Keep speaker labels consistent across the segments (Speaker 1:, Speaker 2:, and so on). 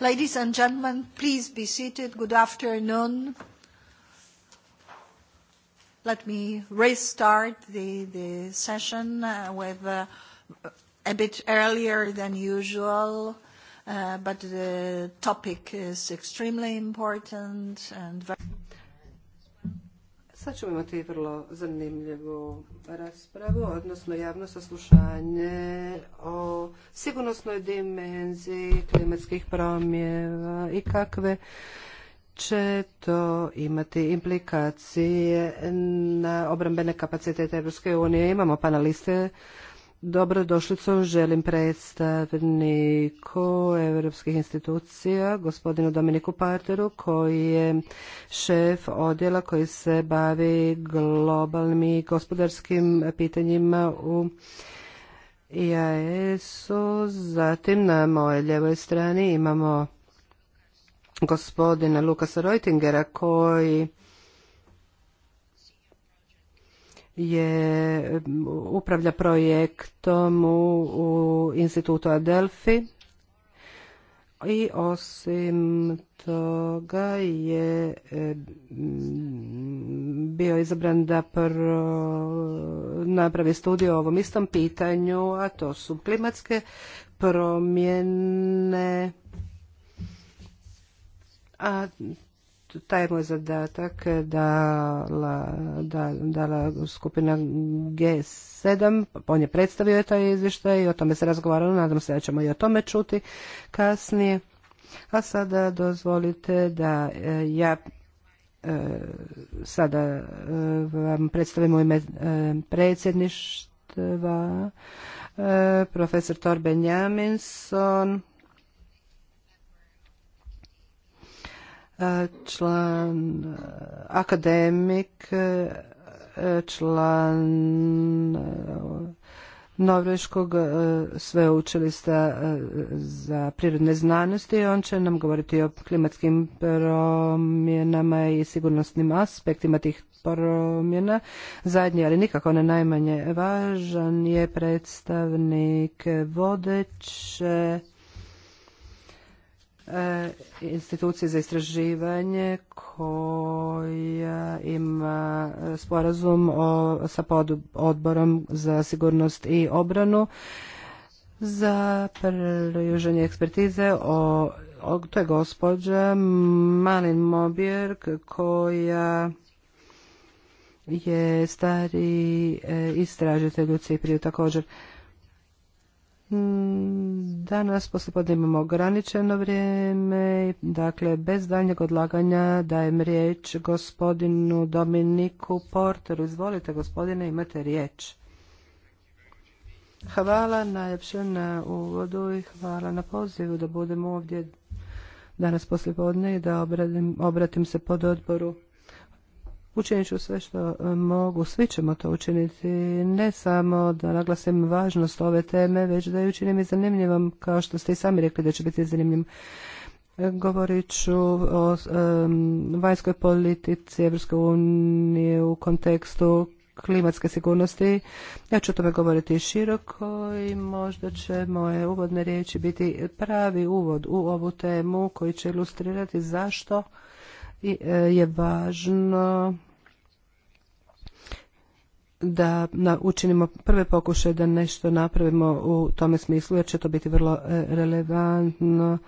Speaker 1: Ladies and gentlemen, please be seated. Good afternoon. Let me restart the, session uh, with uh, a bit earlier than usual, uh, but the topic is extremely important and very Sad ćemo imati vrlo zanimljivu raspravu, odnosno javno saslušanje o sigurnosnoj dimenziji klimatskih promjeva i kakve će to imati implikacije na obrambene kapacitete Europske unije. Imamo paneliste Dobrodošlicom želim predstavniku europskih institucija, gospodinu Dominiku Parteru, koji je šef odjela koji se bavi globalnim i gospodarskim pitanjima u IAS-u. E Zatim na moje ljevoj strani imamo gospodina Lukasa Reutingera koji je upravlja projektom u, u institutu Adelphi i osim toga je mm, bio izabran da napravi studiju o ovom istom pitanju, a to su klimatske promjene, a taj je moj zadatak dala, da, dala skupina G7, on je predstavio taj izvještaj i o tome se razgovaralo, nadam se da ćemo i o tome čuti kasnije. A sada dozvolite da e, ja e, sada e, vam predstavim u ime predsjedništva profesor Torben Jaminson član eh, akademik, eh, član eh, Norveškog sveučilišta za prirodne znanosti. On će nam govoriti o klimatskim promjenama i sigurnosnim aspektima tih promjena. Zadnji, ali nikako ne najmanje važan, je predstavnik vodeće E, institucije za istraživanje koja ima sporazum sa pod odborom za sigurnost i obranu za pružanje ekspertize o, o, to je gospođa Malin Mobjerg koja je stari e, istražitelj u Cipriju također Mm, danas poslijepodne imamo ograničeno vrijeme, dakle bez daljnjeg odlaganja dajem riječ gospodinu Dominiku Porteru. Izvolite gospodine, imate riječ. Hvala najljepše na uvodu i hvala na pozivu da budem ovdje danas poslijepodne i da obratim se pod odboru Učinit ću sve što e, mogu, svi ćemo to učiniti, ne samo da naglasim važnost ove teme, već da ju učinim i zanimljivom, kao što ste i sami rekli da će biti zanimljiv. E, govorit ću o e, vanjskoj politici Evropske unije u kontekstu klimatske sigurnosti. Ja ću o tome govoriti široko i možda će moje uvodne riječi biti pravi uvod u ovu temu koji će ilustrirati zašto je važno da učinimo prve pokušaje da nešto napravimo u tome smislu jer će to biti vrlo e, relevantno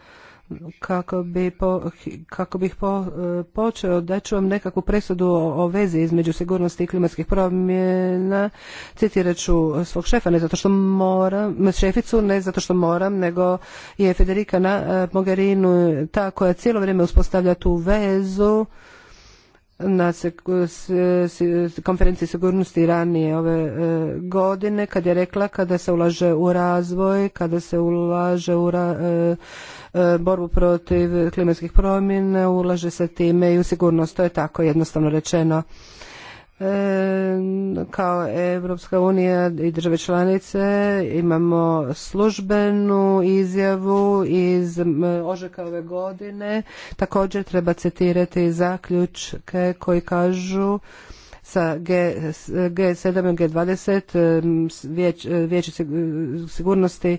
Speaker 1: kako bi po, kako bih po, e, počeo da ću vam nekakvu presudu o, vezi između sigurnosti i klimatskih promjena citirat ću svog šefa ne zato što moram šeficu ne zato što moram nego je Federika e, Mogherinu ta koja cijelo vrijeme uspostavlja tu vezu na konferenciji sigurnosti ranije ove e, godine kad je rekla kada se ulaže u razvoj, kada se ulaže u e, e, borbu protiv klimatskih promjena, ulaže se time i u sigurnost. To je tako jednostavno rečeno kao Evropska unija i države članice imamo službenu izjavu iz ožeka ove godine. Također treba citirati zaključke koji kažu sa G, 7 i G20 e, e, sigurnosti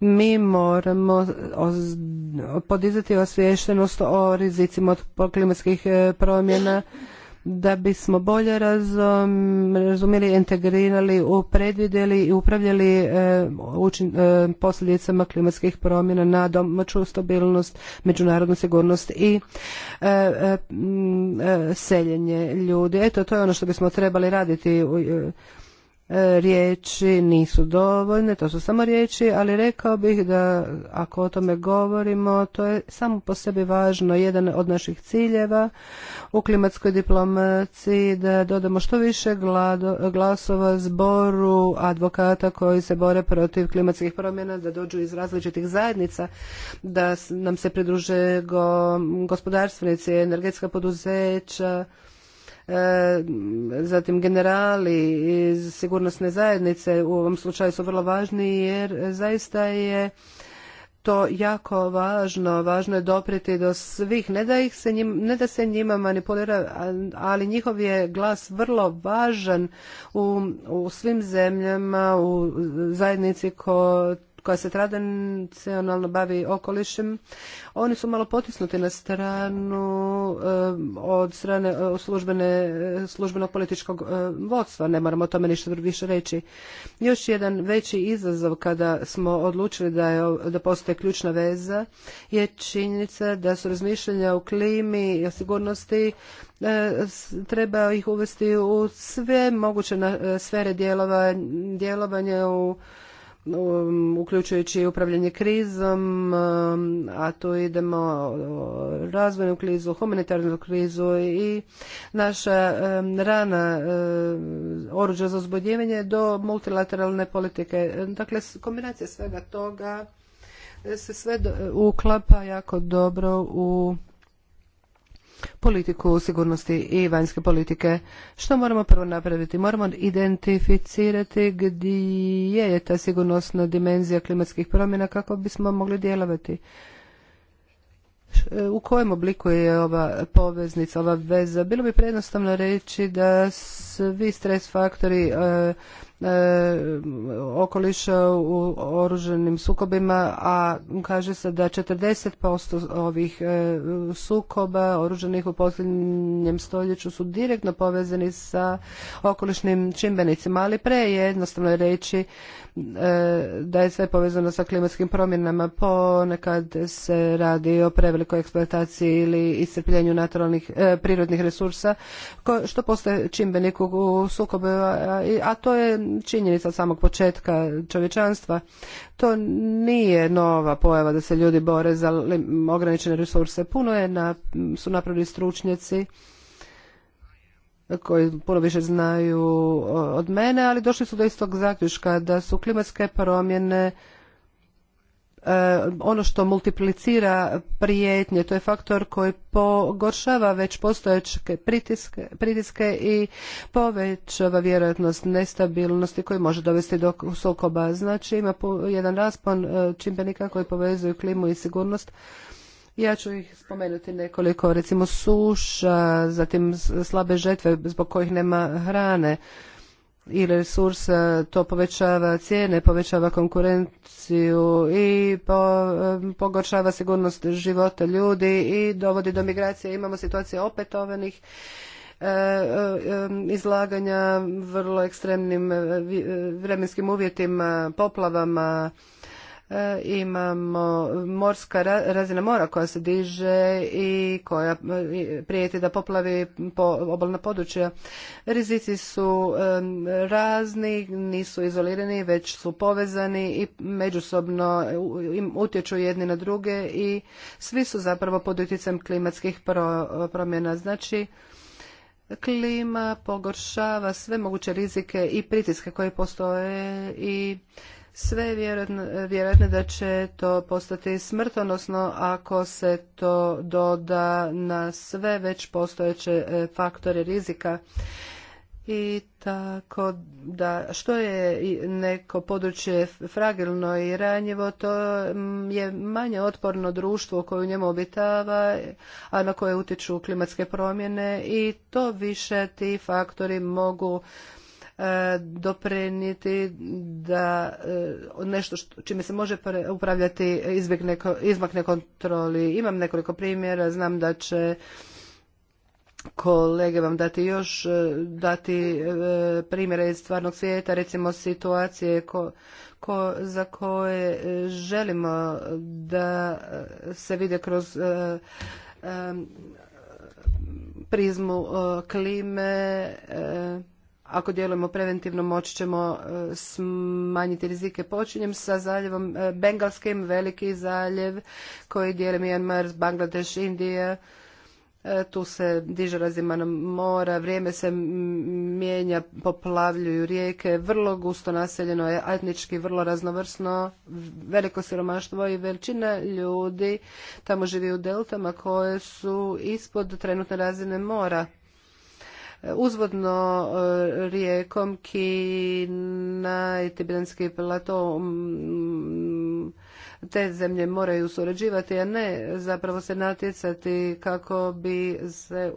Speaker 1: mi moramo podizati osviještenost o rizicima od klimatskih e, promjena da bismo bolje razumjeli, integrirali, predvidjeli i upravljali e, e, posljedicama klimatskih promjena na domaću stabilnost, međunarodnu sigurnost i e, seljenje ljudi. Eto, to je ono što bismo trebali raditi E, riječi nisu dovoljne, to su samo riječi, ali rekao bih da ako o tome govorimo, to je samo po sebi važno jedan od naših ciljeva u klimatskoj diplomaciji da dodamo što više glasova zboru advokata koji se bore protiv klimatskih promjena, da dođu iz različitih zajednica, da nam se pridruže go, gospodarstvenici, energetska poduzeća, E, zatim generali iz sigurnosne zajednice u ovom slučaju su vrlo važni jer zaista je to jako važno, važno je dopriti do svih, ne da, ih se ne da se njima manipulira, ali njihov je glas vrlo važan u, u svim zemljama, u zajednici ko koja se tradicionalno bavi okolišem, oni su malo potisnuti na stranu eh, od strane eh, službene, eh, službenog političkog vodstva. Ne moramo o tome ništa više reći. Još jedan veći izazov kada smo odlučili da, da postoje ključna veza je činjenica da su razmišljanja o klimi i o sigurnosti treba ih uvesti u sve moguće sfere djelovanja, djelovanja u Um, uključujući upravljanje krizom, um, a tu idemo razvojnu krizu, humanitarnu krizu i naša um, rana oruđa za uzbudjivanje do multilateralne politike. Dakle, kombinacija svega toga se sve uklapa jako dobro u politiku sigurnosti i vanjske politike. Što moramo prvo napraviti? Moramo identificirati gdje je ta sigurnosna dimenzija klimatskih promjena kako bismo mogli djelovati. U kojem obliku je ova poveznica, ova veza? Bilo bi prednostavno reći da svi stres faktori e, E, okoliša e, u oruženim sukobima, a kaže se da 40% ovih e, sukoba oruženih u posljednjem stoljeću su direktno povezani sa okolišnim čimbenicima, ali pre je jednostavno reći E, da je sve povezano sa klimatskim promjenama. Ponekad se radi o prevelikoj eksploataciji ili iscrpljenju naturalnih e, prirodnih resursa ko, što postoje čimbenik u sukobu, a, a to je činjenica od samog početka čovječanstva. To nije nova pojava da se ljudi bore za ograničene resurse. Puno je na, su napravili stručnjaci koji puno više znaju od mene, ali došli su do istog zaključka da su klimatske promjene e, ono što multiplicira prijetnje, to je faktor koji pogoršava već postojeće pritiske, pritiske i povećava vjerojatnost nestabilnosti koji može dovesti do sukoba. Znači ima jedan raspon e, čimbenika koji povezuju klimu i sigurnost ja ću ih spomenuti nekoliko, recimo suša, zatim slabe žetve zbog kojih nema hrane ili resursa, e, to povećava cijene, povećava konkurenciju i po, e, pogoršava sigurnost života ljudi i dovodi do migracije. Imamo situacije opetovanih e, izlaganja vrlo ekstremnim vremenskim uvjetima, poplavama, E, imamo morska razina mora koja se diže i koja e, prijeti da poplavi obalna područja. Rizici su e, razni, nisu izolirani, već su povezani i međusobno utječu jedni na druge i svi su zapravo pod utjecajem klimatskih promjena. Znači, klima pogoršava sve moguće rizike i pritiske koji postoje i sve je vjerojatno, da će to postati smrtonosno ako se to doda na sve već postojeće e, faktore rizika i tako da što je neko područje fragilno i ranjivo to mm, je manje otporno društvo koje u njemu obitava a na koje utječu klimatske promjene i to više ti faktori mogu E, doprenijeti da e, nešto čime se može upravljati izmakne kontroli. Imam nekoliko primjera, znam da će kolege vam dati još e, dati primjere iz stvarnog svijeta, recimo situacije ko, za koje želimo da se vide kroz prizmu klime ako djelujemo preventivno moći ćemo e, smanjiti rizike. Počinjem sa zaljevom e, Bengalskim, veliki zaljev koji dijeli Myanmar, Bangladeš, Indija. E, tu se diže razima na mora, vrijeme se mijenja, poplavljuju rijeke, vrlo gusto naseljeno je, etnički vrlo raznovrsno, veliko siromaštvo i veličina ljudi tamo živi u deltama koje su ispod trenutne razine mora uzvodno e, rijekom Kina i Tibetanski plato te zemlje moraju surađivati, a ne zapravo se natjecati kako bi se e,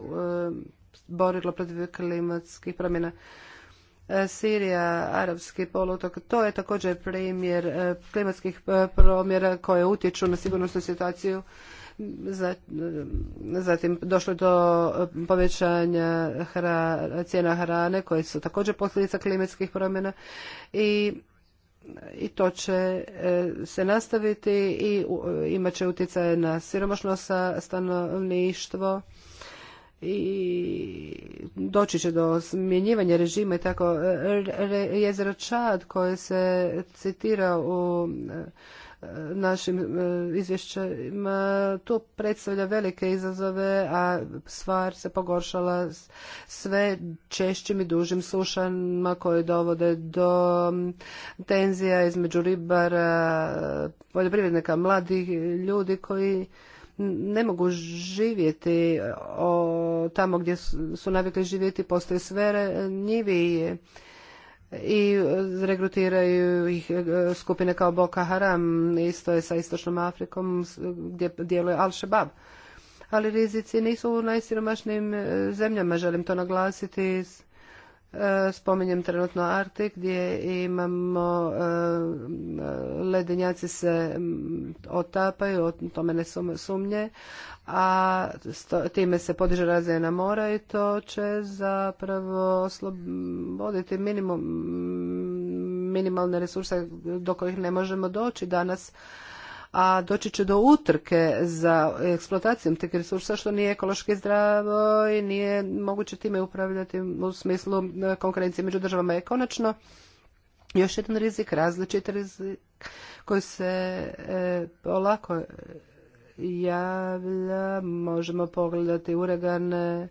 Speaker 1: borilo protiv klimatskih promjena. E, Sirija, arapski polutok, to je također primjer klimatskih promjera koje utječu na sigurnosnu situaciju Zatim došlo do povećanja cijena hrane koje su također posljedica klimatskih promjena i i to će e, se nastaviti i imat će utjecaje na siromašno stanovništvo i doći će do smjenjivanja režima i tako. Jezero Čad koje se citira u našim e, izvješćima. Tu predstavlja velike izazove, a stvar se pogoršala sve češćim i dužim sušanima koje dovode do tenzija između ribara, poljoprivrednika, mladih ljudi koji ne mogu živjeti tamo gdje su navikli živjeti, postoje sve njivije i e, regrutiraju ih e, skupine kao Boka Haram, isto je sa Istočnom Afrikom gdje djeluje Al-Shabaab. Ali rizici nisu u najsiromašnijim e, zemljama, želim to naglasiti. Spominjem trenutno Artik gdje imamo ledenjaci se otapaju, o tome ne sumnje, a time se podiže razina mora i to će zapravo osloboditi minimum, minimalne resurse do kojih ne možemo doći danas a doći će do utrke za eksploatacijom tih resursa što nije ekološki zdravo i nije moguće time upravljati u smislu e, konkurencije među državama je konačno još jedan rizik, različit rizik koji se e, polako javlja. Možemo pogledati uregane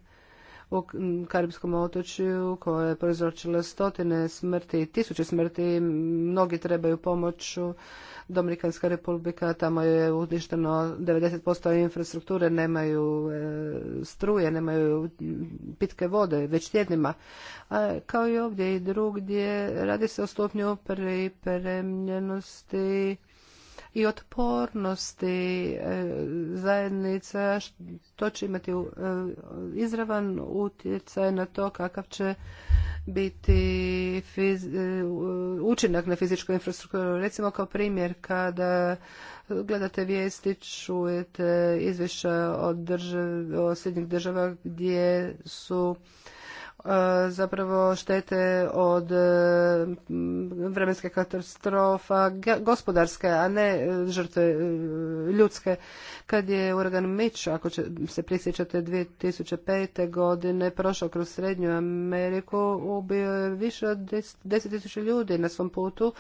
Speaker 1: u Karibskom otočju koje je proizročilo stotine smrti, tisuće smrti, mnogi trebaju pomoć. Dominikanska republika, tamo je uništeno 90% infrastrukture, nemaju e, struje, nemaju pitke vode, već tjednima. kao i ovdje i drugdje, radi se o stupnju pripremljenosti i otpornosti e, zajednica, to će imati e, izravan utjecaj na to kakav će biti e, učinak na fizičku infrastrukturu. Recimo kao primjer kada gledate vijesti, čujete izvješća od, držav, država gdje su E, zapravo štete od e, vremenske katastrofa gospodarske, a ne e, žrtve ljudske. Kad je uragan Mitch, ako će, se prisjećate 2005. godine, prošao kroz Srednju Ameriku, ubio je više od 10.000 ljudi na svom putu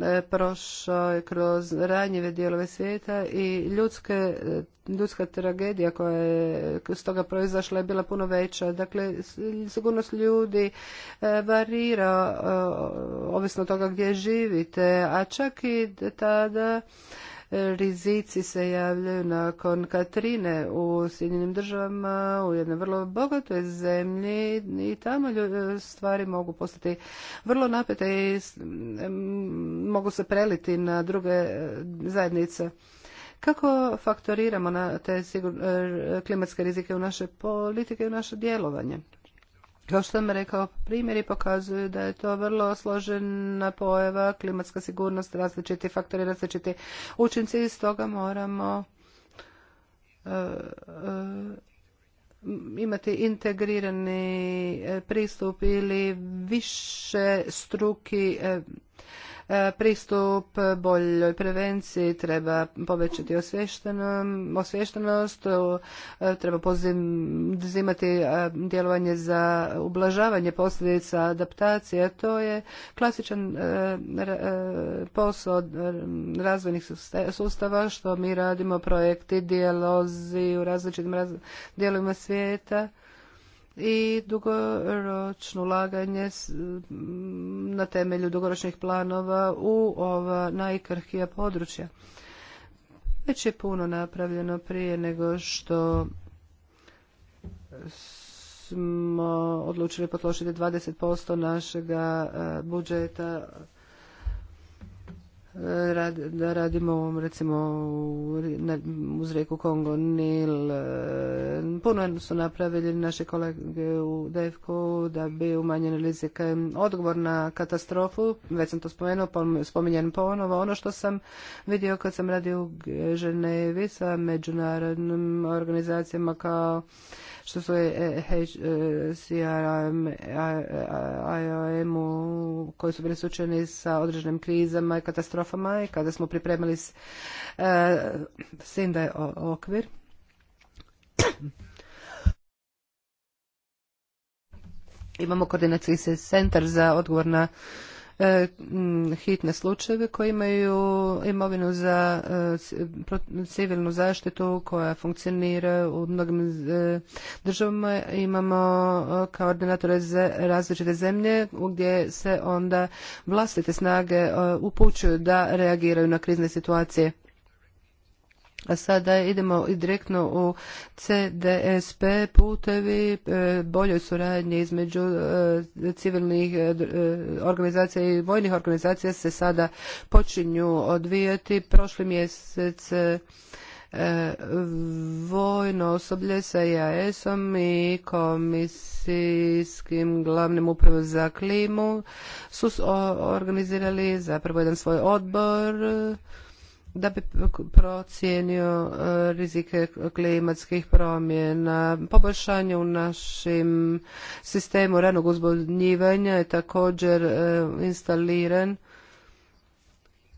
Speaker 1: E, prošao je kroz ranjive dijelove svijeta i ljudske, e, ljudska tragedija koja je s toga proizašla je bila puno veća. Dakle, sigurnost ljudi e, varira ovisno toga gdje živite, a čak i tada rizici se javljaju nakon Katrine u Sjedinjenim državama, u jednoj vrlo bogatoj zemlji i tamo stvari mogu postati vrlo napete i mogu se preliti na druge e, zajednice. Kako faktoriramo na te e, klimatske rizike u naše politike i u naše djelovanje? Kao što sam rekao, primjeri pokazuju da je to vrlo složena pojava, klimatska sigurnost, različiti faktori, različiti učinci Iz stoga moramo e, e, imati integrirani e, pristup ili više struki E, pristup boljoj prevenciji, treba povećati osviještenost, e, treba poduzimati e, djelovanje za ublažavanje posljedica adaptacije. To je klasičan posao razvojnih sustava što mi radimo projekti, dijalozi u različitim dijelovima svijeta i dugoročno ulaganje na temelju dugoročnih planova u ova najkrhija područja. Već je puno napravljeno prije nego što smo odlučili potlošiti 20% našega e, budžeta E, da radimo recimo uz rijeku Kongo Nil e, puno su napravili naše kolege u dfk da bi umanjeni rizik odgovor na katastrofu već sam to spomenuo, spominjen ponovo ono što sam vidio kad sam radio u Ženevi sa međunarodnim organizacijama kao što su HCRM, u koji su bili sučeni sa određenim krizama i katastrofama i kada smo pripremili e, SINDA okvir. Imamo koordinacijski centar za odgovor na E, hitne slučajeve koji imaju imovinu za e, civilnu zaštitu koja funkcionira u mnogim e, državama. Imamo koordinatore za različite zemlje gdje se onda vlastite snage upućuju da reagiraju na krizne situacije. A sada idemo i direktno u CDSP putevi, e, boljoj suradnji između e, civilnih e, organizacija i vojnih organizacija se sada počinju odvijati. Prošli mjesec vojno osoblje sa IAS-om i komisijskim glavnim upravom za klimu su organizirali zapravo jedan svoj odbor da bi procijenio e, rizike klimatskih promjena, poboljšanje u našem sistemu ranog uzbudnjivanja je također e, instaliran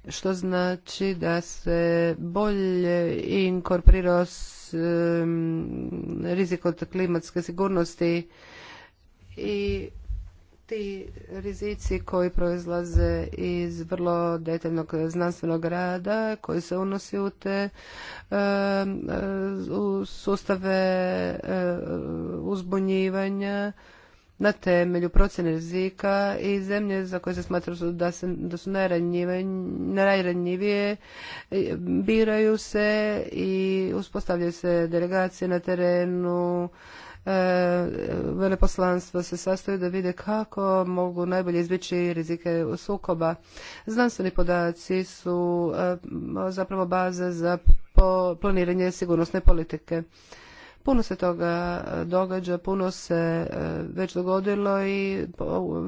Speaker 1: što znači da se bolje inkorporirao rizik od klimatske sigurnosti i ti rizici koji proizlaze iz vrlo detaljnog znanstvenog rada koji se unosi u te u sustave uzbunjivanja na temelju procjene rizika i zemlje za koje se smatra da, da su najranjivije biraju se i uspostavljaju se delegacije na terenu E, veleposlanstvo se sastoji da vide kako mogu najbolje izbjeći rizike sukoba. Znanstveni podaci su e, zapravo baza za planiranje sigurnosne politike. Puno se toga e, događa, puno se već dogodilo i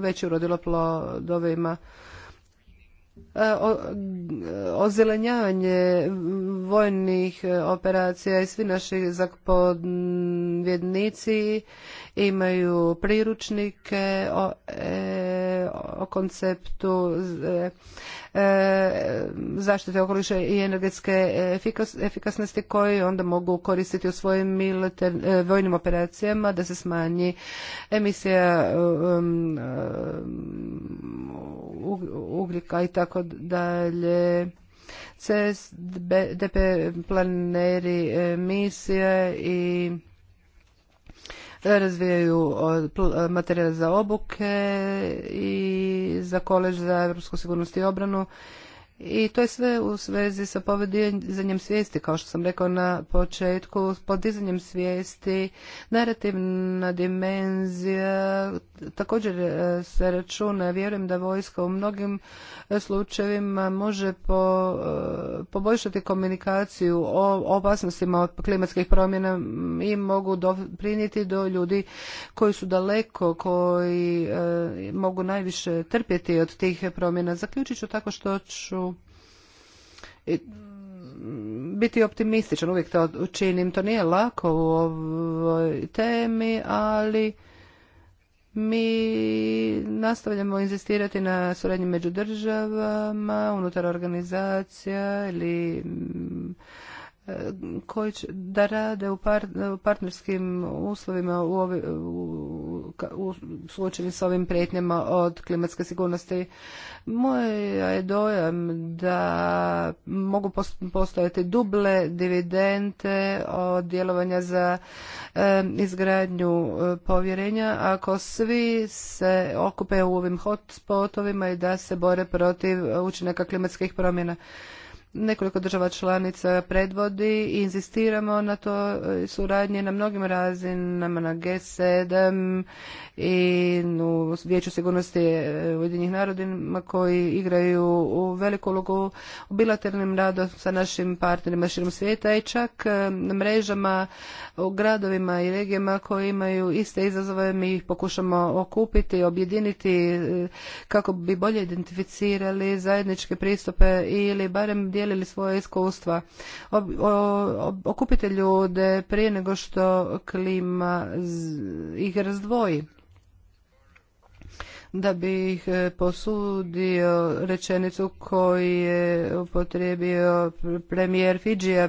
Speaker 1: već je urodilo plodovima. E, e, ozelenjavanje vojnih e, operacija i svi naši zapovjednici imaju priručnike o, o konceptu zaštite okoliša i energetske efikasnosti koji onda mogu koristiti u svojim vojnim operacijama da se smanji emisija ugljika i tako dalje. CSDP planeri e, misije i razvijaju materijal za obuke i za kolež za evropsku sigurnost i obranu i to je sve u svezi sa podizanjem svijesti, kao što sam rekao na početku, s podizanjem svijesti, narativna dimenzija, također e, se računa, vjerujem da vojska u mnogim e, slučajevima može po, e, poboljšati komunikaciju o opasnostima od klimatskih promjena i mogu doprinijeti do ljudi koji su daleko, koji mogu najviše trpjeti od tih promjena. Zaključit ću tako što ću Mm, biti optimističan, uvijek to učinim. To nije lako u ovoj temi, ali mi nastavljamo inzistirati na suradnji među državama, unutar organizacija ili E, koji će, da rade u, e, partnerskim uslovima u, suočeni s ovim prijetnjama od klimatske sigurnosti. Moj je dojam da mogu postojati duble dividende od djelovanja za e, izgradnju povjerenja ako svi se okupe u ovim hotspotovima i da se bore protiv učinaka klimatskih promjena nekoliko država članica predvodi i inzistiramo na to e, suradnje na mnogim razinama, na G7 i u Vijeću sigurnosti e, Ujedinjenih narodima koji igraju u veliku ulogu u bilateralnim radom sa našim partnerima širom svijeta i čak e, na mrežama u gradovima i regijama koji imaju iste izazove mi ih pokušamo okupiti, objediniti kako bi bolje identificirali zajedničke pristupe ili barem podijelili svoje iskustva. Okupite ljude prije nego što klima ih razdvoji da bih e, posudio rečenicu koju je upotrijebio premijer Fidžija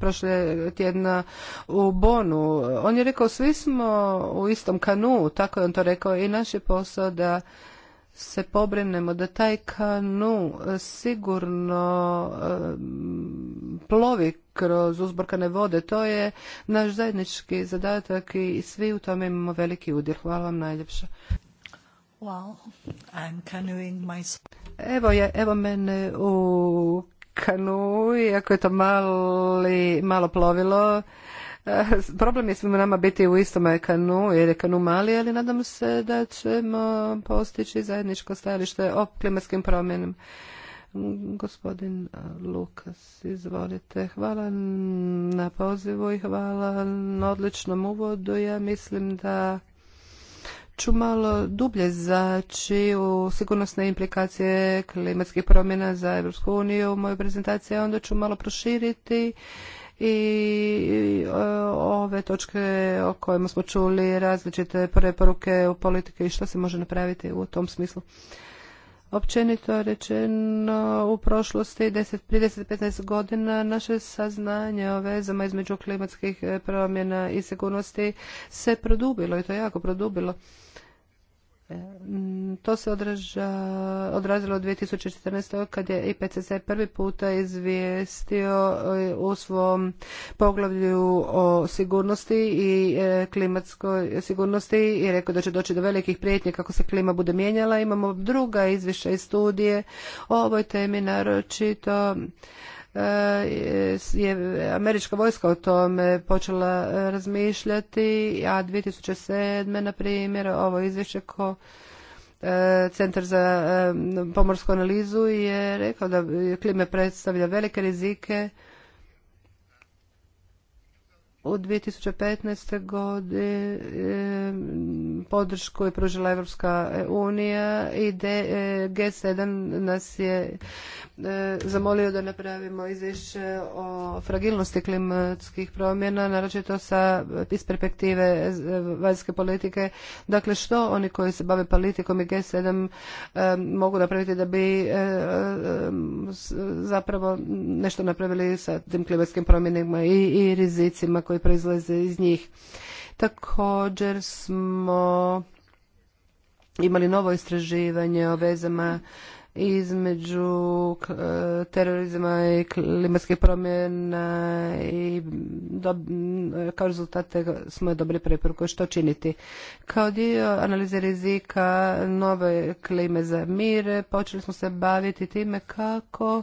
Speaker 1: prošle tjedna u Bonu. On je rekao svi smo u istom kanu, tako je on to rekao i naš je posao da se pobrinemo da taj kanu e, sigurno e, plovi kroz uzborkane vode. To je naš zajednički zadatak i svi u tome imamo veliki udjel. Hvala vam najljepša. Evo, je, evo mene u kanu, iako je to mali, malo plovilo, Problem je svima nama biti u istom ekanu jer je mali, ali nadam se da ćemo postići zajedničko stajalište o klimatskim promjenama. Gospodin Lukas, izvolite. Hvala na pozivu i hvala na odličnom uvodu. Ja mislim da ću malo dublje zaći u sigurnosne implikacije klimatskih promjena za Europsku uniju. Moju prezentaciju onda ću malo proširiti i e, ove točke o kojima smo čuli različite preporuke u politike i što se može napraviti u tom smislu. Općenito rečeno, u prošlosti 10, 30-15 godina naše saznanje o vezama između klimatskih promjena i sigurnosti se produbilo i to jako produbilo. To se odraža, odrazilo u 2014. kad je IPCC prvi puta izvijestio e, u svom poglavlju o sigurnosti i e, klimatskoj sigurnosti i rekao da će doći do velikih prijetnji kako se klima bude mijenjala. Imamo druga izvješća i studije o ovoj temi naročito E, je američka vojska o tome počela e, razmišljati, a 2007. na primjer ovo izvješće ko e, Centar za pomorsku analizu je rekao da klime predstavlja velike rizike u 2015. godine podršku je pružila Evropska e, unija i e, G7 nas je e, zamolio da napravimo izvješće o fragilnosti klimatskih promjena, naročito sa iz perspektive vanjske politike. Dakle, što oni koji se bave politikom i G7 mogu napraviti da bi zapravo nešto napravili sa tim klimatskim promjenama i, i rizicima koji proizlaze iz njih. Također smo imali novo istraživanje o vezama između e, terorizma i klimatskih promjena i kao rezultate smo dobili preporuku što činiti. Kao dio analize rizika nove klime za mir počeli smo se baviti time kako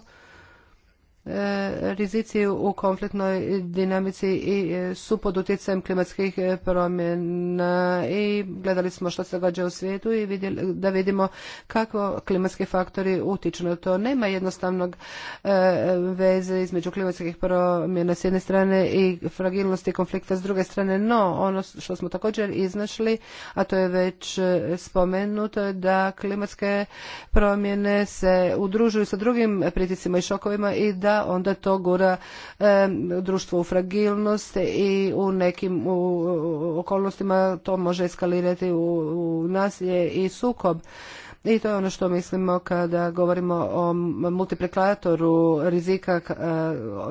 Speaker 1: E, rizici u konfliktnoj dinamici i e, su pod utjecajem klimatskih e, promjena i gledali smo što se događa u svijetu i vidjeli, da vidimo kako klimatski faktori utječu na to. Nema jednostavnog veze između klimatskih promjena s jedne strane i fragilnosti konflikta s druge strane, no ono što smo također iznašli, a to je već spomenuto, da klimatske promjene se udružuju sa drugim pritiscima i šokovima i da onda to gura e, društvo u fragilnost i u nekim okolnostima to može eskalirati u, u nasilje i sukob i to je ono što mislimo kada govorimo o multiplikatoru rizika e,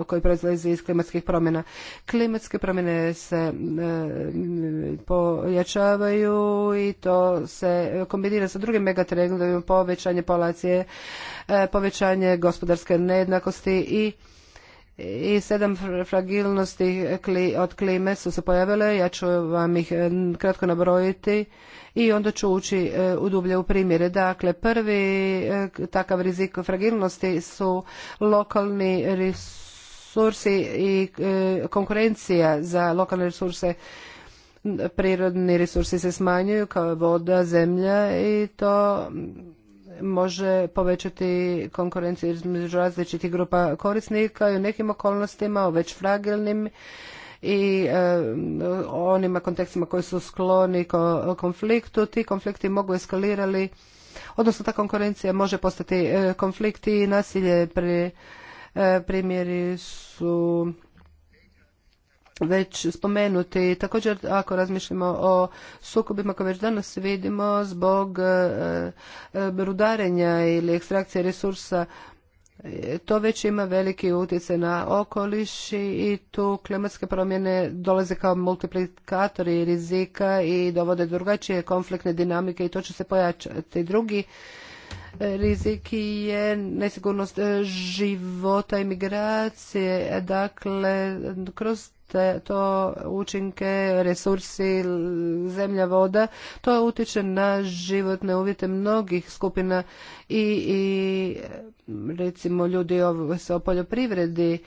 Speaker 1: koji proizlazi iz klimatskih promjena. Klimatske promjene se e, pojačavaju i to se kombinira sa drugim megatrendovima, povećanje polacije, e, povećanje gospodarske nejednakosti i i sedam fragilnosti od klime su se pojavile, ja ću vam ih e, kratko nabrojiti i onda ću ući e, u dublje u primjere. Dakle, prvi e, takav rizik fragilnosti su lokalni resursi i konkurencija za lokalne resurse prirodni resursi se smanjuju kao voda, zemlja i to može povećati konkurenciju između različitih grupa korisnika i u nekim okolnostima, u već fragilnim i e, onima kontekstima koji su skloni ko, konfliktu. Ti konflikti mogu eskalirali, odnosno ta konkurencija može postati e, konflikt i nasilje. Pri, e, primjeri su već spomenuti. Također ako razmišljamo o sukobima koje već danas vidimo zbog e, e, rudarenja ili ekstrakcije resursa, e, to već ima veliki utjecaj na okoliš i tu klimatske promjene dolaze kao multiplikatori rizika i dovode drugačije konfliktne dinamike i to će se pojačati. Drugi rizik je nesigurnost života i migracije. Dakle, kroz te, to učinke, resursi, zemlja, voda, to utječe na životne uvjete mnogih skupina i, i recimo ljudi o, o poljoprivredi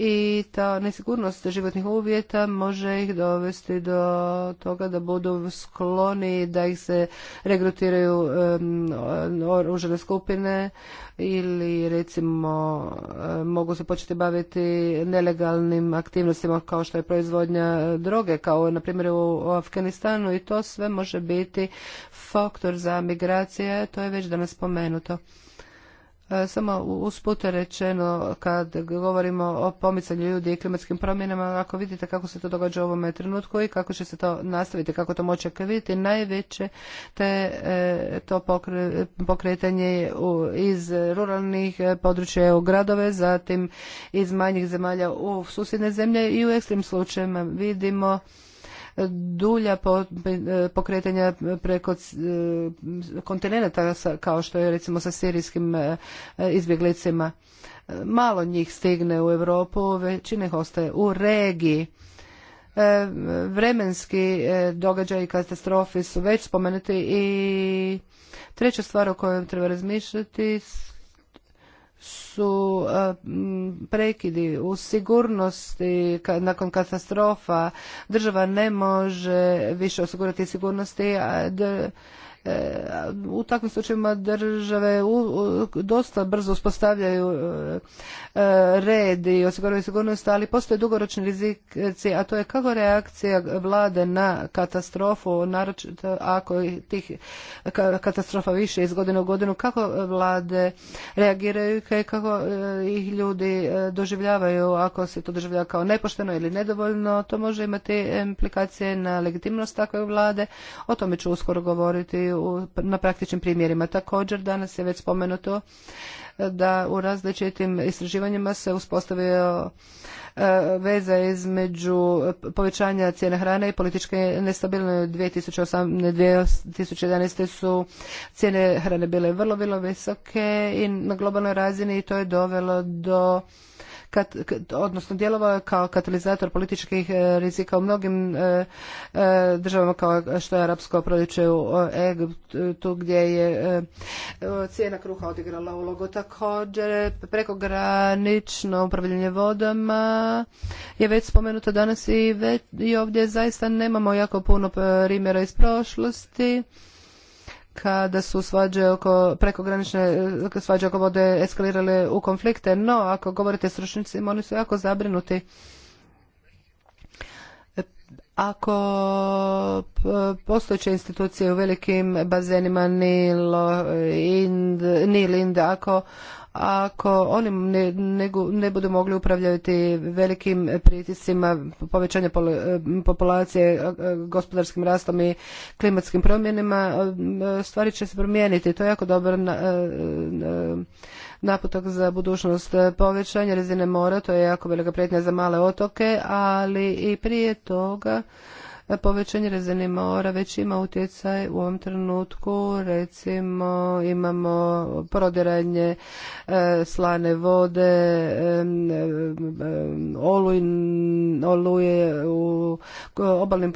Speaker 1: i ta nesigurnost životnih uvjeta može ih dovesti do toga da budu skloni da ih se regrutiraju oružane skupine ili recimo mogu se početi baviti nelegalnim aktivnostima kao što je proizvodnja droge kao na primjer u Afganistanu i to sve može biti faktor za migracije to je već danas spomenuto. E, samo usput rečeno kad govorimo o pomicanju ljudi i klimatskim promjenama, ako vidite kako se to događa u ovome trenutku i kako će se to nastaviti, kako to moći vidjeti, najveće te, e, to pokretanje iz ruralnih e, područja u gradove, zatim iz manjih zemalja u susjedne zemlje i u ekstrem slučajima vidimo dulja e, pokretanja preko e, kontinenta kao što je recimo sa sirijskim e, izbjeglicima. Malo njih stigne u Europu, većine ih ostaje u regiji. Vremenski događaji i katastrofi su već spomenuti i treća stvar o kojoj treba razmišljati su e, prekidi u sigurnosti nakon katastrofa. Država ne može više osigurati sigurnosti, a E, u takvim slučajevima države dosta brzo uspostavljaju e, e, red i osiguravaju sigurnost, ali postoje dugoročni rizici, a to je kako reakcija vlade na katastrofu, naročito ako tih katastrofa više iz godine u godinu, kako vlade reagiraju i kako ih ljudi doživljavaju, ako se to doživljava kao nepošteno ili nedovoljno, to može imati implikacije na legitimnost takve vlade. O tome ću uskoro govoriti na praktičnim primjerima. Također danas je već spomenuto e, da u različitim istraživanjima se uspostavio e, veza između povećanja cijene hrane i političke nestabilne 2008. 2011. su cijene hrane bile vrlo, vrlo visoke i na globalnoj razini i to je dovelo do kat, odnosno djelovao je kao katalizator političkih e, rizika u mnogim e, e, državama kao što je arapsko proljeće u Egiptu gdje je cijena kruha odigrala ulogu također prekogranično upravljanje vodama je već spomenuto danas i, već, i ovdje zaista nemamo jako puno primjera iz prošlosti kada su svađe oko prekogranične svađe oko vode eskalirale u konflikte, no ako govorite stručnicima oni su jako zabrinuti ako postojeće institucije u velikim bazenima Nil, Ind, Nil Ind, ako ako oni ne, ne budu mogli upravljati velikim pritiscima povećanja e, populacije e, gospodarskim rastom i klimatskim promjenama e, stvari će se promijeniti to je jako dobar na, naputak za budućnost povećanja razine mora to je jako velika prijetnja za male otoke ali i prije toga povećanje razine mora već ima utjecaj u ovom trenutku. Recimo imamo prodiranje e, slane vode, oluje u obalnim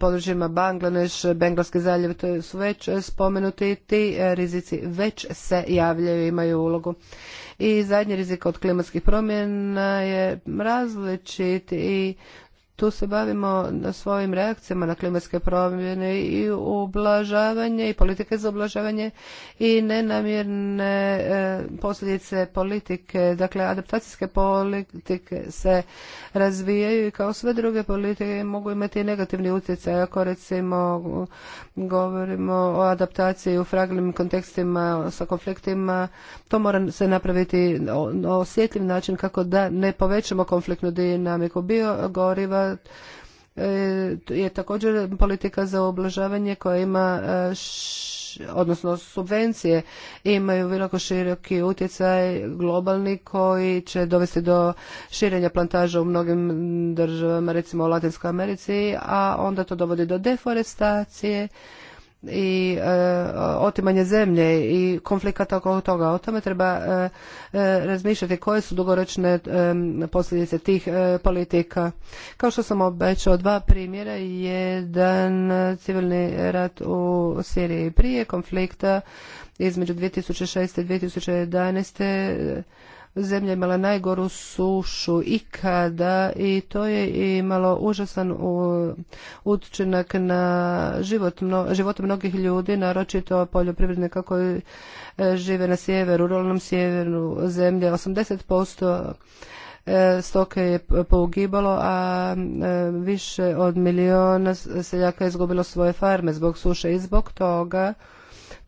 Speaker 1: područjima Bangladeš, Bengalski zaljev, to su već spomenuti ti e, rizici već se javljaju, imaju ulogu. I zadnji rizik od klimatskih promjena je različit i tu se bavimo na svojim reakcijama na klimatske promjene i ublažavanje i politike za ublažavanje i nenamjerne e, posljedice politike, dakle adaptacijske politike se razvijaju i kao sve druge politike mogu imati i negativni utjecaj ako recimo govorimo o adaptaciji u fragilnim kontekstima sa konfliktima, to mora se napraviti na osjetljiv način kako da ne povećamo konfliktnu dinamiku biogoriva E, je također politika za oblažavanje koja ima e, odnosno subvencije imaju veliko široki utjecaj globalni koji će dovesti do širenja plantaža u mnogim državama, recimo u Latinskoj Americi, a onda to dovodi do deforestacije i e, otimanje zemlje i konflikata oko toga. O tome treba e, e, razmišljati koje su dugoročne posljedice tih politika. Kao što sam obećao dva primjera, jedan civilni rat u Siriji prije konflikta između 2006. i 2011 zemlja imala najgoru sušu ikada i to je imalo užasan učinak na život, mno, život mnogih ljudi, naročito poljoprivredne kako žive na sjeveru, ruralnom sjeveru zemlje. 80% e, stoke je pougibalo, a e, više od milijuna seljaka je izgubilo svoje farme zbog suše i zbog toga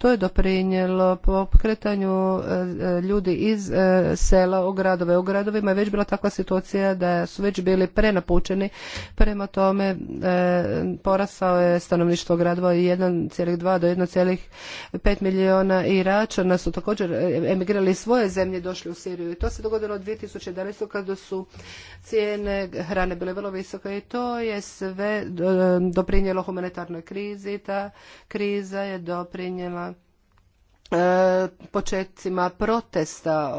Speaker 1: to je doprinjelo pokretanju e, e, ljudi iz e, sela u gradove. U gradovima je već bila takva situacija da su već bili prenapučeni. Prema tome porasao je stanovništvo gradova i 1,2 do 1,5 milijuna Iračana su također emigrali iz svoje zemlje i došli u Siriju. I to se dogodilo od 2011. kada su cijene hrane bile vrlo visoke i to je sve doprinjelo humanitarnoj krizi. Ta kriza je doprinjela E, početcima protesta.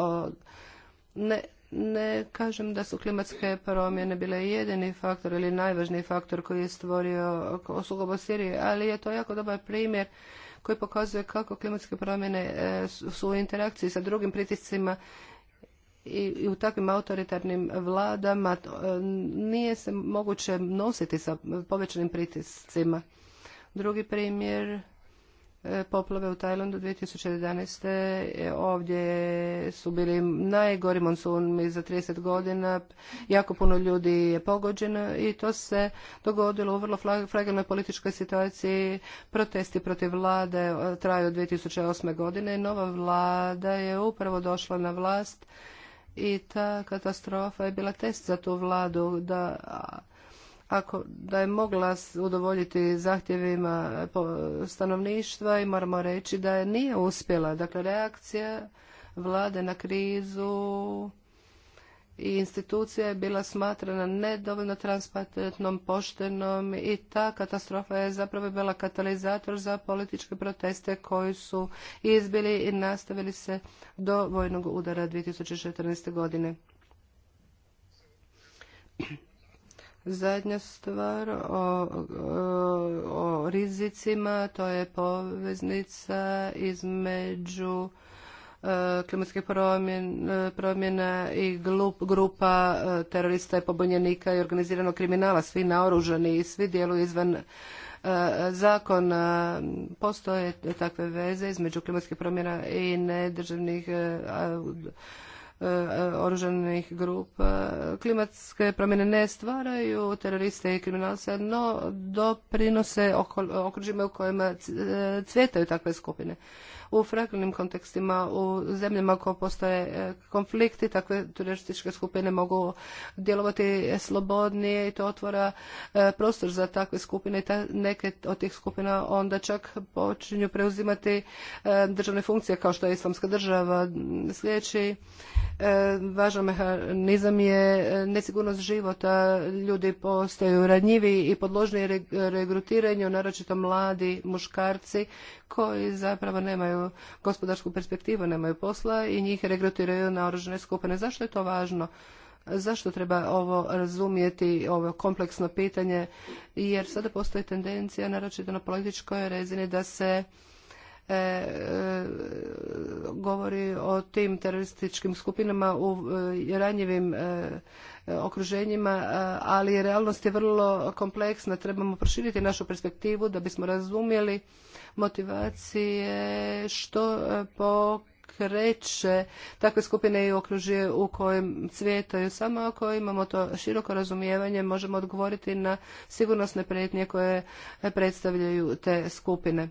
Speaker 1: Ne, ne kažem da su klimatske promjene bile jedini faktor ili najvažniji faktor koji je stvorio sukob u ali je to jako dobar primjer koji pokazuje kako klimatske promjene e, su u interakciji sa drugim pritiscima i u takvim autoritarnim vladama e, nije se moguće nositi sa povećanim pritiscima. Drugi primjer poplave u Tajlandu 2011. E, ovdje su bili najgori monsunmi za 30 godina. Jako puno ljudi je pogođeno i to se dogodilo u vrlo fragilnoj političkoj situaciji. Protesti protiv vlade e, traju od 2008. godine. Nova vlada je upravo došla na vlast i ta katastrofa je bila test za tu vladu da ako da je mogla udovoljiti zahtjevima eh, stanovništva i moramo reći da je nije uspjela. Dakle, reakcija vlade na krizu i institucija je bila smatrana nedovoljno transparentnom, poštenom i ta katastrofa je zapravo bila katalizator za političke proteste koji su izbili i nastavili se do vojnog udara 2014. godine. Zadnja stvar o, o, rizicima, to je poveznica između e, klimatskih e, promjena i grupa e, terorista i pobunjenika i organiziranog kriminala, svi naoružani i svi djeluju izvan zakona. Postoje takve veze između klimatskih promjena i nedržavnih E, oružanih grup Klimatske promjene ne stvaraju teroriste i kriminalce, no doprinose okružima u kojima e, cvjetaju takve skupine u fragilnim kontekstima, u zemljama koje postoje e, konflikti, takve turističke skupine mogu djelovati slobodnije i to otvora e, prostor za takve skupine i neke od tih skupina onda čak počinju preuzimati e, državne funkcije kao što je islamska država. Sljedeći važan mehanizam je nesigurnost života. Ljudi postaju ranjivi i podložni regrutiranju, naročito mladi muškarci koji zapravo nemaju gospodarsku perspektivu, nemaju posla i njih regrutiraju na oružane skupine. Zašto je to važno? Zašto treba ovo razumijeti, ovo kompleksno pitanje? Jer sada postoji tendencija, naročito na političkoj rezini, da se e, e, govori o tim terorističkim skupinama u e, ranjivim e, okruženjima, ali realnost je vrlo kompleksna. Trebamo proširiti našu perspektivu da bismo razumjeli motivacije što e, pokreće takve skupine i okružje u kojem cvjetaju. Samo ako imamo to široko razumijevanje možemo odgovoriti na sigurnosne prijetnje koje predstavljaju te skupine.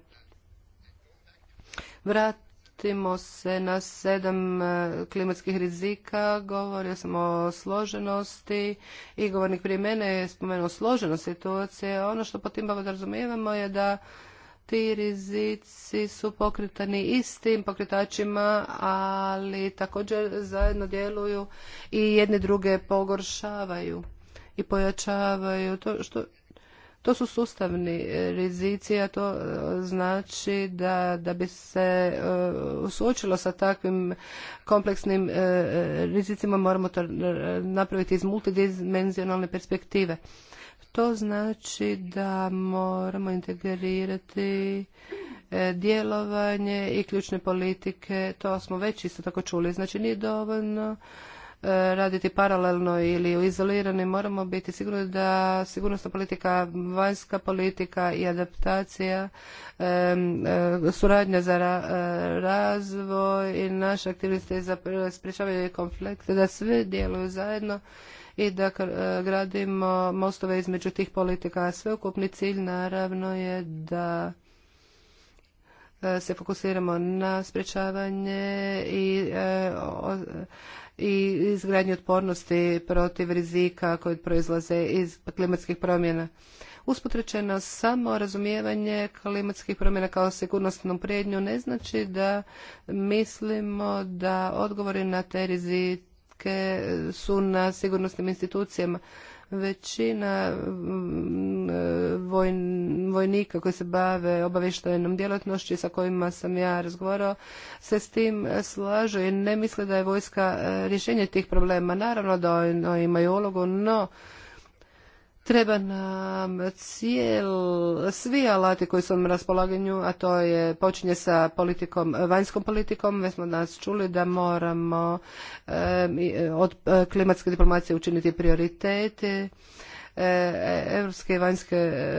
Speaker 1: Vratimo se na sedam e, klimatskih rizika. Govorio sam o složenosti i govornik prije mene je spomenuo složenost situacije. Ono što po tim razumijevamo je da ti rizici su pokretani istim pokretačima, ali također zajedno djeluju i jedne druge pogoršavaju i pojačavaju. To, što, to su sustavni rizici, a to e, znači da, da bi se uh, suočilo sa takvim kompleksnim e, rizicima moramo to napraviti iz multidimenzionalne perspektive. To znači da moramo integrirati e, djelovanje i ključne politike. To smo već isto tako čuli. Znači nije dovoljno e, raditi paralelno ili izolirani, moramo biti sigurni da sigurnosna politika, vanjska politika i adaptacija, e, suradnja za razvoj i naše aktivnosti za sprečavanje konflikta, da sve djeluju zajedno i da e, gradimo mostove između tih politika. A sveukupni cilj naravno je da e, se fokusiramo na sprječavanje i e, i izgradnju otpornosti protiv rizika koji proizlaze iz klimatskih promjena. Usputrečeno samo razumijevanje klimatskih promjena kao sigurnosnu prijednju ne znači da mislimo da odgovori na te rizike su na sigurnosnim institucijama. Većina mm, vojnika koji se bave obavještajnom djelatnošću sa kojima sam ja razgovarao se s tim slažu i ne misle da je vojska e, rješenje tih problema. Naravno da imaju ulogu, no Treba nam cijel, svi alati koji su nam raspolaganju, a to je počinje sa politikom, vanjskom politikom. Već smo nas čuli da moramo eh, eh, od eh, klimatske diplomacije učiniti prioritete. Europske e, vanjske e,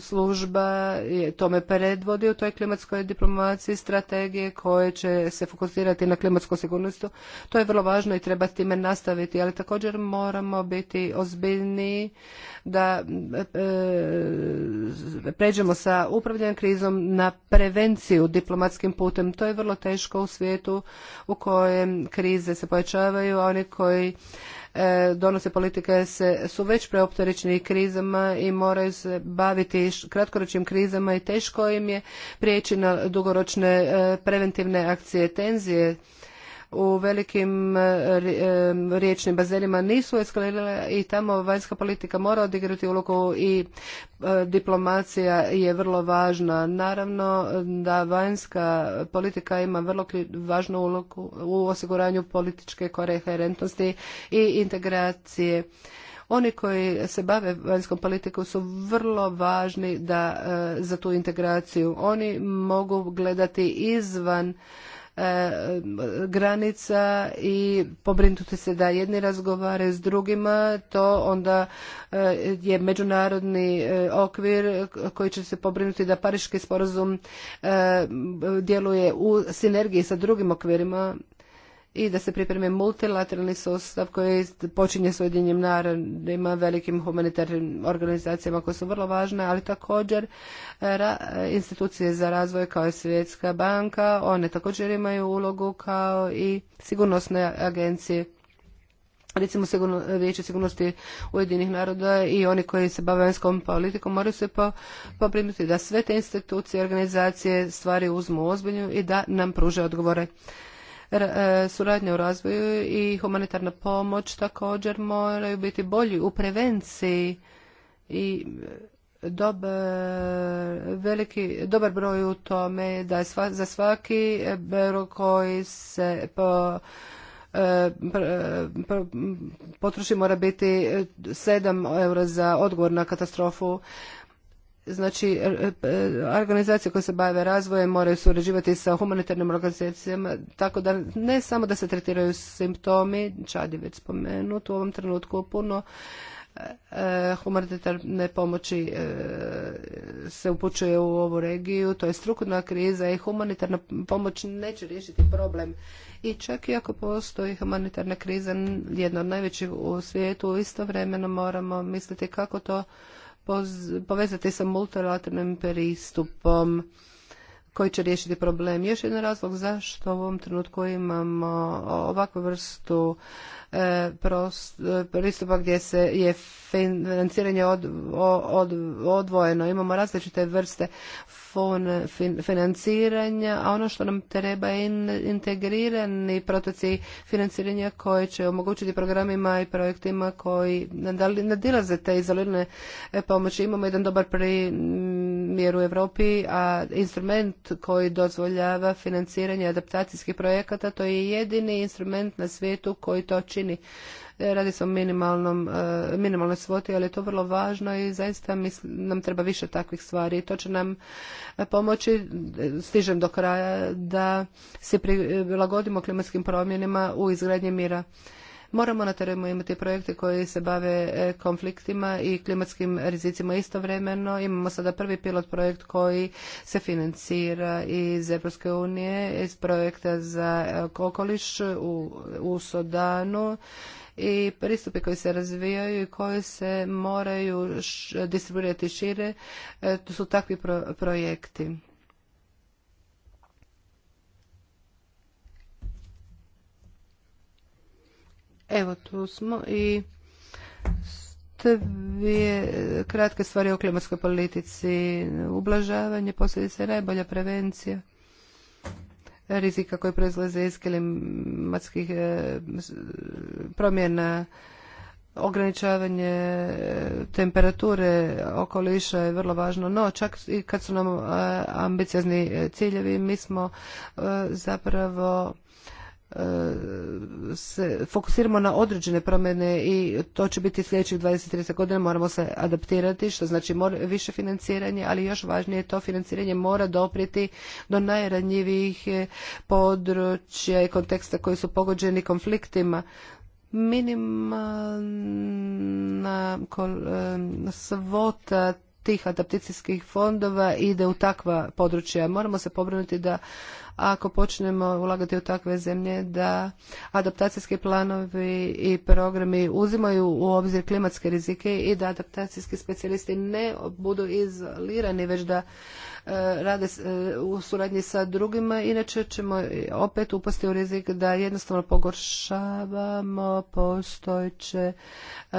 Speaker 1: služba je tome predvodi u toj klimatskoj diplomaciji strategije koje će se fokusirati na klimatsku sigurnost. To je vrlo važno i treba time nastaviti, ali također moramo biti ozbiljni da e, pređemo sa upravljanjem krizom na prevenciju diplomatskim putem. To je vrlo teško u svijetu u kojem krize se pojačavaju, a oni koji E, donose politike se, su već preopterećeni krizama i moraju se baviti kratkoročnim krizama i teško im je prijeći na dugoročne e, preventivne akcije tenzije u velikim e, e, riječnim bazenima nisu eskalirale i tamo vanjska politika mora odigrati ulogu i e, diplomacija je vrlo važna. Naravno da vanjska politika ima vrlo važnu ulogu u osiguranju političke koreherentnosti i integracije. Oni koji se bave vanjskom politikom su vrlo važni da, za tu integraciju. Oni mogu gledati izvan E, granica i pobrinuti se da jedni razgovare s drugima, to onda e, je međunarodni e, okvir koji će se pobrinuti da Pariški sporazum djeluje u sinergiji sa drugim okvirima i da se pripremi multilateralni sustav koji počinje s Ujedinjenim narodima, velikim humanitarnim organizacijama koje su vrlo važne, ali također e, institucije za razvoj kao i Svjetska banka, one također imaju ulogu kao i sigurnosne agencije recimo sigurno, vijeće sigurnosti Ujedinih naroda i oni koji se bave vanjskom politikom moraju se po, da sve te institucije, i organizacije stvari uzmu ozbiljno i da nam pruže odgovore. E, suradnja u razvoju i humanitarna pomoć također moraju biti bolji u prevenciji i e, dobar, e, veliki, dobar broj u tome da za svaki euro koji se po, potroši mora biti 7 eura za odgovor na katastrofu. Znači, organizacije koje se bave razvojem moraju surađivati sa humanitarnim organizacijama, tako da ne samo da se tretiraju simptomi, Čad je već spomenut, u ovom trenutku puno e, e, humanitarne pomoći e, se upućuje u ovu regiju, to je strukturna kriza i humanitarna pomoć neće riješiti problem. I čak i ako postoji humanitarna kriza, jedna od najvećih u svijetu, istovremeno moramo misliti kako to povezati sa multilateralnim pristupom koji će riješiti problem. Još jedan razlog zašto u ovom trenutku imamo ovakvu vrstu E, e, pristupa gdje se je financiranje od, odvojeno. Imamo različite vrste fon, financiranja, a ono što nam treba je integrirani protoci financiranja koji će omogućiti programima i projektima koji nadilaze te izolirane e, pomoći. Imamo jedan dobar primjer u Europi, a instrument koji dozvoljava financiranje adaptacijskih projekata, to je jedini instrument na svijetu koji to čini. E, Radi se o minimalnom, e, minimalnoj svoti, ali je to vrlo važno i zaista mislim, nam treba više takvih stvari i to će nam e, pomoći, stižem do kraja, da se prilagodimo klimatskim promjenama u izgradnji mira. Moramo na terenu imati projekte koji se bave e, konfliktima i klimatskim rizicima istovremeno. Imamo sada prvi pilot projekt koji se financira iz Europske unije, iz projekta za e, okoliš u, Sodanu i pristupi koji se razvijaju i koji se moraju distribuirati šire, e, to su takvi projekti. Evo tu smo i dvije kratke stvari o klimatskoj politici. Ublažavanje posljedice najbolja prevencija rizika koji proizlaze iz klimatskih e, promjena ograničavanje temperature okoliša je vrlo važno, no čak i kad su nam e, ambiciozni ciljevi, mi smo e, zapravo se fokusiramo na određene promjene i to će biti sljedećih 20-30 godina, moramo se adaptirati, što znači više financiranje, ali još važnije to financiranje mora dopriti do najranjivijih eh, područja i konteksta koji su pogođeni konfliktima. Minimalna svota tih adapticijskih fondova ide u takva područja. Moramo se pobrinuti da ako počnemo ulagati u takve zemlje da adaptacijski planovi i programi uzimaju u obzir klimatske rizike i da adaptacijski specijalisti ne budu izolirani već da e, rade e, u suradnji sa drugima, inače ćemo opet upasti u rizik da jednostavno pogoršavamo postojeće e,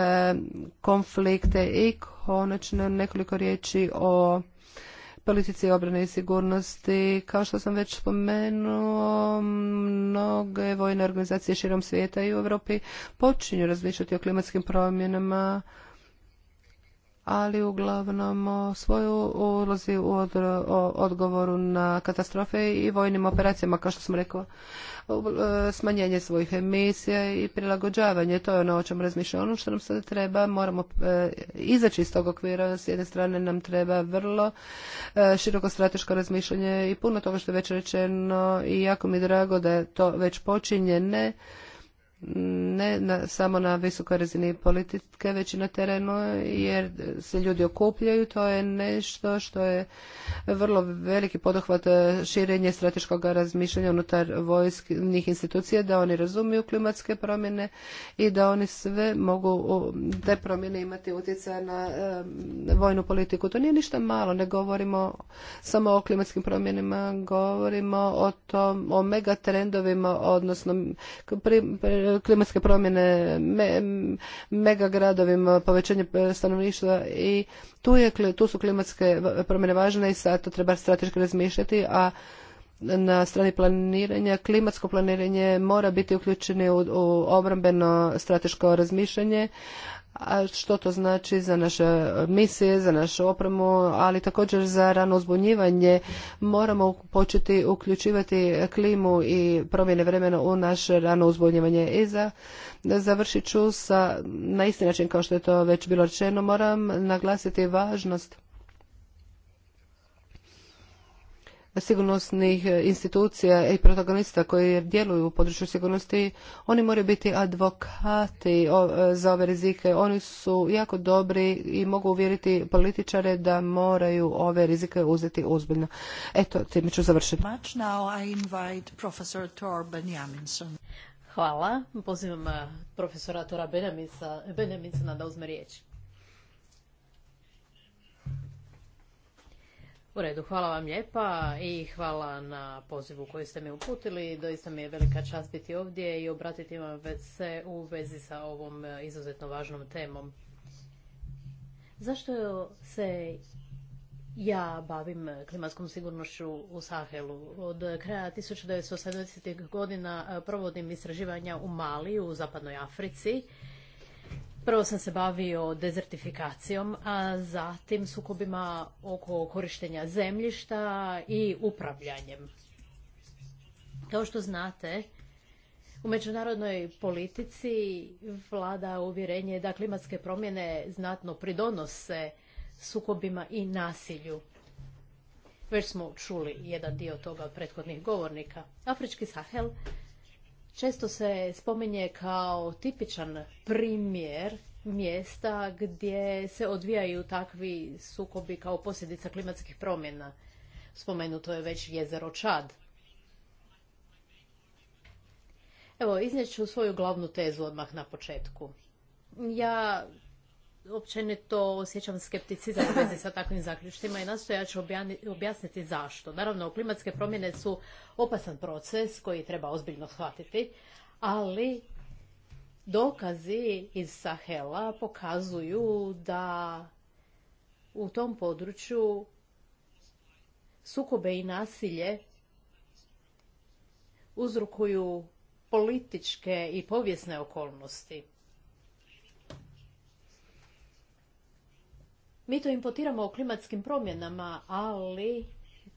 Speaker 1: konflikte i konačno nekoliko riječi o politici obrane i sigurnosti. Kao što sam već spomenuo, mnoge vojne organizacije širom svijeta i u Europi počinju razmišljati o klimatskim promjenama ali uglavnom o svojoj ulozi u o odgovoru na katastrofe i vojnim operacijama, kao što sam rekao, e, smanjenje svojih emisija i prilagođavanje. To je ono o čemu razmišljamo. Ono što nam sada treba, moramo e, izaći iz tog okvira. S jedne strane nam treba vrlo e, široko strateško razmišljanje i puno toga što je već rečeno i jako mi je drago da je to već ne ne na, samo na visokoj razini politike, već i na terenu, jer se ljudi okupljaju. To je nešto što je vrlo veliki podohvat širenje strateškog razmišljanja unutar vojskih institucija, da oni razumiju klimatske promjene i da oni sve mogu te promjene imati utjecaja na vojnu politiku. To nije ništa malo, ne govorimo samo o klimatskim promjenama, govorimo o tom, o megatrendovima, odnosno pri, klimatske promjene, me, megagradovima, povećanje e, stanovništva i tu, je, tu su klimatske promjene važne i sad to treba strateški razmišljati, a na strani planiranja, klimatsko planiranje mora biti uključeno u obrambeno strateško razmišljanje, što to znači za naše misije, za našu opremu, ali također za rano uzbunjivanje moramo početi uključivati klimu i promjene vremena u naše rano uzbunjivanje. I za završit ću sa, na isti način kao što je to već bilo rečeno, moram naglasiti važnost sigurnosnih e, institucija i protagonista koji djeluju u području sigurnosti, oni moraju biti advokati e, za ove rizike. Oni su jako dobri i mogu uvjeriti političare da moraju ove rizike uzeti uzbiljno. Eto, time ću završiti.
Speaker 2: Hvala. Pozivam e, profesora Tora da uzme riječ. U redu, hvala vam lijepa i hvala na pozivu koji ste mi uputili. Doista mi je velika čast biti ovdje i obratiti vam se u vezi sa ovom izuzetno važnom temom. Zašto se ja bavim klimatskom sigurnošću u Sahelu. Od kraja 1970. godina provodim istraživanja u Mali, u zapadnoj Africi Prvo sam se bavio dezertifikacijom, a zatim sukobima oko korištenja zemljišta i upravljanjem. Kao što znate, u međunarodnoj politici vlada uvjerenje da klimatske promjene znatno pridonose sukobima i nasilju. Već smo čuli jedan dio toga od prethodnih govornika. Afrički Sahel često se spominje kao tipičan primjer mjesta gdje se odvijaju takvi sukobi kao posljedica klimatskih promjena. Spomenuto je već jezero Čad. Evo, iznijet ću svoju glavnu tezu odmah na početku. Ja općenito osjećam skepticizam u vezi sa takvim zaključcima i nastoja ću objasniti zašto. Naravno, klimatske promjene su opasan proces koji treba ozbiljno shvatiti, ali dokazi iz Sahela pokazuju da u tom području sukobe i nasilje uzrokuju političke i povijesne okolnosti. Mi to impotiramo o klimatskim promjenama, ali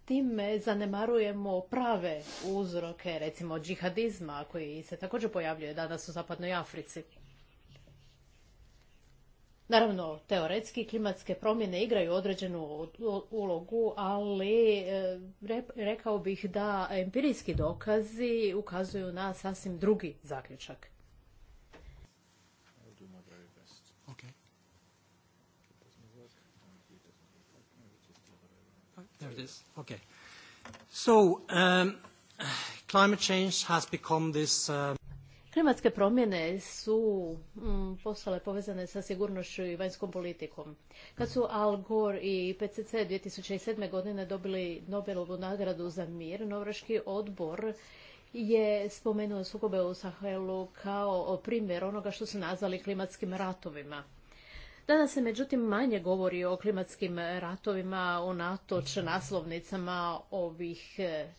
Speaker 2: time zanemarujemo prave uzroke, recimo džihadizma, koji se također pojavljuje danas u Zapadnoj Africi. Naravno, teoretski klimatske promjene igraju određenu ulogu, ali e, rekao bih da empirijski dokazi ukazuju na sasvim drugi zaključak.
Speaker 3: There Okay. So, um, climate change has become this... Um,
Speaker 2: Klimatske promjene su mm, postale povezane sa sigurnošću i vanjskom politikom. Kad su Al Gore i PCC 2007. godine dobili Nobelovu nagradu za mir, Novraški odbor je spomenuo sukobe u Sahelu kao primjer onoga što su nazvali klimatskim ratovima. Danas se međutim manje govori o klimatskim ratovima, o natoč naslovnicama ovih e,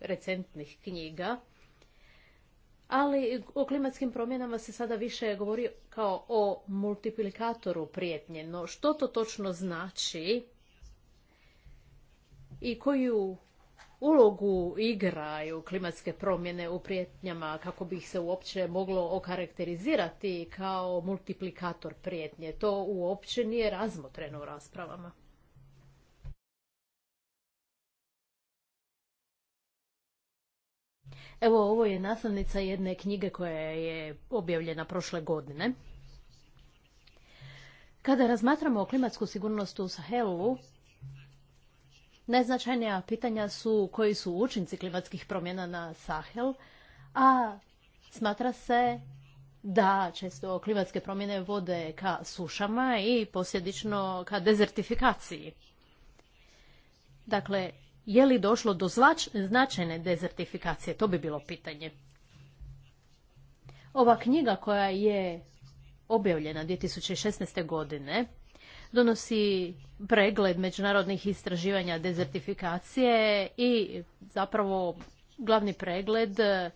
Speaker 2: recentnih knjiga. Ali o klimatskim promjenama se sada više govori kao o multiplikatoru prijetnje. No što to točno znači i koju ulogu igraju klimatske promjene u prijetnjama kako bi ih se uopće moglo okarakterizirati kao multiplikator prijetnje. To uopće nije razmotreno u raspravama. Evo, ovo je naslovnica jedne knjige koja je objavljena prošle godine. Kada razmatramo klimatsku sigurnost u Sahelu, Najznačajnija pitanja su koji su učinci klimatskih promjena na Sahel, a smatra se da često klimatske promjene vode ka sušama i posljedično ka dezertifikaciji. Dakle, je li došlo do značajne dezertifikacije? To bi bilo pitanje. Ova knjiga koja je objavljena 2016. godine donosi pregled međunarodnih istraživanja dezertifikacije i zapravo glavni pregled e,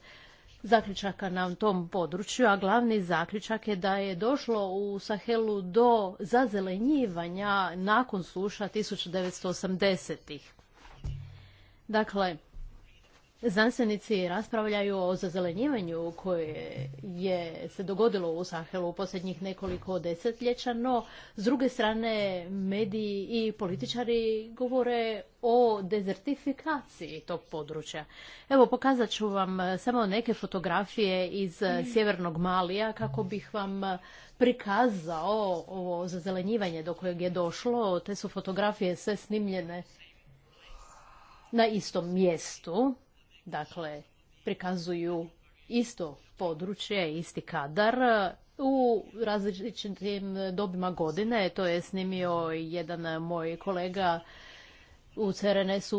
Speaker 2: zaključaka na tom području, a glavni zaključak je da je došlo u Sahelu do zazelenjivanja nakon suša 1980-ih. Dakle, Znanstvenici raspravljaju o zazelenjivanju koje je se dogodilo u Sahelu u posljednjih nekoliko desetljeća, no s druge strane mediji i političari govore o dezertifikaciji tog područja. Evo pokazat ću vam samo neke fotografije iz sjevernog Malija kako bih vam prikazao ovo zazelenjivanje do kojeg je došlo. Te su fotografije sve snimljene na istom mjestu Dakle, prikazuju isto područje, isti kadar e, u različitim dobima godine. To je snimio jedan moj kolega u CRNS-u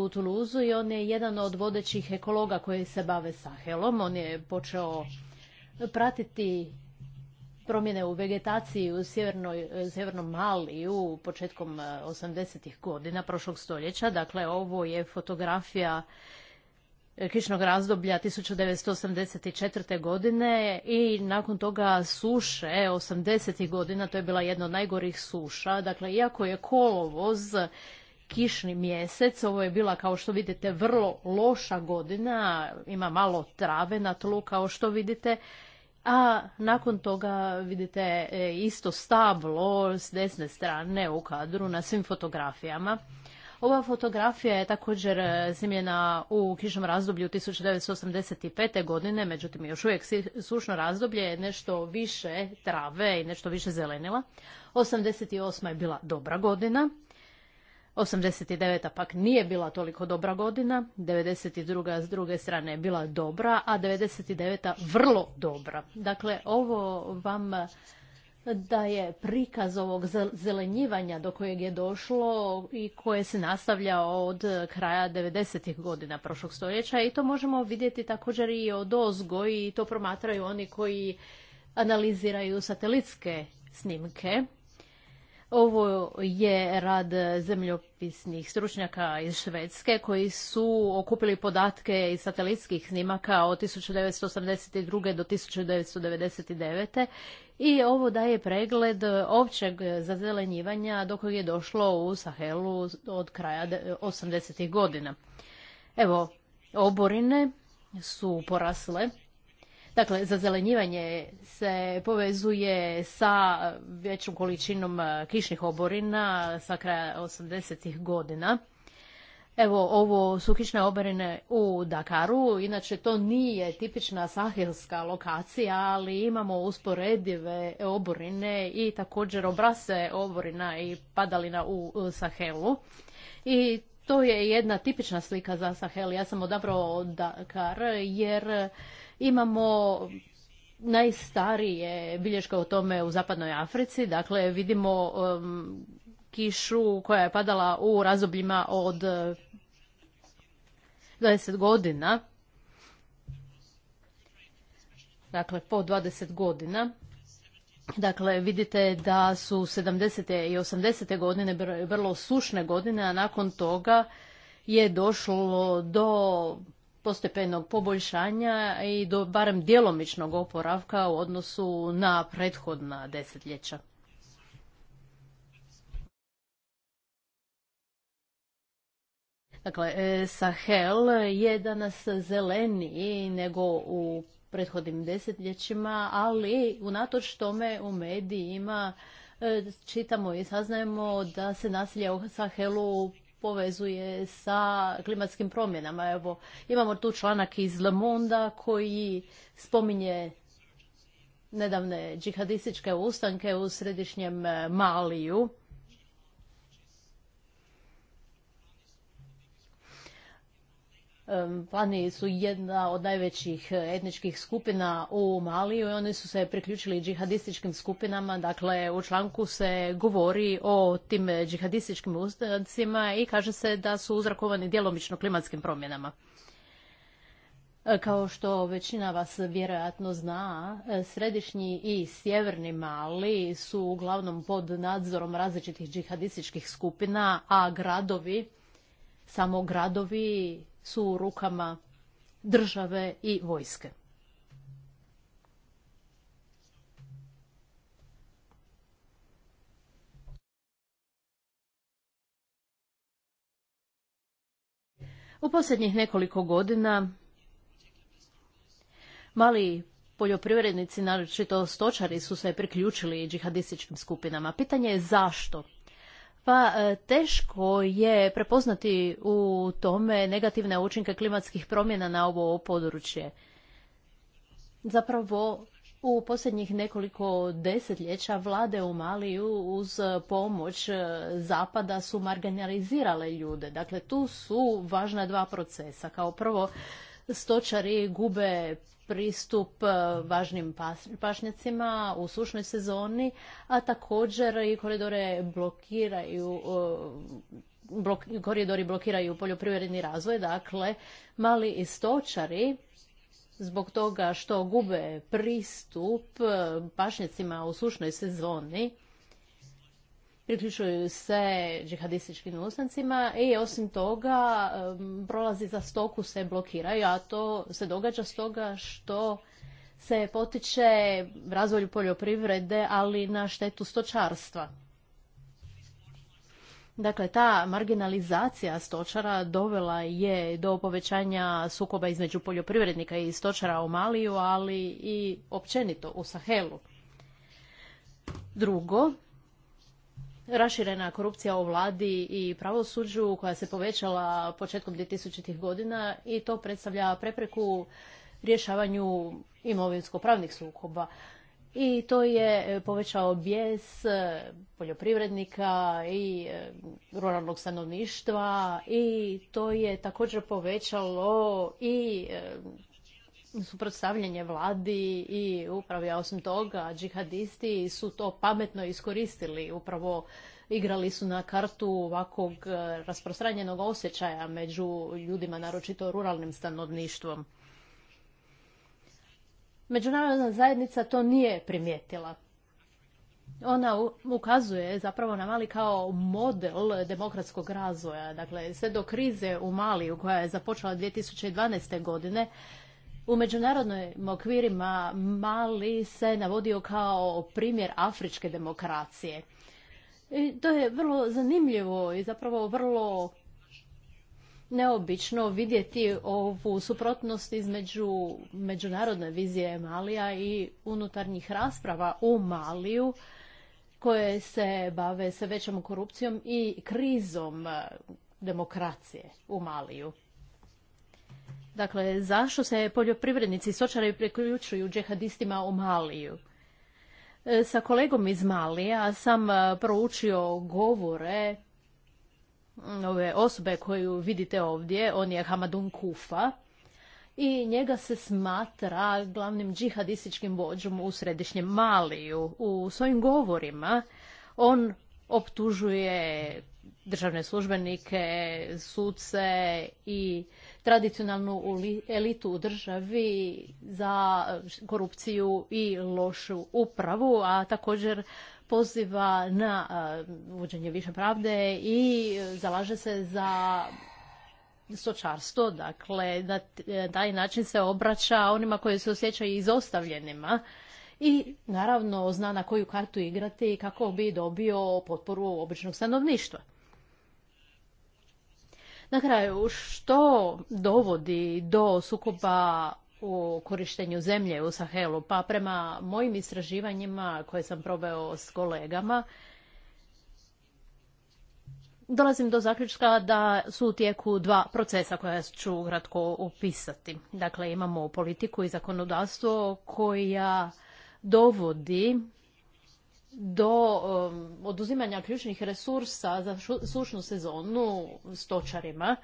Speaker 2: u i on je jedan od vodećih ekologa koji se bave Sahelom. On je počeo pratiti promjene u vegetaciji u sjevernoj, mali u početkom 80. E, godina prošlog stoljeća. Dakle, ovo je fotografija kišnog razdoblja 1984. godine i nakon toga suše 80. godina, to je bila jedna od najgorih suša. Dakle, iako je kolovoz kišni mjesec, ovo je bila kao što vidite vrlo loša godina, ima malo trave na tlu kao što vidite, a nakon toga vidite e, isto stablo s desne strane u kadru na svim fotografijama. Ova fotografija je također e, snimljena u kišnom razdoblju 1985. godine, međutim još uvijek sušno razdoblje je nešto više trave i nešto više zelenila. 88. je bila dobra godina, 89. pak nije bila toliko dobra godina, 92. s druge strane je bila dobra, a 99. vrlo dobra. Dakle, ovo vam da je prikaz ovog zelenjivanja do kojeg je došlo i koje se nastavlja od kraja 90. godina prošlog stoljeća i to možemo vidjeti također i od ozgo i to promatraju oni koji analiziraju satelitske snimke ovo je rad zemljopisnih stručnjaka iz Švedske koji su okupili podatke iz satelitskih snimaka od 1982. do 1999. i ovo daje pregled općeg zazelenjivanja do kojeg je došlo u Sahelu od kraja 80. godina. Evo, oborine su porasle Dakle, zazelenjivanje se povezuje sa većom količinom e, kišnih oborina sa kraja 80. godina. Evo, ovo su kišne oborine u Dakaru. Inače, to nije tipična sahelska lokacija, ali imamo usporedive oborine i također obrase oborina i padalina u Sahelu. I to je jedna tipična slika za Sahel. Ja sam odabrao Dakar jer Imamo najstarije bilješke o tome u zapadnoj Africi, dakle vidimo um, kišu koja je padala u razdobljima od 20 eh, godina. Dakle, po 20 godina. Dakle, vidite da su 70. i 80. godine vrlo sušne godine, a nakon toga je došlo do postepenog poboljšanja i do barem djelomičnog oporavka u odnosu na prethodna desetljeća. Dakle, e, Sahel je danas zeleniji nego u prethodnim desetljećima, ali unatoč tome u medijima e, čitamo i saznajemo da se nasilje u Sahelu povezuje sa klimatskim promjenama. Evo, imamo tu članak iz Le Monde koji spominje nedavne džihadističke ustanke u središnjem eh, Maliju Plani su jedna od najvećih eh, etničkih skupina u Maliju i oni su se priključili džihadističkim skupinama. Dakle, u članku se govori o tim eh, džihadističkim ustancima i kaže se da su uzrakovani djelomično klimatskim promjenama. Eh, Kao što većina vas vjerojatno zna, središnji i sjeverni Mali su uglavnom pod nadzorom različitih džihadističkih skupina, a gradovi, samo gradovi su u rukama države i vojske. U posljednjih nekoliko godina mali poljoprivrednici, naročito stočari, su se priključili džihadističkim skupinama. Pitanje je zašto? pa e, teško je prepoznati u tome negativne učinke klimatskih promjena na ovo područje. Zapravo u posljednjih nekoliko desetljeća vlade u Maliju uz pomoć e, Zapada su marginalizirale ljude. Dakle, tu su važna dva procesa. Kao prvo, stočari gube pristup e, važnim pašnjacima u sušnoj sezoni, a također i koridore blokiraju e, koridori blokiraju poljoprivredni razvoj, dakle mali i stočari zbog toga što gube pristup e, pašnjacima u sušnoj sezoni priključuju se džihadističkim ustancima i osim toga prolazi za stoku se blokiraju, a to se događa stoga što se potiče razvoju poljoprivrede, ali na štetu stočarstva. Dakle, ta marginalizacija stočara dovela je do povećanja sukoba između poljoprivrednika i stočara u Maliju, ali i općenito u Sahelu. Drugo, raširena korupcija u vladi i pravosuđu koja se povećala početkom 2000 godina i to predstavlja prepreku rješavanju imovinsko-pravnih sukoba. I to je povećao bijes e, poljoprivrednika i e, ruralnog stanovništva i to je također povećalo i e, suprotstavljanje vladi i upravi, a osim toga džihadisti su to pametno iskoristili, upravo igrali su na kartu ovakvog e, rasprostranjenog osjećaja među ljudima, naročito ruralnim stanovništvom. Međunarodna zajednica to nije primijetila. Ona ukazuje zapravo na Mali kao model demokratskog razvoja. Dakle, sve do krize u Maliju koja je započela 2012. godine, u međunarodnim okvirima Mali se navodio kao primjer afričke demokracije. I to je vrlo zanimljivo i zapravo vrlo neobično vidjeti ovu suprotnost između međunarodne vizije Malija i unutarnjih rasprava u Maliju koje se bave sve većom korupcijom i krizom demokracije u Maliju. Dakle, zašto se poljoprivrednici stočari sočari priključuju džehadistima u Maliju? E, sa kolegom iz Malija sam e, proučio govore ove osobe koju vidite ovdje, on je Hamadun Kufa, i njega se smatra glavnim džihadističkim vođom u središnjem Maliju. U svojim govorima on optužuje državne službenike, suce i tradicionalnu elitu u državi za korupciju i lošu upravu, a također poziva na uvođenje više pravde i zalaže se za stočarstvo. Dakle, na e, taj način se obraća onima koji se osjećaju izostavljenima i naravno zna na koju kartu igrati kako bi dobio potporu običnog stanovništva. Na kraju, što dovodi do sukoba u korištenju zemlje u Sahelu? Pa prema mojim istraživanjima koje sam proveo s kolegama, dolazim do zaključka da su u tijeku dva procesa koja ću kratko opisati. Dakle, imamo politiku i zakonodavstvo koja dovodi do um, oduzimanja ključnih resursa za sušnu sezonu stočarima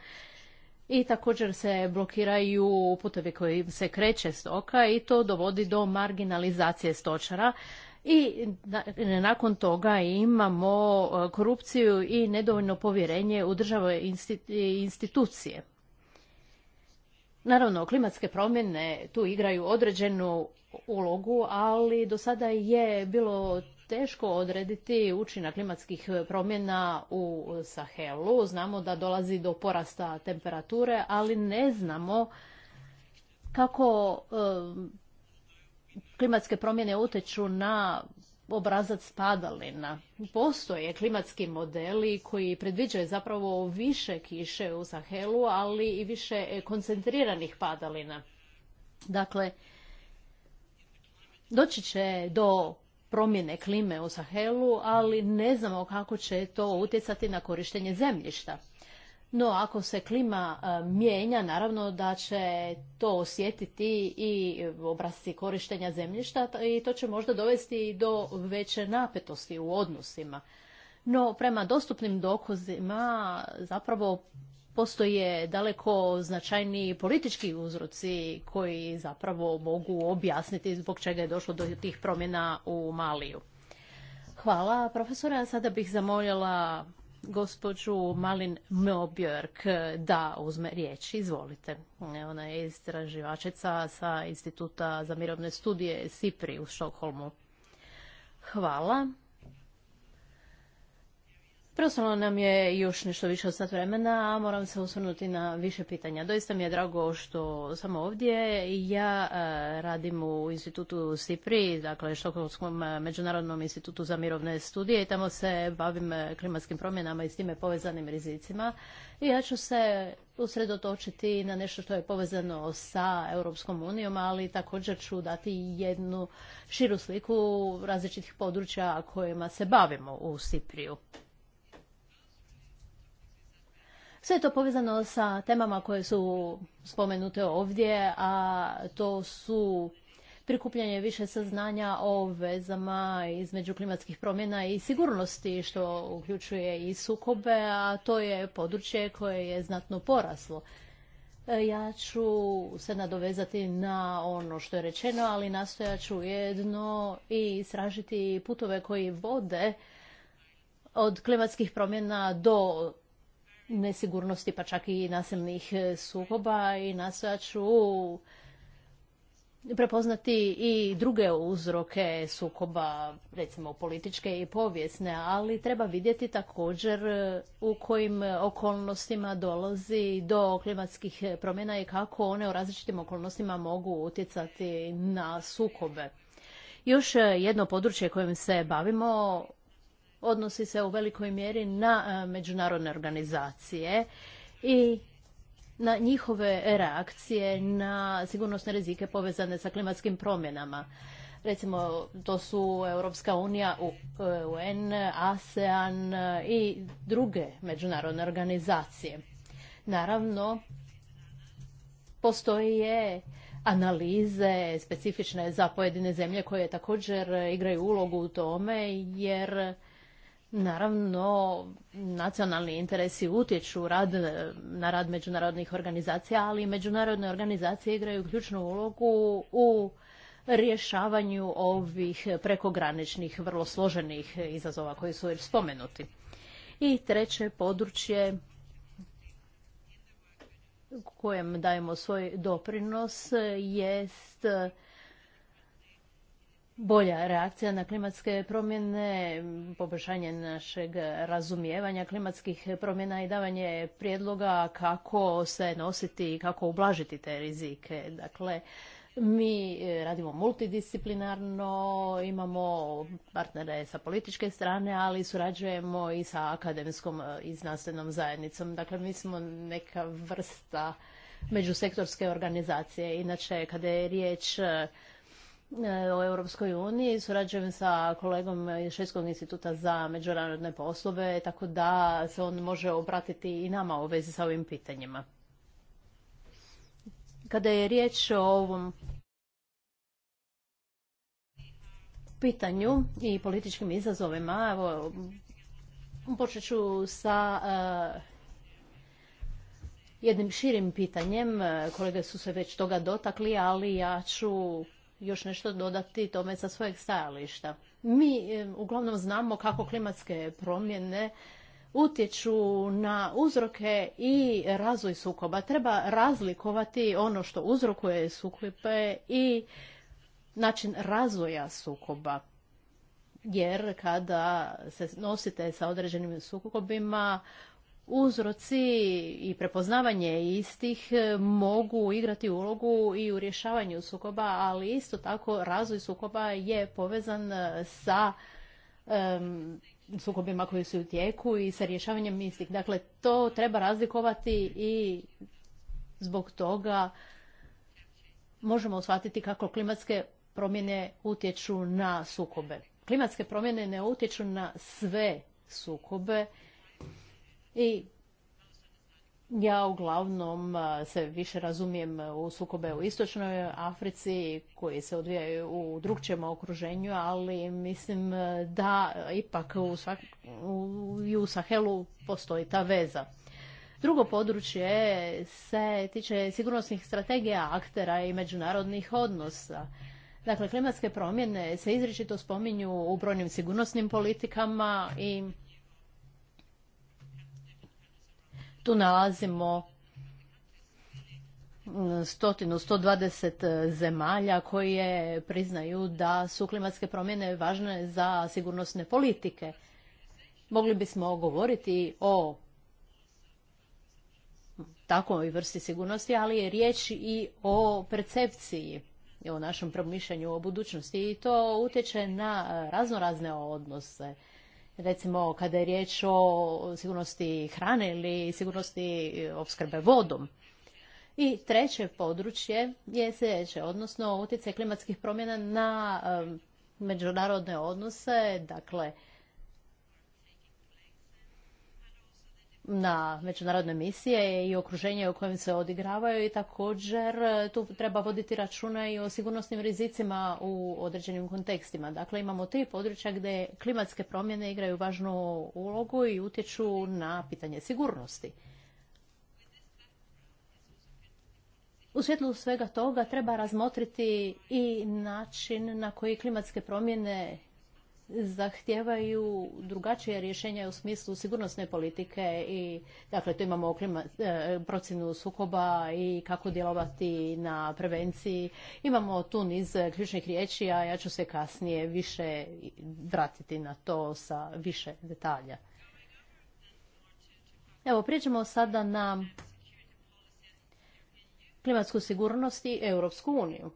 Speaker 2: i također se blokiraju putevi koji se kreće stoka i to dovodi do marginalizacije stočara i nakon toga imamo uh, korupciju i nedovoljno povjerenje u države institucije. Naravno, klimatske promjene tu igraju određenu ulogu, ali do sada je bilo teško odrediti učinak klimatskih promjena u Sahelu. Znamo da dolazi do porasta temperature, ali ne znamo kako klimatske promjene utječu na obrazac padalina. Postoje klimatski modeli koji predviđaju zapravo više kiše u Sahelu, ali i više koncentriranih padalina. Dakle, Doći će do promjene klime u Sahelu, ali ne znamo kako će to utjecati na korištenje zemljišta. No, ako se klima e, mijenja, naravno da će to osjetiti i obrazci korištenja zemljišta i to će možda dovesti i do veće napetosti u odnosima. No, prema dostupnim dokazima zapravo postoje daleko značajniji politički uzroci koji zapravo mogu objasniti zbog čega je došlo do tih promjena u Maliju. Hvala profesora. Sada bih zamoljala gospođu Malin Mobjörk da uzme riječ. Izvolite. Ona je istraživačica sa Instituta za mirovne studije Sipri u Štokholmu. Hvala. Preostalo nam je još nešto više od sat vremena, a moram se osvrnuti na više pitanja. Doista mi je drago što sam ovdje. Ja e, radim u institutu SIPRI, dakle Štokholmskom e, međunarodnom institutu za mirovne studije i tamo se bavim e, klimatskim promjenama i s time povezanim rizicima. I ja ću se usredotočiti na nešto što je povezano sa Europskom unijom, ali također ću dati jednu širu sliku različitih područja kojima se bavimo u Sipriju. Sve je to povezano sa temama koje su spomenute ovdje, a to su prikupljanje više saznanja o vezama između klimatskih promjena i sigurnosti, što uključuje i sukobe, a to je područje koje je znatno poraslo. E, ja ću se nadovezati na ono što je rečeno, ali nastojaću jedno i sražiti putove koji vode od klimatskih promjena do nesigurnosti, pa čak i nasilnih e, sukoba i nastojat ću prepoznati i druge uzroke sukoba, recimo političke i povijesne, ali treba vidjeti također e, u kojim okolnostima dolazi do klimatskih promjena i kako one u različitim okolnostima mogu utjecati na sukobe. Još e, jedno područje kojim se bavimo odnosi se u velikoj mjeri na e, međunarodne organizacije i na njihove reakcije na sigurnosne rizike povezane sa klimatskim promjenama. Recimo, to su Europska unija, UN, ASEAN i druge međunarodne organizacije. Naravno, postoje analize specifične za pojedine zemlje koje također igraju ulogu u tome, jer Naravno, nacionalni interesi utječu rad, na rad međunarodnih organizacija, ali međunarodne organizacije igraju ključnu ulogu u rješavanju ovih prekograničnih, vrlo složenih izazova koji su već spomenuti. I treće područje kojem dajemo svoj doprinos jest bolja reakcija na klimatske promjene, poboljšanje našeg razumijevanja klimatskih promjena i davanje prijedloga kako se nositi i kako ublažiti te rizike. Dakle, mi e, radimo multidisciplinarno, imamo partnere sa političke strane, ali surađujemo i sa akademskom e, i znanstvenom zajednicom. Dakle, mi smo neka vrsta međusektorske organizacije. Inače, kada je riječ e, E, o Europskoj uniji, surađujem sa kolegom iz instituta za međunarodne poslove, tako da se on može obratiti i nama u vezi sa ovim pitanjima. Kada je riječ o ovom pitanju i političkim izazovima, evo, počet ću sa e, jednim širim pitanjem. Kolege su se već toga dotakli, ali ja ću još nešto dodati tome sa svojeg stajališta. Mi e, uglavnom znamo kako klimatske promjene utječu na uzroke i razvoj sukoba. Treba razlikovati ono što uzrokuje sukobe i način razvoja sukoba. Jer kada se nosite sa određenim sukobima, uzroci i prepoznavanje istih e, mogu igrati ulogu i u rješavanju sukoba, ali isto tako razvoj sukoba je povezan e, sa um, sukobima koji su u tijeku i sa rješavanjem istih. Dakle, to treba razlikovati i zbog toga možemo shvatiti kako klimatske promjene utječu na sukobe. Klimatske promjene ne utječu na sve sukobe, i ja uglavnom se više razumijem u sukobe u Istočnoj Africi koji se odvijaju u drugčijem okruženju, ali mislim da ipak u, i u Sahelu postoji ta veza. Drugo područje se tiče sigurnosnih strategija aktera i međunarodnih odnosa. Dakle, klimatske promjene se izričito spominju u brojnim sigurnosnim politikama i Tu nalazimo mm, stotinu, 120 e, zemalja koje priznaju da su klimatske promjene važne za sigurnosne politike. Mogli bismo govoriti o takvoj vrsti sigurnosti, ali je riječ i o percepciji, o našem promišljanju o budućnosti i to utječe na raznorazne odnose recimo kada je riječ o sigurnosti hrane ili sigurnosti opskrbe vodom. I treće područje je sljedeće, odnosno utjecaj klimatskih promjena na međunarodne odnose, dakle na međunarodne misije i okruženje u kojem se odigravaju i također e, tu treba voditi računa i o sigurnosnim rizicima u određenim kontekstima. Dakle, imamo tri područja gdje klimatske promjene igraju važnu ulogu i utječu na pitanje sigurnosti. U svjetlu svega toga treba razmotriti i način na koji klimatske promjene zahtijevaju drugačije rješenja u smislu sigurnosne politike i dakle tu imamo e, procjenu sukoba i kako djelovati na prevenciji. Imamo tu niz ključnih riječi, a ja ću se kasnije više vratiti na to sa više detalja. Evo, prijeđemo sada na klimatsku sigurnost i Europsku uniju.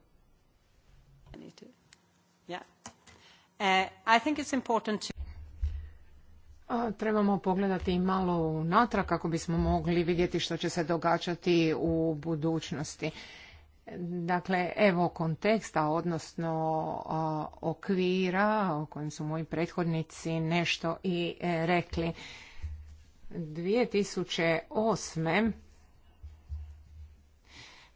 Speaker 4: Uh, trebamo pogledati malo unatrag kako bismo mogli vidjeti što će se događati u budućnosti. Dakle, evo konteksta, odnosno okvira o kojem su moji prethodnici nešto i e, rekli. 2008.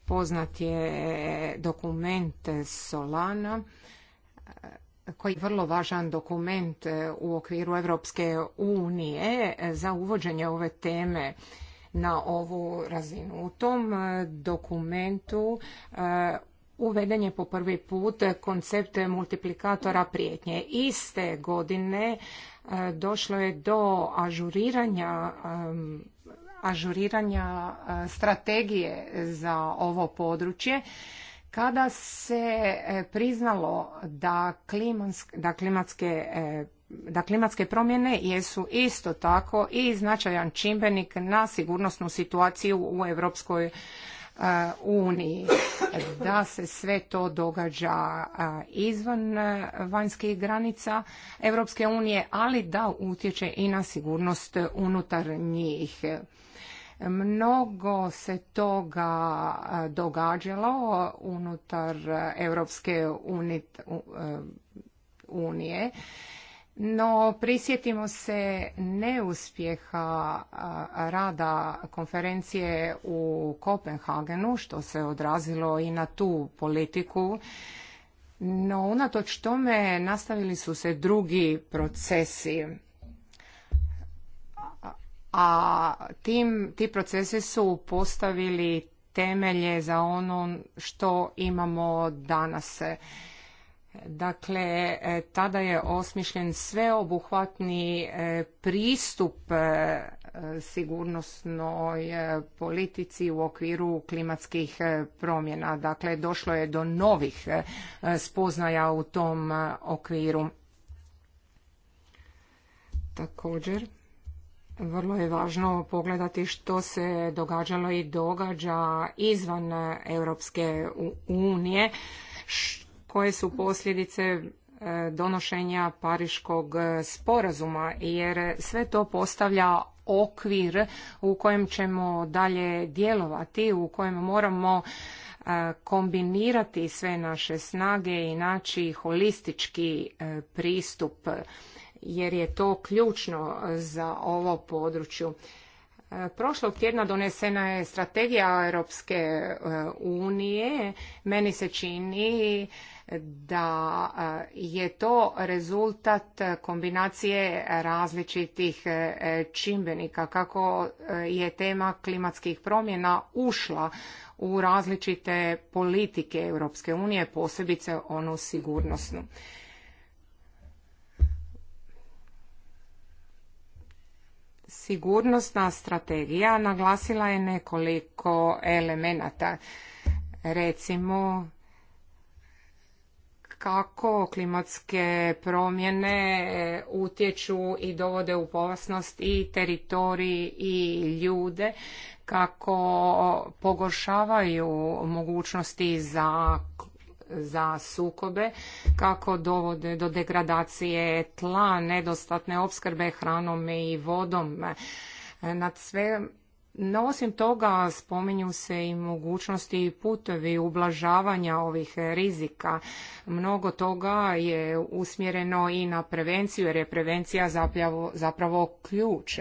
Speaker 4: poznat je dokument Solana koji je vrlo važan dokument e, u okviru Europske unije e, za uvođenje ove teme na ovu razinu. U tom e, dokumentu uveden je po prvi put koncept multiplikatora prijetnje. Iste godine došlo je do ažuriranja ažuriranja strategije za ovo područje kada se e, priznalo da, klimatske e, da klimatske promjene jesu isto tako i značajan čimbenik na sigurnosnu situaciju u Europskoj e, uniji. Da se sve to događa izvan vanjskih granica Europske unije, ali da utječe i na sigurnost unutar njih. Mnogo se toga događalo unutar Europske e, unije, no prisjetimo se neuspjeha rada konferencije u Kopenhagenu, što se odrazilo i na tu politiku. No, unatoč tome nastavili su se drugi procesi a tim, ti procesi su postavili temelje za ono što imamo danas. Dakle, tada je osmišljen sveobuhvatni e, pristup e, sigurnosnoj e, politici u okviru klimatskih promjena. Dakle, došlo je do novih spoznaja u tom okviru. Također, vrlo je važno pogledati što se događalo i događa izvan Europske unije, koje su posljedice e, donošenja Pariškog e, sporazuma, jer sve to postavlja okvir u kojem ćemo dalje djelovati, u kojem moramo e, kombinirati sve naše snage i naći holistički pristup jer je to ključno za ovo područje. Prošlog tjedna donesena je strategija Europske e, unije. Meni se čini da e, je to rezultat kombinacije različitih e, čimbenika. Kako je tema klimatskih promjena ušla u različite politike Europske unije, posebice onu sigurnosnu. sigurnosna strategija naglasila je nekoliko elemenata. Recimo, kako klimatske promjene utječu i dovode u opasnost i teritoriji i ljude, kako pogoršavaju mogućnosti za za sukobe, kako dovode do degradacije tla, nedostatne opskrbe hranom i vodom. Nad sve no, osim toga, spominju se i mogućnosti i putevi ublažavanja ovih rizika. Mnogo toga je usmjereno i na prevenciju, jer je prevencija zapravo, zapravo ključ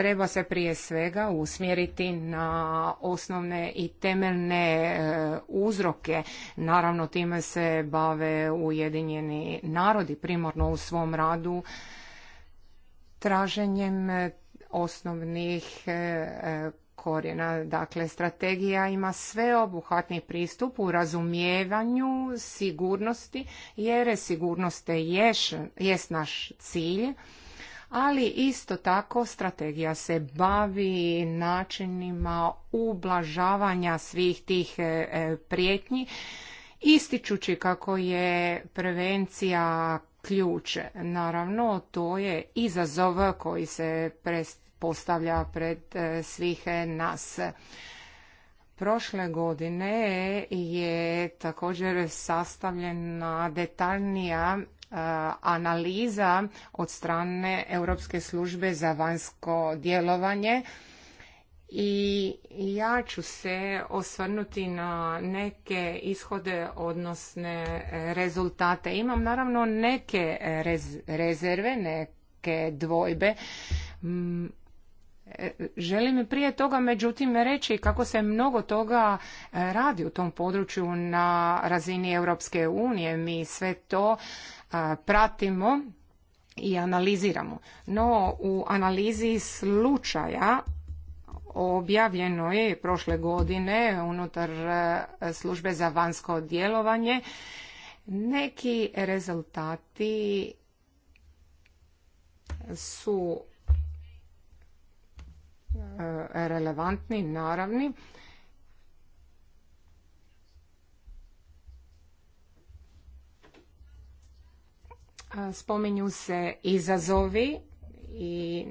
Speaker 4: treba se prije svega usmjeriti na osnovne i temeljne e, uzroke. Naravno, time se bave Ujedinjeni narodi primorno u svom radu traženjem osnovnih e, e, korijena. Dakle, strategija ima sveobuhvatni pristup u razumijevanju sigurnosti, jer sigurnost je jest naš cilj ali isto tako strategija se bavi načinima ublažavanja svih tih e, e, prijetnji ističući kako je prevencija ključ. Naravno, to je izazov koji se postavlja pred e, svih nas. Prošle godine je također sastavljena detaljnija Eh, analiza od strane Europske službe za vanjsko djelovanje i ja ću se osvrnuti na neke ishode, odnosne rezultate. Imam naravno neke rezerve, neke dvojbe. Mm, želim prije toga međutim reći kako se mnogo toga eh, radi u tom području na razini Europske unije. Mi sve to pratimo i analiziramo. No, u analizi slučaja objavljeno je prošle godine unutar e, službe za vanjsko djelovanje neki rezultati su e, relevantni, naravni, spominju se izazovi i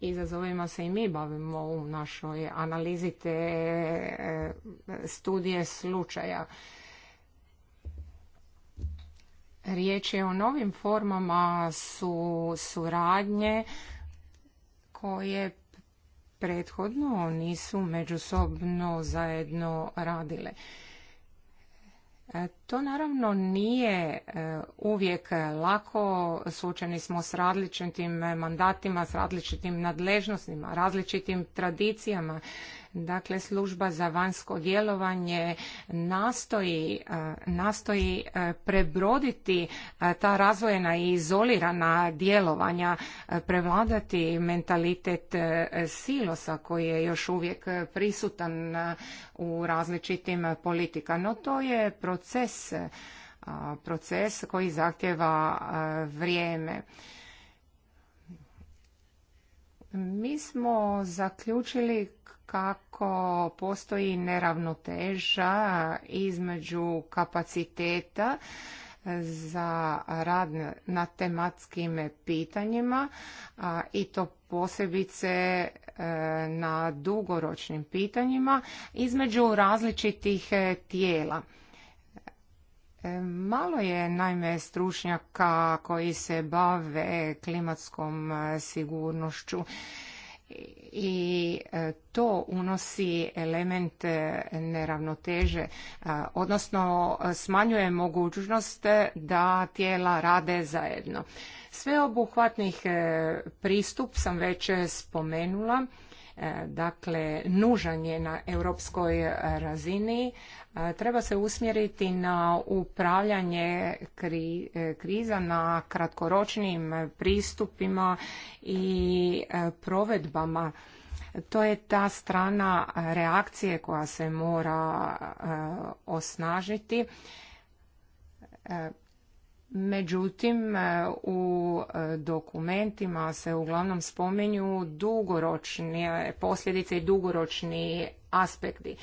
Speaker 4: izazovima se i mi bavimo u našoj analizi te e, studije slučaja. Riječ je o novim formama su suradnje koje prethodno nisu međusobno zajedno radile. E, to naravno nije e, uvijek lako, suočeni smo s različitim mandatima, s različitim nadležnostima, različitim tradicijama Dakle, služba za vanjsko djelovanje nastoji, e, nastoji e, prebroditi e, ta razvojena i izolirana djelovanja, prevladati mentalitet silosa koji je još uvijek prisutan u različitim politika. No to je proces, proces koji zahtjeva vrijeme. Mi smo zaključili kako postoji neravnoteža između kapaciteta za rad na tematskim pitanjima i to posebice e, na dugoročnim pitanjima između različitih e, tijela. E, malo je naime stručnjaka koji se bave klimatskom sigurnošću i e, to unosi element e, neravnoteže, odnosno e, smanjuje mogućnost da tijela rade zajedno. obuhvatnih pristup sam već spomenula, dakle nužan je na europskoj razini E, treba se usmjeriti na upravljanje e, kriza na kratkoročnim pristupima i e, provedbama. To je ta strana reakcije koja se mora osnažiti. Međutim, u dokumentima se uglavnom spominju dugoročne posljedice i dugoročni aspekti.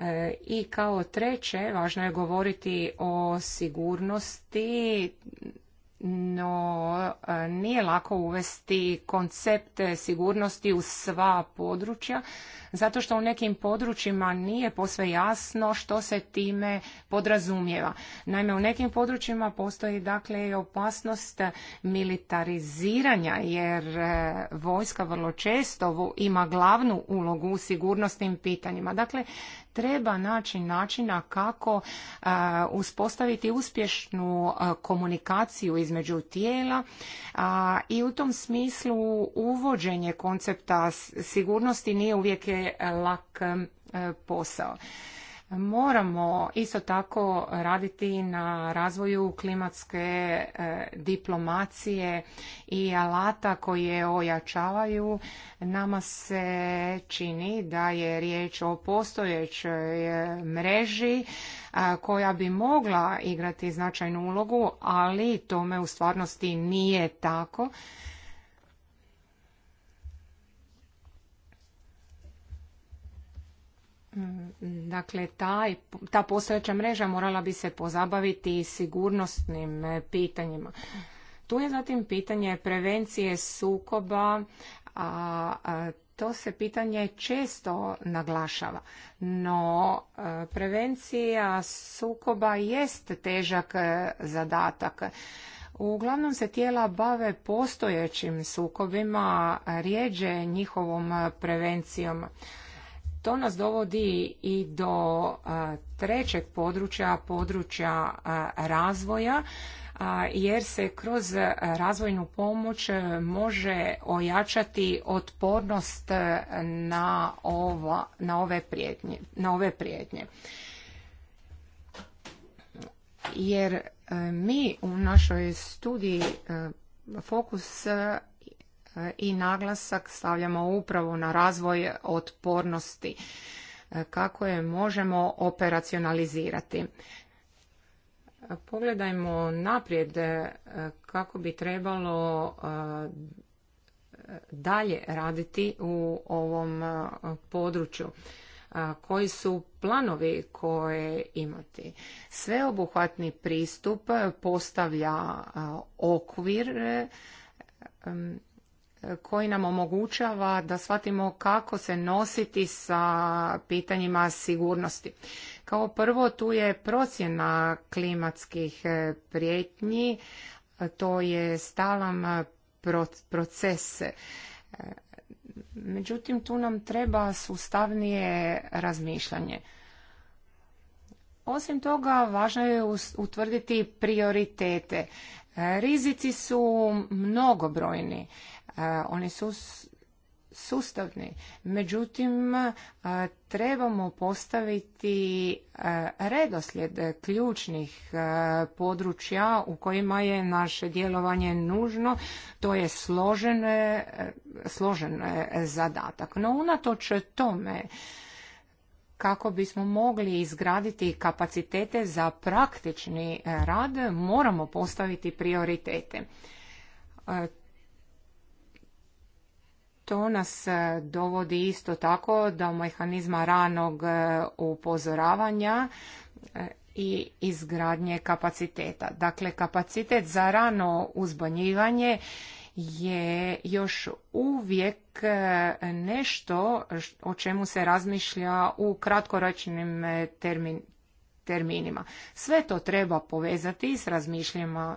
Speaker 4: E, I kao treće, važno je govoriti o sigurnosti, no e, nije lako uvesti koncepte sigurnosti u sva područja zato što u nekim područjima nije posve jasno što se time podrazumijeva. Naime, u nekim područjima postoji dakle i opasnost militariziranja jer e, vojska vrlo često ima glavnu ulogu u sigurnosnim pitanjima. Dakle, treba naći načina kako e, uspostaviti uspješnu e, komunikaciju između tijela i u tom smislu uvođenje koncepta sigurnosti nije uvijek lak e, posao. Moramo isto tako raditi na razvoju klimatske e, diplomacije i alata koje ojačavaju. Nama se čini da je riječ o postojećoj e, mreži koja bi mogla igrati značajnu ulogu, ali tome u stvarnosti nije tako. Mm, dakle, ta postojeća mreža morala bi se pozabaviti sigurnosnim e, pitanjima. Tu je zatim pitanje prevencije sukoba, a, to se pitanje često naglašava. No, e, prevencija sukoba jest težak e, zadatak. Uglavnom se tijela bave postojećim sukobima, rijeđe njihovom prevencijom. To nas dovodi i do trećeg područja, područja razvoja, jer se kroz razvojnu pomoć može ojačati otpornost na, na, ove, prijetnje, na ove prijetnje. Jer e, mi u našoj studiji e, fokus E, i naglasak stavljamo upravo na razvoj otpornosti e, kako je možemo operacionalizirati. E, pogledajmo naprijed kako bi trebalo dalje raditi u ovom području koji su planovi koje imati. Sveobuhvatni pristup postavlja okvir koji nam omogućava da shvatimo kako se nositi sa pitanjima sigurnosti. Kao prvo tu je procjena klimatskih e, prijetnji, to je stalan e, proces. E, međutim, tu nam treba sustavnije razmišljanje. Osim toga, važno je utvrditi prioritete. Rizici su mnogobrojni E, oni su sustavni. Međutim, e, trebamo postaviti e, redoslijed ključnih područja u kojima je naše djelovanje nužno. To je složen, složen zadatak. No, unatoč tome, kako bismo mogli izgraditi kapacitete za praktični rad, moramo postaviti prioritete to nas e, dovodi isto tako do mehanizma ranog e, upozoravanja e, i izgradnje kapaciteta. Dakle, kapacitet za rano uzbanjivanje je još uvijek nešto o čemu se razmišlja u kratkoročnim terminima terminima. Sve to treba povezati s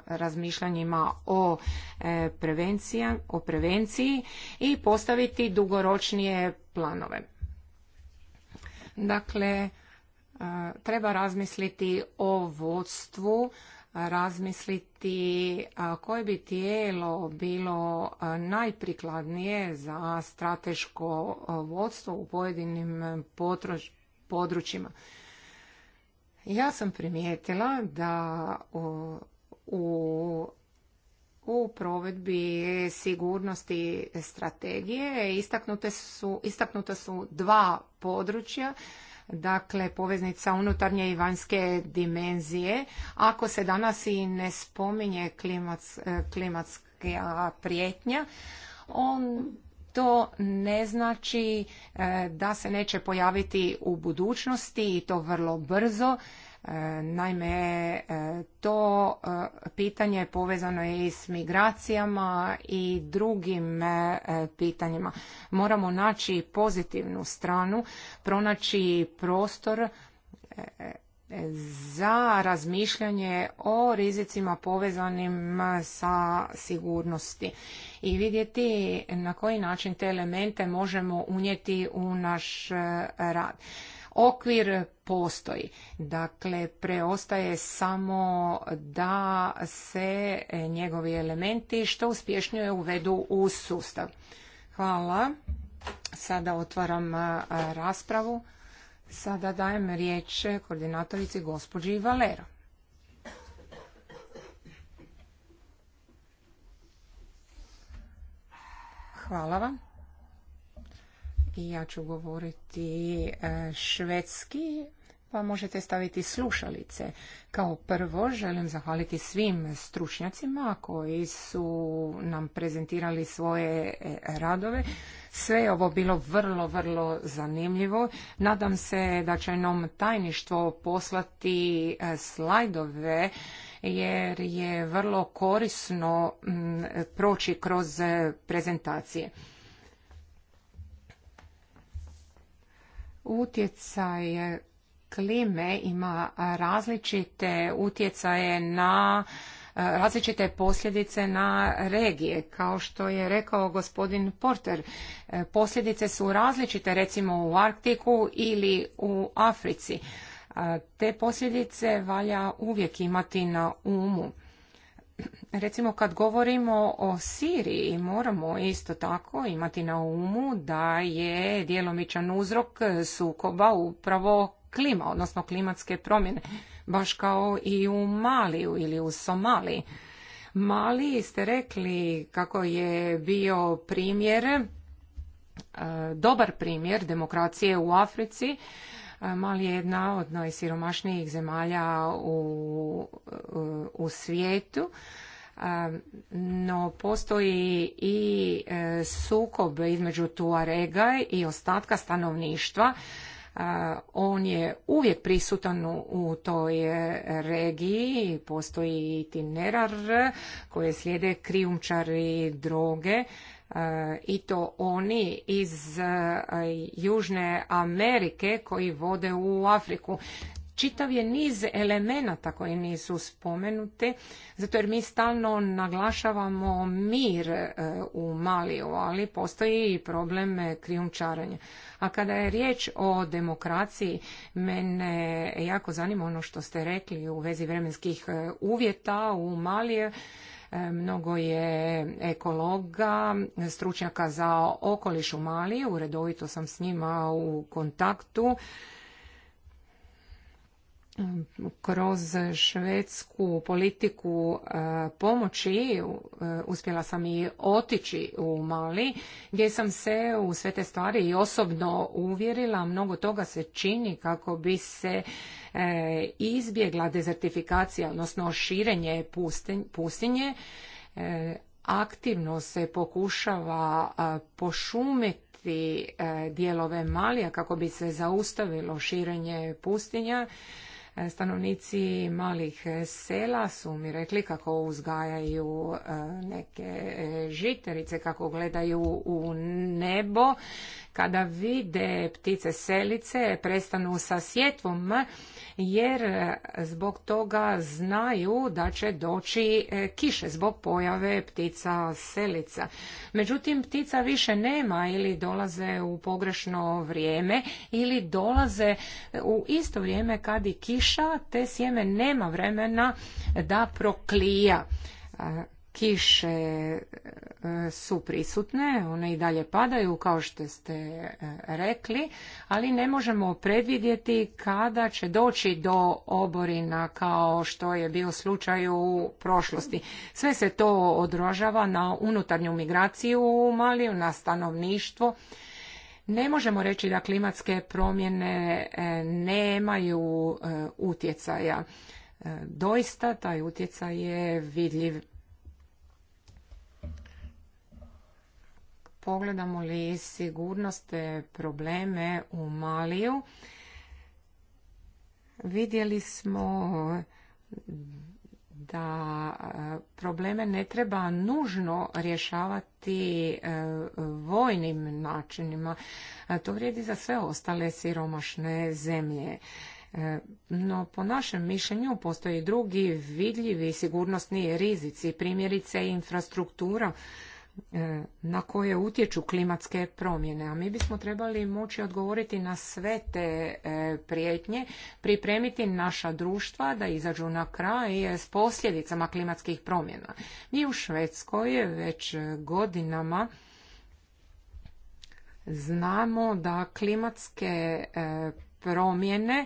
Speaker 4: razmišljanjima o, e, o prevenciji i postaviti dugoročnije planove. Dakle, e, treba razmisliti o vodstvu, razmisliti koje bi tijelo bilo najprikladnije za strateško vodstvo u pojedinim područjima. Ja sam primijetila da u u provedbi sigurnosti strategije istaknute su, istaknuta su dva područja dakle poveznica unutarnje i vanjske dimenzije ako se danas i ne spominje klimatska prijetnja on to ne znači e, da se neće pojaviti u budućnosti i to vrlo brzo. E, naime, e, to pitanje povezano je i s migracijama i drugim pitanjima. Moramo naći pozitivnu stranu, pronaći prostor za razmišljanje o rizicima povezanim sa sigurnosti i vidjeti na koji način te elemente možemo unijeti u naš e, rad. Okvir postoji. Dakle, preostaje samo da se njegovi elementi što uspješnije uvedu u sustav. Hvala. Sada otvaram e, raspravu. Sada dajem riječ koordinatorici gospođi Valero. Hvala vam. ja ću govoriti e, švedski, pa možete staviti slušalice. Kao prvo želim zahvaliti svim stručnjacima koji su nam prezentirali svoje e, radove. Sve je ovo bilo vrlo, vrlo zanimljivo. Nadam se da će nam tajništvo poslati e, slajdove jer je vrlo korisno proći kroz prezentacije. Utjecaj klime ima različite utjecaje na e, različite posljedice na regije. Kao što je rekao gospodin Porter, e, posljedice su različite recimo u Arktiku ili u Africi. E, te posljedice valja uvijek imati na umu. Recimo kad govorimo o Siriji moramo isto tako imati na umu da je djelomičan uzrok sukoba upravo klima, odnosno klimatske promjene, baš kao i u Maliju ili u Somaliji. Mali ste rekli kako je bio primjer, e, dobar primjer demokracije u Africi, e, Mali je jedna od najsiromašnijih zemalja u, e, u svijetu, no postoji i sukob između Tuarega i ostatka stanovništva on je uvijek prisutan u toj e, regiji, postoji itinerar koje slijede krijumčari droge i to oni iz e, Južne Amerike koji vode u Afriku čitav je niz elemenata koji nisu spomenuti, zato jer mi stalno naglašavamo mir e, u Maliju, ali postoji i problem e, krijumčaranja. A kada je riječ o demokraciji, mene jako zanima ono što ste rekli u vezi vremenskih e, uvjeta u Malije, mnogo je ekologa, stručnjaka za okoliš u Maliji, uredovito sam s njima u kontaktu kroz švedsku politiku e, pomoći e, uspjela sam i otići u Mali gdje sam se u sve te stvari i osobno uvjerila mnogo toga se čini kako bi se e, izbjegla dezertifikacija odnosno širenje pustinje aktivno se pokušava pošumiti dijelove Malija kako bi se zaustavilo širenje pustinja E, stanovnici malih sela su mi rekli kako uzgajaju e, neke e, žiterice, kako gledaju u nebo. Kada vide ptice selice, prestanu sa sjetvom jer e, zbog toga znaju da će doći e, kiše zbog pojave ptica selica. Međutim, ptica više nema ili dolaze u pogrešno vrijeme ili dolaze e, u isto vrijeme kad i kiša, te sjeme nema vremena da proklija kiše e, su prisutne, one i dalje padaju kao što ste e, rekli, ali ne možemo predvidjeti kada će doći do oborina kao što je bio slučaj u prošlosti. Sve se to odražava na unutarnju migraciju u Maliju, na stanovništvo. Ne možemo reći da klimatske promjene e, nemaju utjecaja. Doista taj utjecaj je vidljiv pogledamo li sigurnost probleme u Maliju, vidjeli smo da e, probleme ne treba nužno rješavati e, vojnim načinima. E, to vrijedi za sve ostale siromašne zemlje. No, po našem mišljenju postoji drugi vidljivi sigurnosni rizici, primjerice infrastruktura E, na koje utječu klimatske promjene. A mi bismo trebali moći odgovoriti na sve te e, prijetnje, pripremiti naša društva da izađu na kraj e, s posljedicama klimatskih promjena. Mi u Švedskoj već godinama znamo da klimatske promjene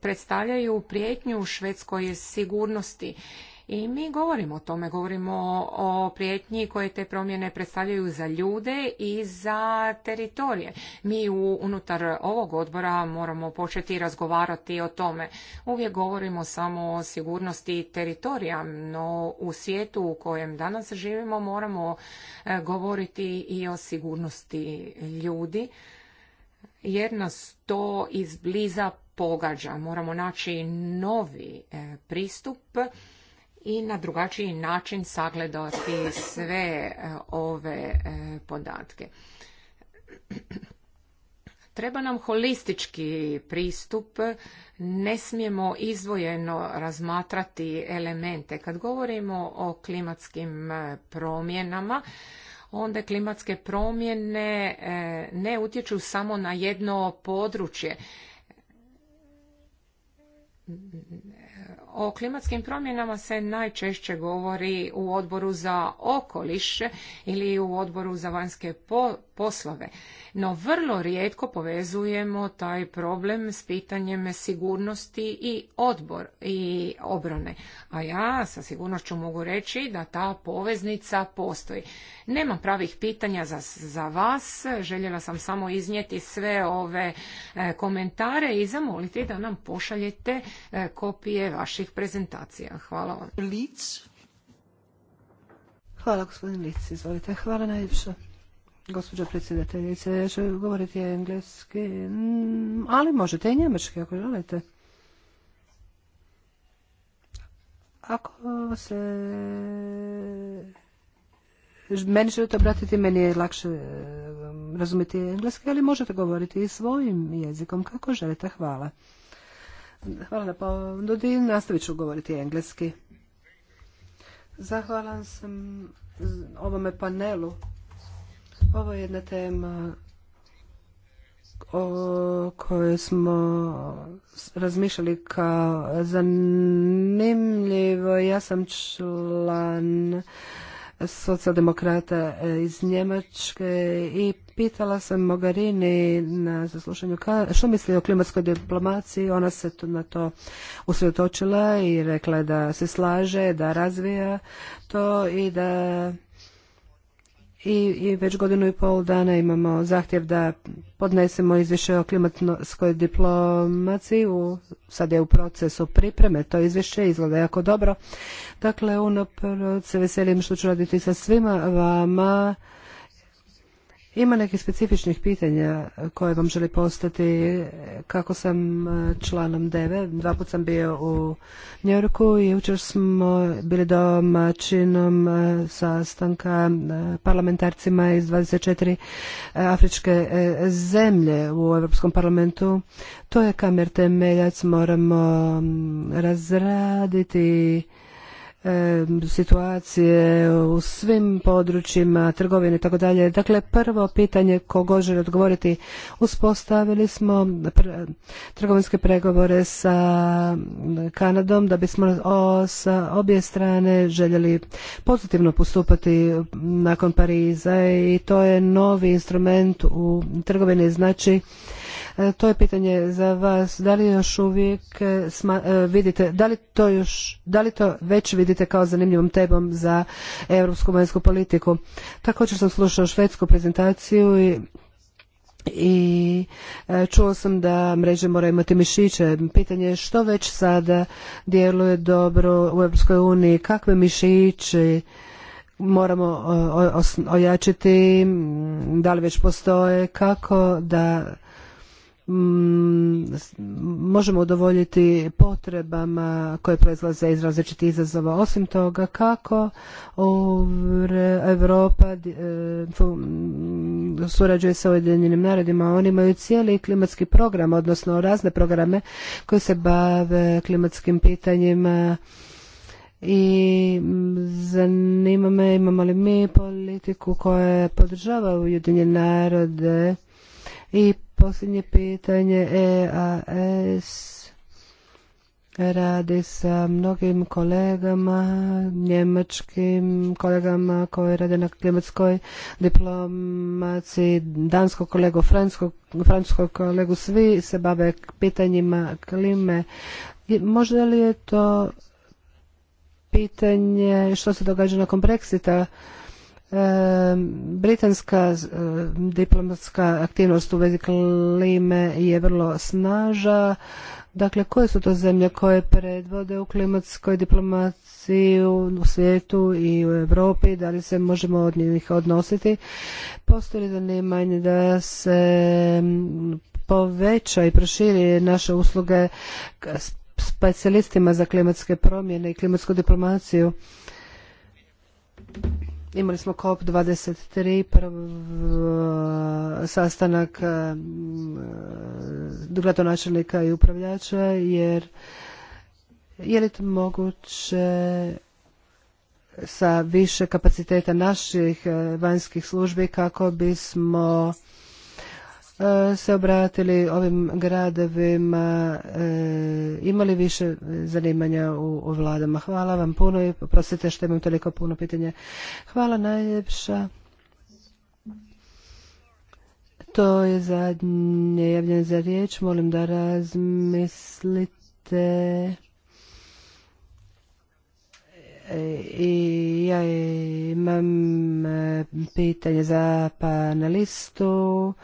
Speaker 4: predstavljaju prijetnju u švedskoj sigurnosti i mi govorimo o tome, govorimo o prijetnji koje te promjene predstavljaju za ljude i za teritorije. Mi u, unutar ovog odbora moramo početi razgovarati o tome. Uvijek govorimo samo o sigurnosti teritorija, no u svijetu u kojem danas živimo moramo e, govoriti i o sigurnosti ljudi jer nas to izbliza pogađa. Moramo naći novi e, pristup i na drugačiji način sagledati sve e, ove e, podatke. Treba nam holistički pristup, ne smijemo izvojeno razmatrati elemente. Kad govorimo o klimatskim e, promjenama, onda klimatske promjene ne utječu samo na jedno područje o klimatskim promjenama se najčešće govori u odboru za okoliš ili u odboru za vanjske po poslove. No vrlo rijetko povezujemo taj problem s pitanjem sigurnosti i odbor i obrane. A ja sa sigurnošću mogu reći da ta poveznica postoji. Nemam pravih pitanja za, vas. Željela sam samo iznijeti sve ove e, komentare i zamoliti da nam pošaljete e, kopije vaših prezentacija. Hvala vam. Hvala
Speaker 1: gospodin Lici, izvolite. Hvala najljepša. Gospođo predsjedateljice, ja ću govoriti engleski, mm, ali možete i njemački ako želite. Ako se meni želite obratiti, meni je lakše um, razumjeti engleski, ali možete govoriti i svojim jezikom kako želite. Hvala. Hvala na ponudi. Nastavit ću govoriti engleski. Zahvalan sam ovome panelu ovo je jedna tema o kojoj smo razmišljali kao zanimljivo. Ja sam član socijaldemokrata iz Njemačke i pitala sam Mogarini na zaslušanju što misli o klimatskoj diplomaciji. Ona se na to usredotočila i rekla da se slaže, da razvija to i da i, već godinu i pol dana imamo zahtjev da podnesemo izvješće o klimatskoj diplomaciji. sad je u procesu pripreme to izvješće, izgleda jako dobro. Dakle, unaprod se veselim što ću raditi sa svima vama ima nekih specifičnih pitanja koje vam želi postati. Kako sam e, članom DEVE, dva put sam bio u Njorku i jučer smo bili domaćinom e, sastanka e, parlamentarcima iz 24 afričke zemlje u Europskom parlamentu. To je kamer temeljac, moramo razraditi situacije u svim područjima, trgovine i tako dalje. Dakle, prvo pitanje ko želi odgovoriti, uspostavili smo trgovinske pregovore sa Kanadom da bismo sa obje strane željeli pozitivno postupati nakon Pariza i to je novi instrument u trgovini, znači E, to je pitanje za vas. Da li još uvijek e, e, vidite, da li to još, da li to već vidite kao zanimljivom temom za europsku vanjsku politiku? Također sam slušao švedsku prezentaciju i čuo sam da mreže moraju imati mišiće. Pitanje je što već sada djeluje dobro u Europskoj uniji, kakve mišiće moramo ojačiti, da li već postoje, kako da Mm, možemo udovoljiti potrebama koje proizlaze iz različitih izazova. Osim toga, kako Europa e, mm, surađuje sa Ujedinjenim narodima, oni imaju cijeli klimatski program, odnosno razne programe koji se bave klimatskim pitanjima i mm, zanima me imamo li mi politiku koja podržava Ujedinjene narode i Posljednje pitanje EAS radi sa mnogim kolegama, njemačkim kolegama koji rade na klimatskoj diplomaciji, danskog kolegu, francuskog, kolegu, svi se bave pitanjima klime. Možda li je to pitanje što se događa nakon Brexita? E, britanska e, diplomatska aktivnost u vezi klime je vrlo snaža. Dakle, koje su to zemlje koje predvode u klimatskoj diplomaciji u svijetu i u Europi? Da li se možemo od njih odnositi? Postoji li zanimanje da se poveća i proširi naše usluge specijalistima za klimatske promjene i klimatsku diplomaciju? Imali smo COP23, prv e, sastanak e, e, gradonačelnika i upravljača, jer je li to moguće sa više kapaciteta naših vanjskih službi kako bismo E, se obratili ovim gradovima, e, imali više zanimanja u, vladama. Hvala vam puno i prosite što imam toliko puno pitanja. Hvala najljepša. To je zadnje javljanje za riječ. Molim da razmislite i ja imam e, pitanje za panelistu.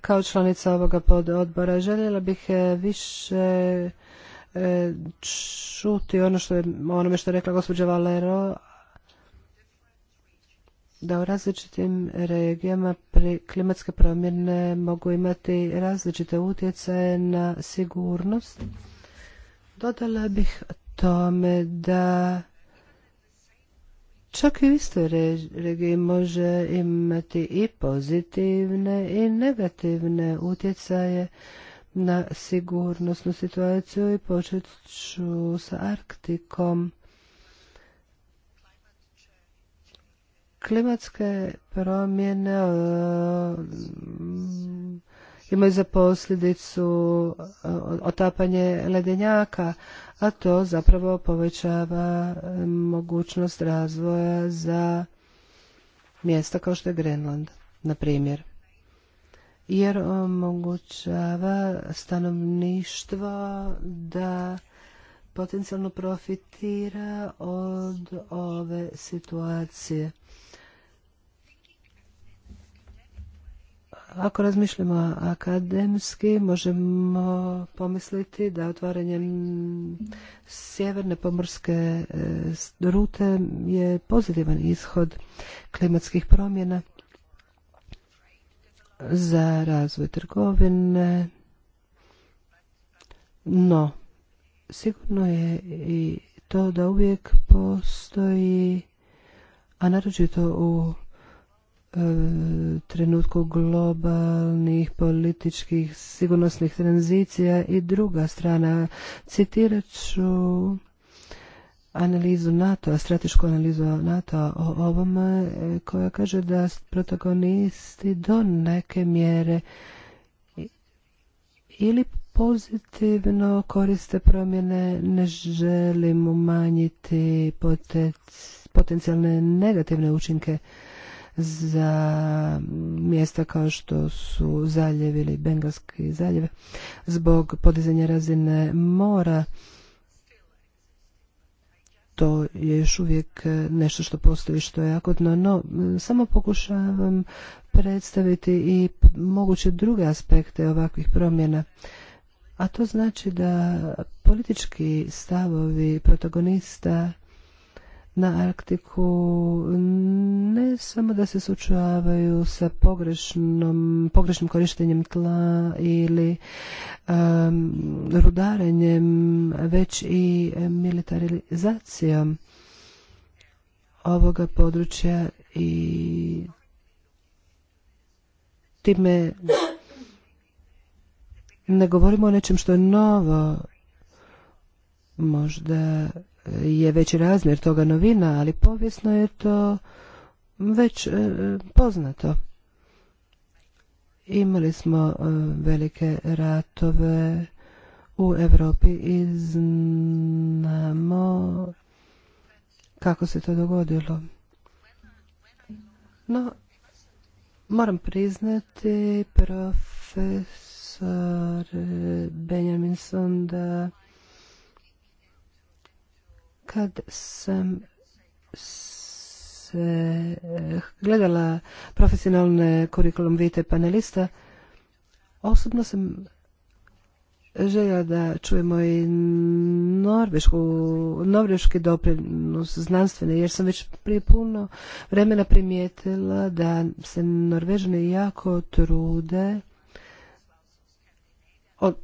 Speaker 1: Kao članica ovoga pododbora željela bih e, više e, čuti ono što je, onome što je rekla gospođa Valero, da u različitim regijama klimatske promjene mogu imati različite utjecaje na sigurnost. Dodala bih tome da Čak i u istoj regiji može imati i pozitivne i negativne utjecaje na sigurnosnu situaciju i počet ću sa Arktikom. Klimatske promjene imaju za posljedicu e, otapanje ledenjaka, a to zapravo povećava e, mogućnost razvoja za mjesta kao što je Grenland, na primjer. Jer omogućava stanovništvo da potencijalno profitira od ove situacije. Ako razmišljamo akademski, možemo pomisliti da otvaranje sjeverne pomorske e, rute je pozitivan ishod klimatskih promjena za razvoj trgovine, no sigurno je i to da uvijek postoji, a naročito u E, trenutku globalnih političkih sigurnosnih tranzicija i druga strana. Citirat ću analizu NATO, stratešku analizu NATO o ovom e, koja kaže da protagonisti do neke mjere ili pozitivno koriste promjene, ne želim umanjiti potencijalne negativne učinke za mjesta kao što su zaljevi ili bengalski zaljeve. zbog podizanja razine mora to je još uvijek nešto što postoji što je akutno, no samo pokušavam predstaviti i moguće druge aspekte ovakvih promjena. A to znači da politički stavovi protagonista na Arktiku ne samo da se sučavaju sa pogrešnom, pogrešnim korištenjem tla ili rudarenjem, već i militarizacijom ovoga područja i time ne govorimo o nečem što je novo možda je već razmjer toga novina, ali povijesno je to već e, poznato. Imali smo e, velike ratove u Europi i znamo kako se to dogodilo. No, moram priznati profesor Benjaminson da kad sam se eh, gledala profesionalne kurikulum vite panelista, osobno sam željela da čujemo i norvešku, norveški doprinos znanstvene, jer sam već prije puno vremena primijetila da se Norvežani jako trude od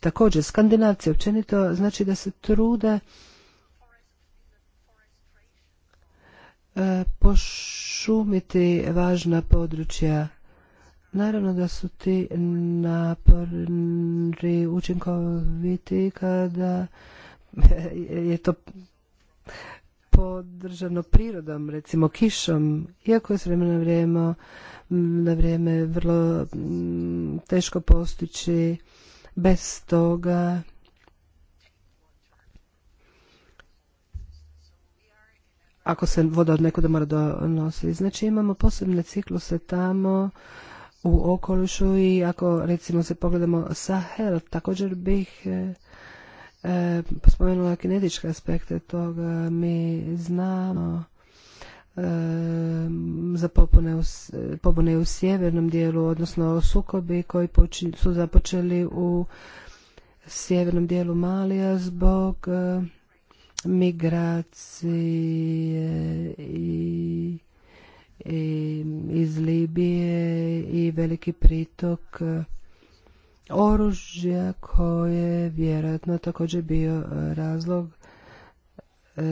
Speaker 1: također skandinavci općenito znači da se trude e, pošumiti važna područja. Naravno da su ti napori učinkoviti kada je to podržano prirodom, recimo kišom, iako je s vremena vrijeme, na vrijeme vrlo teško postići Bez toga ako se voda od nekuda mora donositi. Znači imamo posebne cikluse tamo u okolišu i ako recimo se pogledamo Sahel, također bih e, e spomenula kinetičke aspekte toga. Mi znamo za popune u, pobune u sjevernom dijelu, odnosno sukobi koji su započeli u sjevernom dijelu Malija zbog migracije i, iz Libije i veliki pritok oružja koje je vjerojatno također bio razlog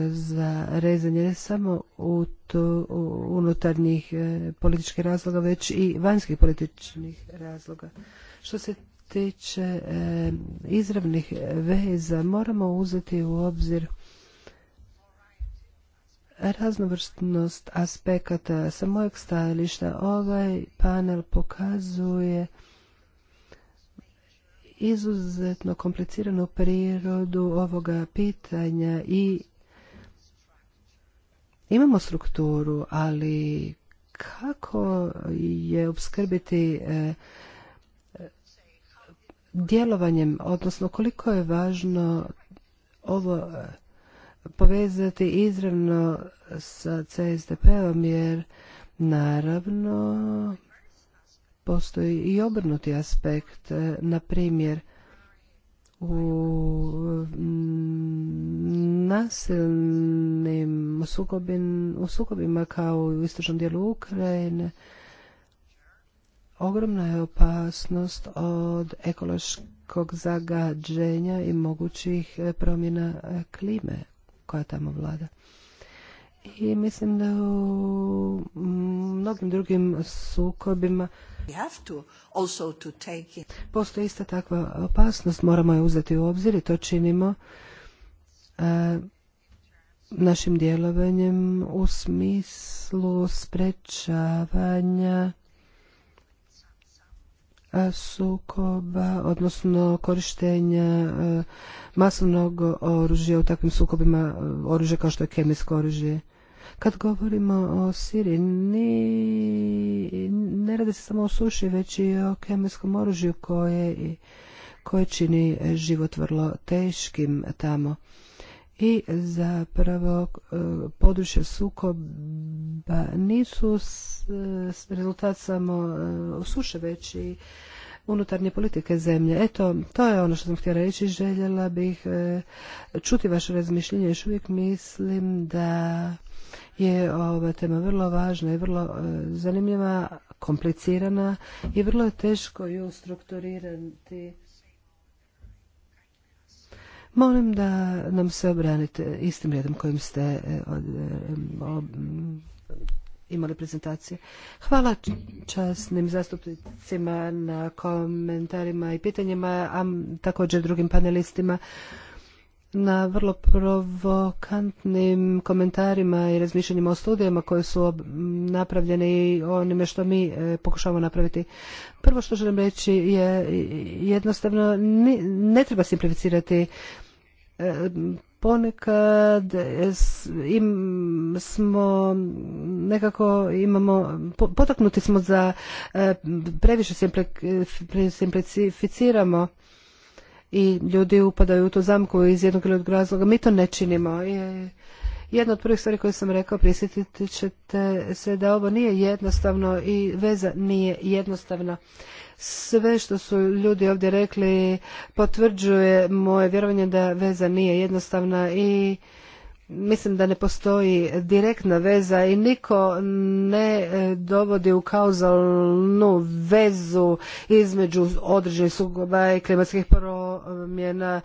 Speaker 1: za rezanje ne samo u to, u unutarnjih e, političkih razloga, već i vanjskih političkih razloga. Što se tiče e, izravnih veza, moramo uzeti u obzir raznovrstnost aspekata sa mojeg stajališta ovaj panel pokazuje izuzetno kompliciranu prirodu ovoga pitanja i Imamo strukturu, ali kako je obskrbiti e, djelovanjem, odnosno koliko je važno ovo e, povezati izravno sa CSDP-om, jer naravno postoji i obrnuti aspekt, e, na primjer, u mm, nasilnim sukobima, u sukobima kao u istočnom dijelu Ukrajine ogromna je opasnost od ekološkog zagađenja i mogućih promjena klime koja tamo vlada i mislim da u mnogim drugim sukobima postoji ista takva opasnost, moramo je uzeti u obzir i to činimo eh, našim djelovanjem u smislu sprečavanja eh, sukoba, odnosno korištenja eh, masovnog oružja u takvim sukobima, oružja kao što je kemijsko oružje. Kad govorimo o Siriji, ni, ne radi se samo o suši, već i o kemijskom oružju koje, koje čini život vrlo teškim tamo. I zapravo e, područje sukoba nisu rezultat samo e, suše, već i unutarnje politike zemlje. Eto, to je ono što sam htjela reći. Željela bih e, čuti vaše razmišljenje. Još uvijek mislim da je ova tema vrlo važna i vrlo e, zanimljiva, komplicirana i vrlo je teško ju strukturirati. Molim da nam se obranite istim redom kojim ste e, e, mm, imali prezentacije. Hvala časnim zastupnicima na komentarima i pitanjima, a također drugim panelistima na vrlo provokantnim komentarima i razmišljanjima o studijama koje su napravljene i onime što mi e, pokušavamo napraviti. Prvo što želim reći je jednostavno ne treba simplificirati e, ponekad smo nekako imamo potaknuti smo za e, previše simplificiramo i ljudi upadaju u tu zamku iz jednog ili razloga. Mi to ne činimo. Jedna od prvih stvari koje sam rekao, prisjetit ćete se da ovo nije jednostavno i veza nije jednostavna. Sve što su ljudi ovdje rekli potvrđuje moje vjerovanje da veza nije jednostavna i Mislim da ne postoji direktna veza i niko ne e, dovodi u kauzalnu vezu između određenih sukoba i klimatskih promjena.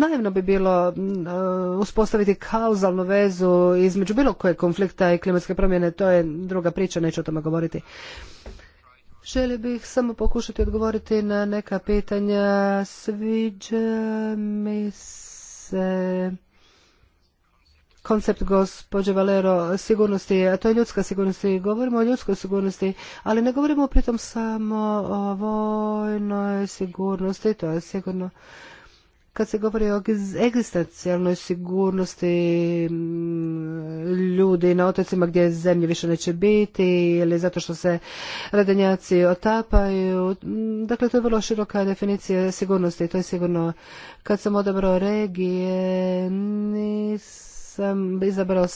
Speaker 1: Naivno bi bilo e, uspostaviti kauzalnu vezu između bilo kojeg konflikta i klimatske promjene. To je druga priča, neću o tome govoriti. Želio bih samo pokušati odgovoriti na neka pitanja. Sviđa mi se koncept gospođe Valero sigurnosti, a to je ljudska sigurnost i govorimo o ljudskoj sigurnosti, ali ne govorimo pritom samo o vojnoj sigurnosti, to je sigurno kad se govori o egzistencijalnoj sigurnosti ljudi na otocima gdje zemlje više neće biti ili zato što se radenjaci otapaju. Dakle, to je vrlo široka definicija sigurnosti. To je sigurno, kad sam odabrao regije, nisam sam izabrao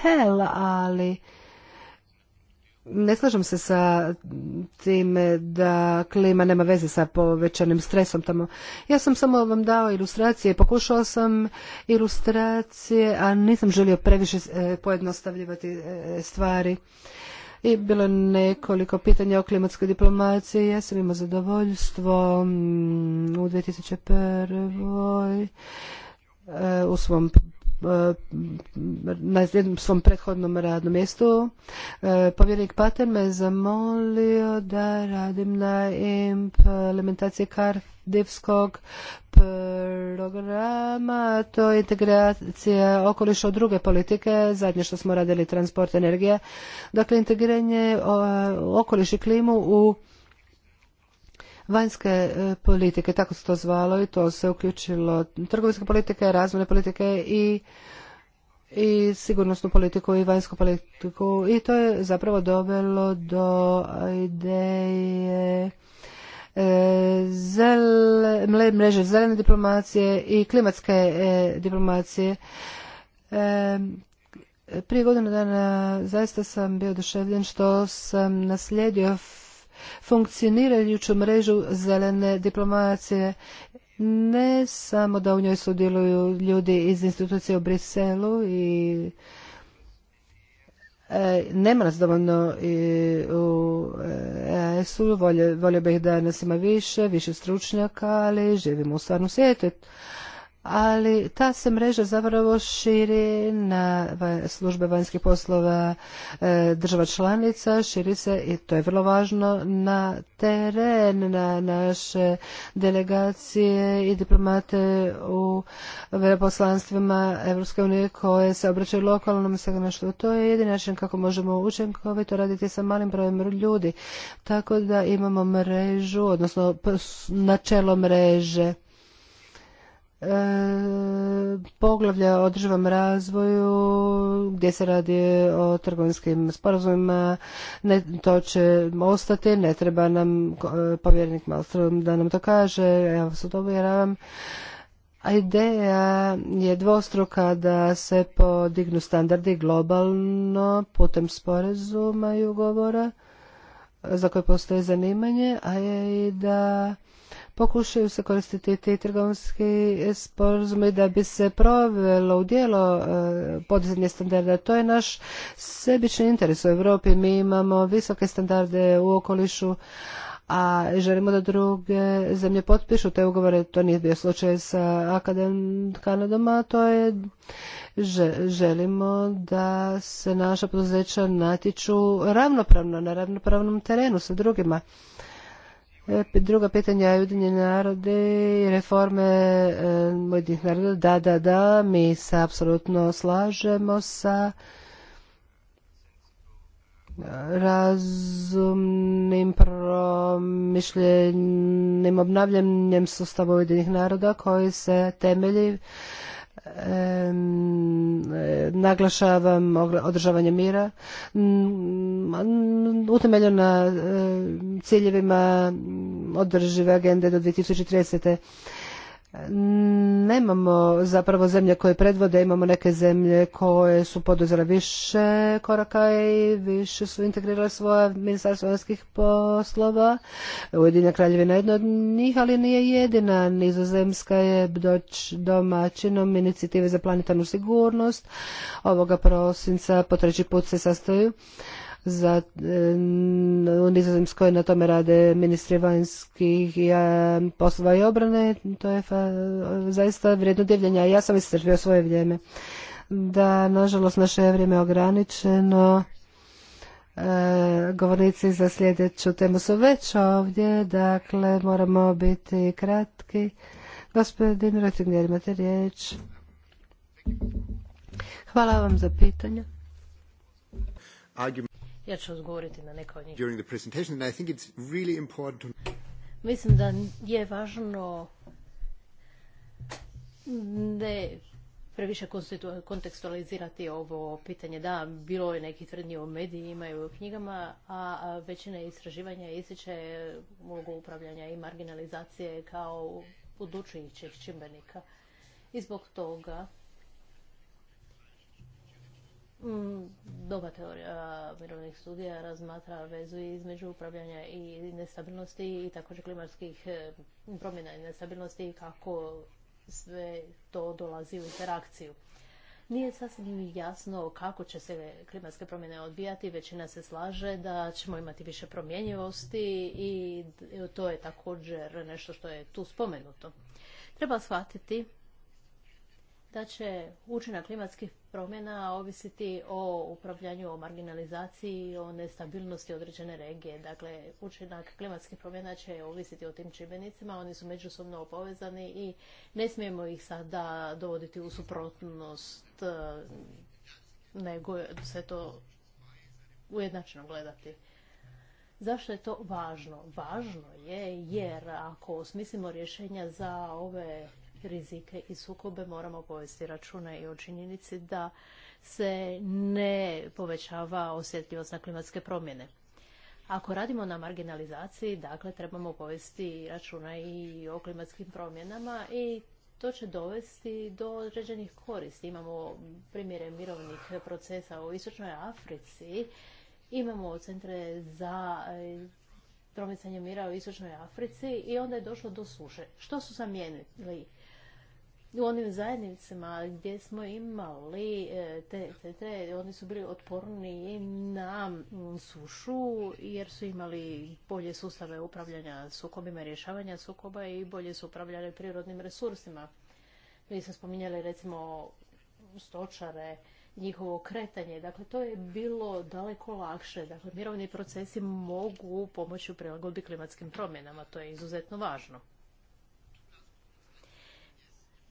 Speaker 1: Hell, ali ne slažem se sa time da klima nema veze sa povećanim stresom tamo. Ja sam samo vam dao ilustracije, pokušao sam ilustracije, a nisam želio previše e, pojednostavljivati e, stvari. I bilo je nekoliko pitanja o klimatskoj diplomaciji. Ja sam imao zadovoljstvo mm, u 2001. E, u svom E, na jednom svom prethodnom radnom mjestu. E, povjerenik Pater me zamolio da radim na implementaciji kardivskog programa, to je integracija okoliša od druge politike, zadnje što smo radili transport energije, dakle integriranje okoliš i klimu u vanjske e, politike, tako se to zvalo i to se uključilo trgovinske politike, razvojne politike i i sigurnosnu politiku i vanjsku politiku i to je zapravo dovelo do ideje e, zel, mreže zelene diplomacije i klimatske e, diplomacije. prije godina dana zaista sam bio oduševljen što sam naslijedio funkcionirajuću mrežu zelene diplomacije ne samo da u njoj sudjeluju ljudi iz institucije u Briselu i e, nema nas dovoljno i u EAS-u, volio, volio bih da nas ima više, više stručnjaka, ali živimo u stvarnom svijetu ali ta se mreža zapravo širi na službe vanjskih poslova e, država članica, širi se i to je vrlo važno na teren, na naše delegacije i diplomate u poslanstvima Europske unije koje se obraćaju lokalnom segmentu. To je jedini način kako možemo učinkovito raditi sa malim brojem ljudi, tako da imamo mrežu, odnosno načelo mreže E, poglavlja o državom razvoju gdje se radi o trgovinskim sporazumima to će ostati ne treba nam e, povjerenik Malstrom da nam to kaže ja vas to uvjeravam a ideja je dvostruka da se podignu standardi globalno putem sporazuma i ugovora za koje postoji zanimanje a je i da pokušaju se koristiti ti trgovinski sporazumi da bi se provelo u dijelo e, podizanje standarda. To je naš sebični interes u Europi. Mi imamo visoke standarde u okolišu, a želimo da druge zemlje potpišu te ugovore. To nije bio slučaj sa Akadem Kanadom, a to je želimo da se naša poduzeća natiču ravnopravno, na ravnopravnom terenu sa drugima. Druga pitanja je Ujedinjeni narodi i reforme e, ujedinjenih naroda. Da, da, da, mi se apsolutno slažemo sa e, razumnim promišljenim obnavljanjem sustava Ujedinih naroda koji se temelji E, naglašavam održavanje mira utemeljeno na e, ciljevima održive agende do 2030 nemamo zapravo zemlje koje predvode, imamo neke zemlje koje su poduzele više koraka i više su integrirale svoje ministarstvo vanjskih poslova. Ujedinja kraljevina je jedna od njih, ali nije jedina. Nizozemska je doć domaćinom inicijative za planetarnu sigurnost. Ovoga prosinca po treći put se sastoju za, eh, u Nizozemskoj na tome rade ministri vanjskih eh, poslova i obrane. To je zaista vrijedno divljenja. Ja sam istrpio svoje vrijeme. Da, nažalost, naše je vrijeme ograničeno. Eh, govornici za sljedeću temu su već ovdje, dakle moramo biti kratki. Gospodin Rötinger, imate riječ. Hvala vam za pitanje.
Speaker 2: Ja ću odgovoriti na neka od njih. Mislim da je važno ne previše kontekstualizirati ovo pitanje. Da, bilo je neki tvrdnji o medijima i u knjigama, a većina istraživanja ističe mogu upravljanja i marginalizacije kao budućih čimbenika. I zbog toga Mm, Doba teorija mirovnih studija razmatra vezu između upravljanja i nestabilnosti i također klimatskih e, promjena i nestabilnosti i kako sve to dolazi u interakciju. Nije sasvim jasno kako će se klimatske promjene odvijati, većina se slaže da ćemo imati više promjenjivosti i to je također nešto što je tu spomenuto. Treba shvatiti da će učinak klimatskih promjena ovisiti o upravljanju, o marginalizaciji, o nestabilnosti određene regije. Dakle, učinak klimatskih promjena će ovisiti o tim čimbenicima, oni su međusobno povezani i ne smijemo ih sada dovoditi u suprotnost, e, nego se to ujednačeno gledati. Zašto je to važno? Važno je jer ako smislimo rješenja za ove rizike i sukobe moramo povesti računa i o činjenici da se ne povećava osjetljivost na klimatske promjene. Ako radimo na marginalizaciji, dakle, trebamo povesti računa i o klimatskim promjenama i to će dovesti do određenih koristi. Imamo primjere mirovnih procesa u Istočnoj Africi, imamo centre za e, promicanje mira u Istočnoj Africi i onda je došlo do suše. Što su zamijenili? u onim zajednicama gdje smo imali e, te, te, te, oni su bili otporni na sušu jer su imali bolje sustave upravljanja sukobima, rješavanja sukoba i bolje su upravljali prirodnim resursima. Vi ste spominjali recimo stočare, njihovo kretanje. Dakle, to je bilo daleko lakše. Dakle, mirovni procesi mogu pomoći u prilagodbi klimatskim promjenama. To je izuzetno važno.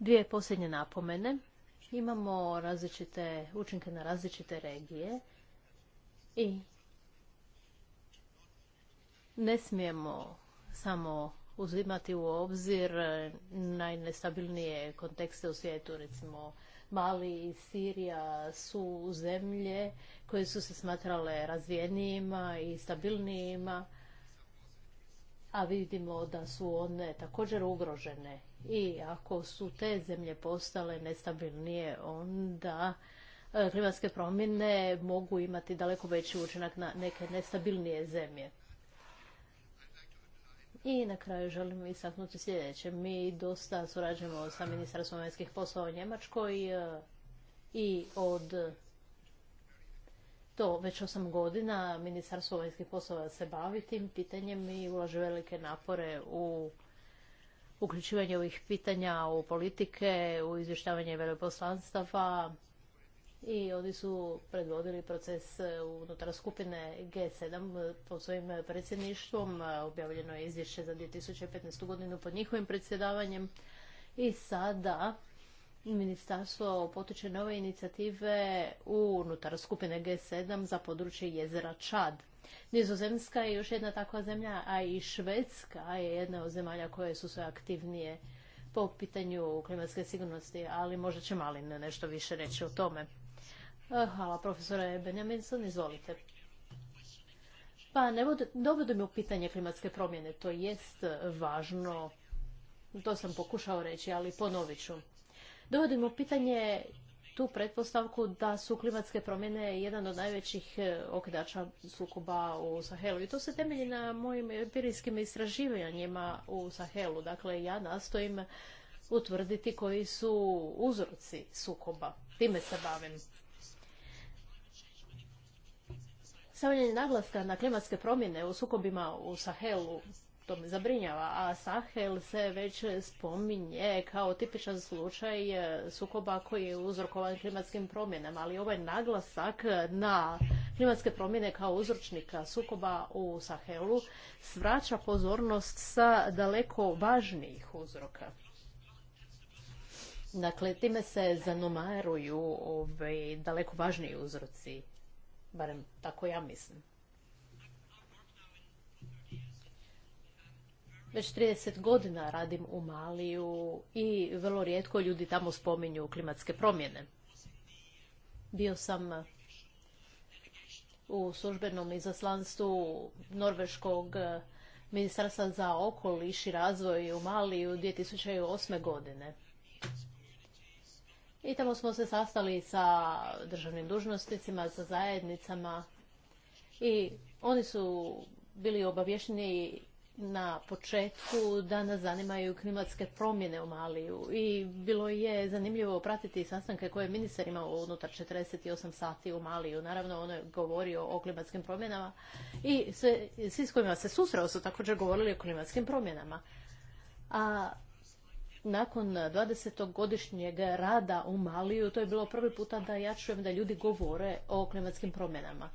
Speaker 2: Dvije posljednje napomene. Imamo različite učinke na različite regije i ne smijemo samo uzimati u obzir najnestabilnije kontekste u svijetu, recimo Mali i Sirija su zemlje koje su se smatrale razvijenijima i stabilnijima, a vidimo da su one također ugrožene i ako su te zemlje postale nestabilnije, onda e, klimatske promjene mogu imati daleko veći učinak na neke nestabilnije zemlje. I na kraju želim istaknuti sljedeće. Mi dosta surađujemo sa Ministarstvom vanjskih poslova u Njemačkoj e, i od to već osam godina Ministarstvo vanjskih poslova se bavi tim pitanjem i ulaže velike napore u uključivanje ovih pitanja u politike, u izvještavanje veleposlanstava i oni su predvodili proces eh, unutar skupine G7 eh, pod svojim predsjedništvom. Eh, objavljeno je izvješće za 2015. godinu pod njihovim predsjedavanjem i sada ministarstvo potiče nove inicijative unutar skupine G7 za područje jezera Čad. Nizozemska je još jedna takva zemlja, a i Švedska je jedna od zemalja koje su sve aktivnije po pitanju klimatske sigurnosti, ali možda će Malin nešto više reći o tome. Eh, hvala, profesore Benjaminson, izvolite. Pa ne mi u pitanje klimatske promjene, to jest važno, to sam pokušao reći, ali ponovit ću. Dovodimo pitanje tu pretpostavku da su klimatske promjene jedan od najvećih e, okidača sukoba u Sahelu. I to se temelji na mojim empirijskim istraživanjima u Sahelu. Dakle, ja nastojim utvrditi koji su uzroci sukoba. Time se bavim. Stavljanje naglaska na klimatske promjene u sukobima u Sahelu zabrinjava. A Sahel se već spominje kao tipičan slučaj e, sukoba koji je uzrokovan klimatskim promjenama, ali ovaj naglasak na klimatske promjene kao uzročnika sukoba u Sahelu svraća pozornost sa daleko važnijih uzroka. Dakle, time se zanomaruju ove daleko važniji uzroci, barem tako ja mislim. Već 30 godina radim u Maliju i vrlo rijetko ljudi tamo spominju klimatske promjene. Bio sam u službenom izaslanstvu Norveškog ministarstva za okoliš i razvoj u Maliju 2008. godine. I tamo smo se sastali sa državnim dužnosnicima, sa zajednicama i oni su bili obavješteni na početku da nas zanimaju klimatske promjene u Maliju i bilo je zanimljivo pratiti sastanke koje je ministar imao unutar 48 sati u Maliju. Naravno, on je govorio o klimatskim promjenama i svi s kojima se susreo su također govorili o klimatskim promjenama. A nakon 20-godišnjeg rada u Maliju, to je bilo prvi puta da ja čujem da ljudi govore o klimatskim promjenama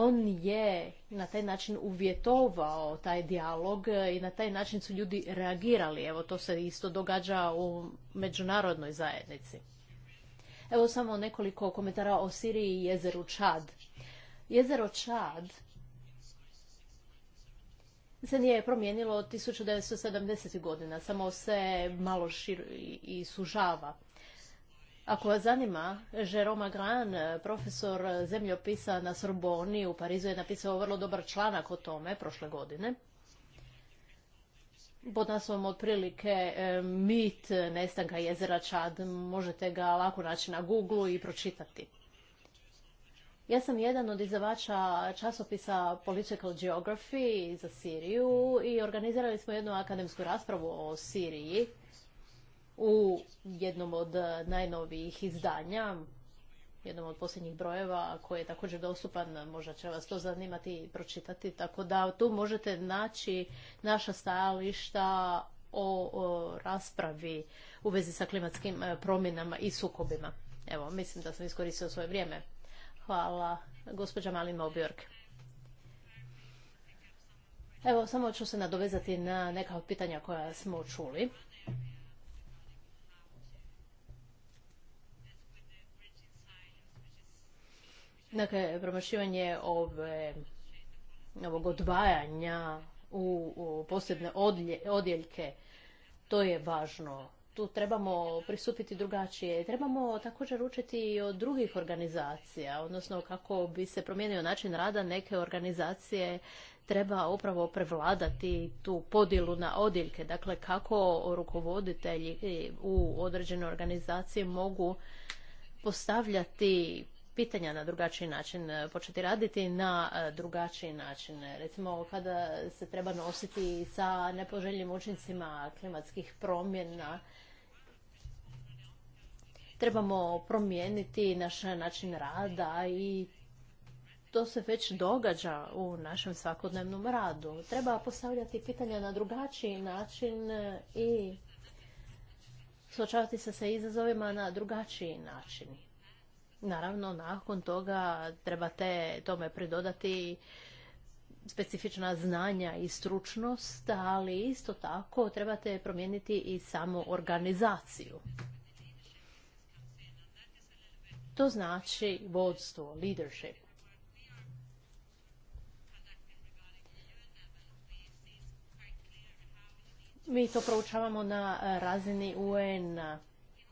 Speaker 2: on je na taj način uvjetovao taj dijalog e, i na taj način su ljudi reagirali. Evo to se isto događa u međunarodnoj zajednici. Evo samo nekoliko komentara o Siriji i jezeru Čad. Jezero Čad se nije promijenilo od 1970. godina, samo se malo širi i sužava. Ako vas zanima, Jerome Gran, profesor zemljopisa na Sorboni u Parizu je napisao vrlo dobar članak o tome prošle godine. Pod naslovom otprilike e, mit nestanka jezera Čad. Možete ga lako naći na Google i pročitati. Ja sam jedan od izavača časopisa Political Geography za Siriju i organizirali smo jednu akademsku raspravu o Siriji u jednom od eh, najnovijih izdanja, jednom od posljednjih brojeva koji je također dostupan, možda će vas to zanimati i pročitati, tako da tu možete naći naša stajališta o, raspravi u vezi sa klimatskim eh, promjenama i sukobima. Evo, mislim da sam iskoristio svoje vrijeme. Hvala, gospođa Malin Mobjork. Evo, samo ću se nadovezati na neka od pitanja koja smo čuli. Dakle, promašivanje ove, ovog odvajanja u, u posebne odjeljke, to je važno. Tu trebamo pristupiti drugačije. Trebamo također učiti i od drugih organizacija, odnosno kako bi se promijenio način rada neke organizacije treba upravo prevladati tu podjelu na odjeljke. Dakle, kako rukovoditelji u određenoj organizaciji mogu postavljati pitanja na drugačiji način, e, početi raditi na e, drugačiji način. Recimo kada se treba nositi sa nepoželjnim učincima klimatskih promjena, trebamo promijeniti naš način rada i to se već događa u našem svakodnevnom radu. Treba postavljati pitanja na drugačiji način e, i suočavati se sa izazovima na drugačiji način. Naravno, nakon toga trebate tome pridodati specifična znanja i stručnost, ali isto tako trebate promijeniti i samo organizaciju. To znači vodstvo, leadership. Mi to proučavamo na razini UN-a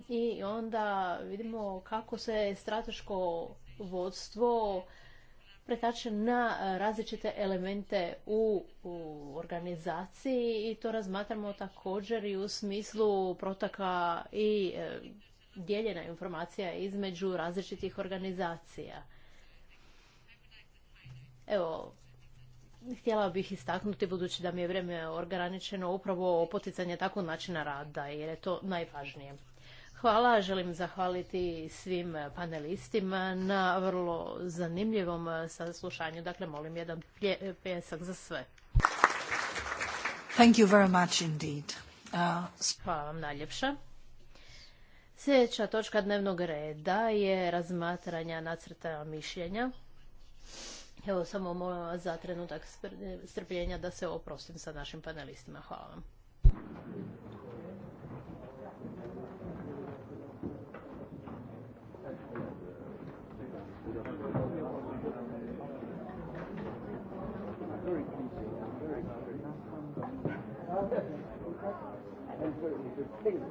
Speaker 2: i onda vidimo kako se strateško vodstvo pretače na različite elemente u, organizaciji i to razmatramo također i u smislu protaka i e, dijeljena informacija između različitih organizacija. Evo, htjela bih istaknuti, budući da mi je vrijeme ograničeno, upravo poticanje takvog načina rada, jer je to najvažnije. Hvala, želim zahvaliti svim panelistima na vrlo zanimljivom saslušanju. Dakle, molim jedan pjesak za sve.
Speaker 1: Thank you very much indeed.
Speaker 2: Uh, Hvala vam najljepša. Sljedeća točka dnevnog reda je razmatranja nacrta mišljenja. Evo samo molim za trenutak strpljenja da se oprostim sa našim panelistima. Hvala vam.
Speaker 3: Crazy.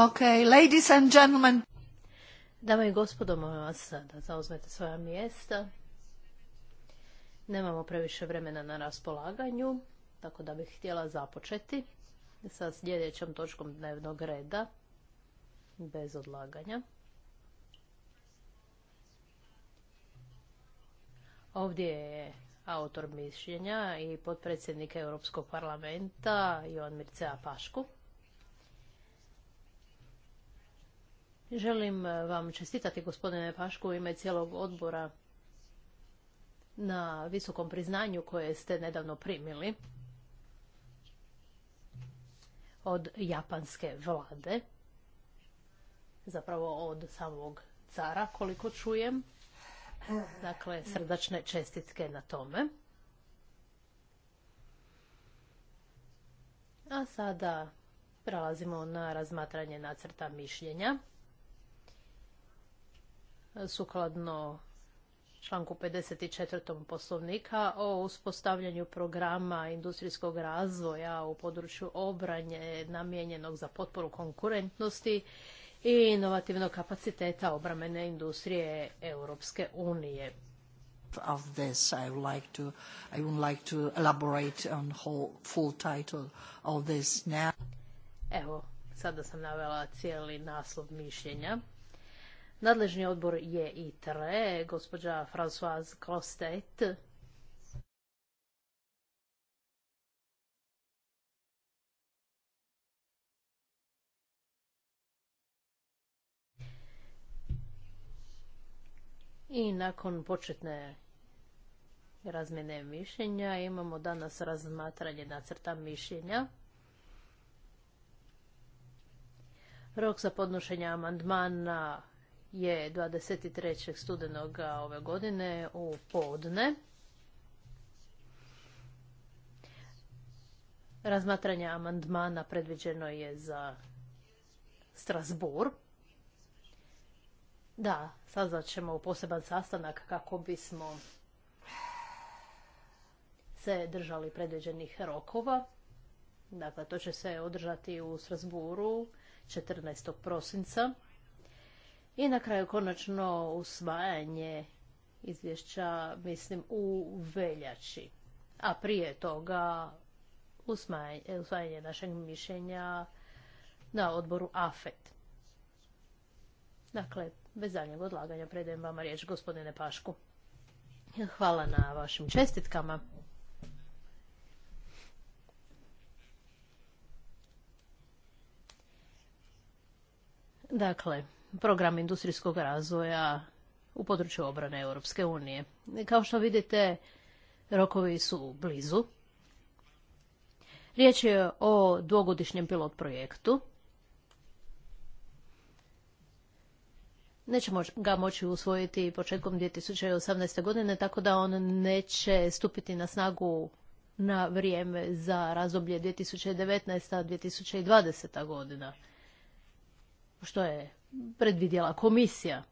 Speaker 1: Okay, ladies and gentlemen.
Speaker 2: Dame i gospodo, molim vas da zauzmete svoja mjesta. Nemamo previše vremena na raspolaganju, tako da bih htjela započeti sa sljedećom točkom dnevnog reda, bez odlaganja. Ovdje je autor mišljenja i potpredsjednik Europskog parlamenta Ivan Mircea Pašku. Želim eh, vam čestitati gospodine Pašku u ime cijelog odbora na visokom priznanju koje ste nedavno primili od japanske vlade, zapravo od samog cara koliko čujem. Dakle, srdačne čestitke na tome. A sada prelazimo na razmatranje nacrta mišljenja sukladno članku 54. poslovnika o uspostavljanju programa industrijskog razvoja u području obranje namijenjenog za potporu konkurentnosti i inovativnog kapaciteta obramene industrije Europske unije. Of I Evo, sada sam navela cijeli naslov mišljenja. Nadležni odbor je i TRE, gospođa Françoise Costet. I nakon početne razmjene mišljenja imamo danas razmatranje nacrta mišljenja. Rok za podnošenje amandmana je 23. studenog ove godine u podne. Razmatranje amandmana predviđeno je za Strasbourg. Da, sazvat ćemo poseban sastanak kako bismo se držali predviđenih rokova. Dakle, to će se održati u Strasburu 14. prosinca. I na kraju konačno usvajanje izvješća, mislim, u veljači. A prije toga usvajanje našeg mišljenja na odboru AFET. Dakle, bez daljnjeg odlaganja predajem vama riječ, gospodine Pašku. Hvala na vašim čestitkama. Dakle, program industrijskog razvoja u području obrane Europske unije. Kao što vidite, rokovi su blizu. Riječ je o dvogodišnjem pilot projektu. Nećemo ga moći usvojiti početkom 2018. godine, tako da on neće stupiti na snagu na vrijeme za razdoblje 2019. 2020. godina, što je predvidjela komisija.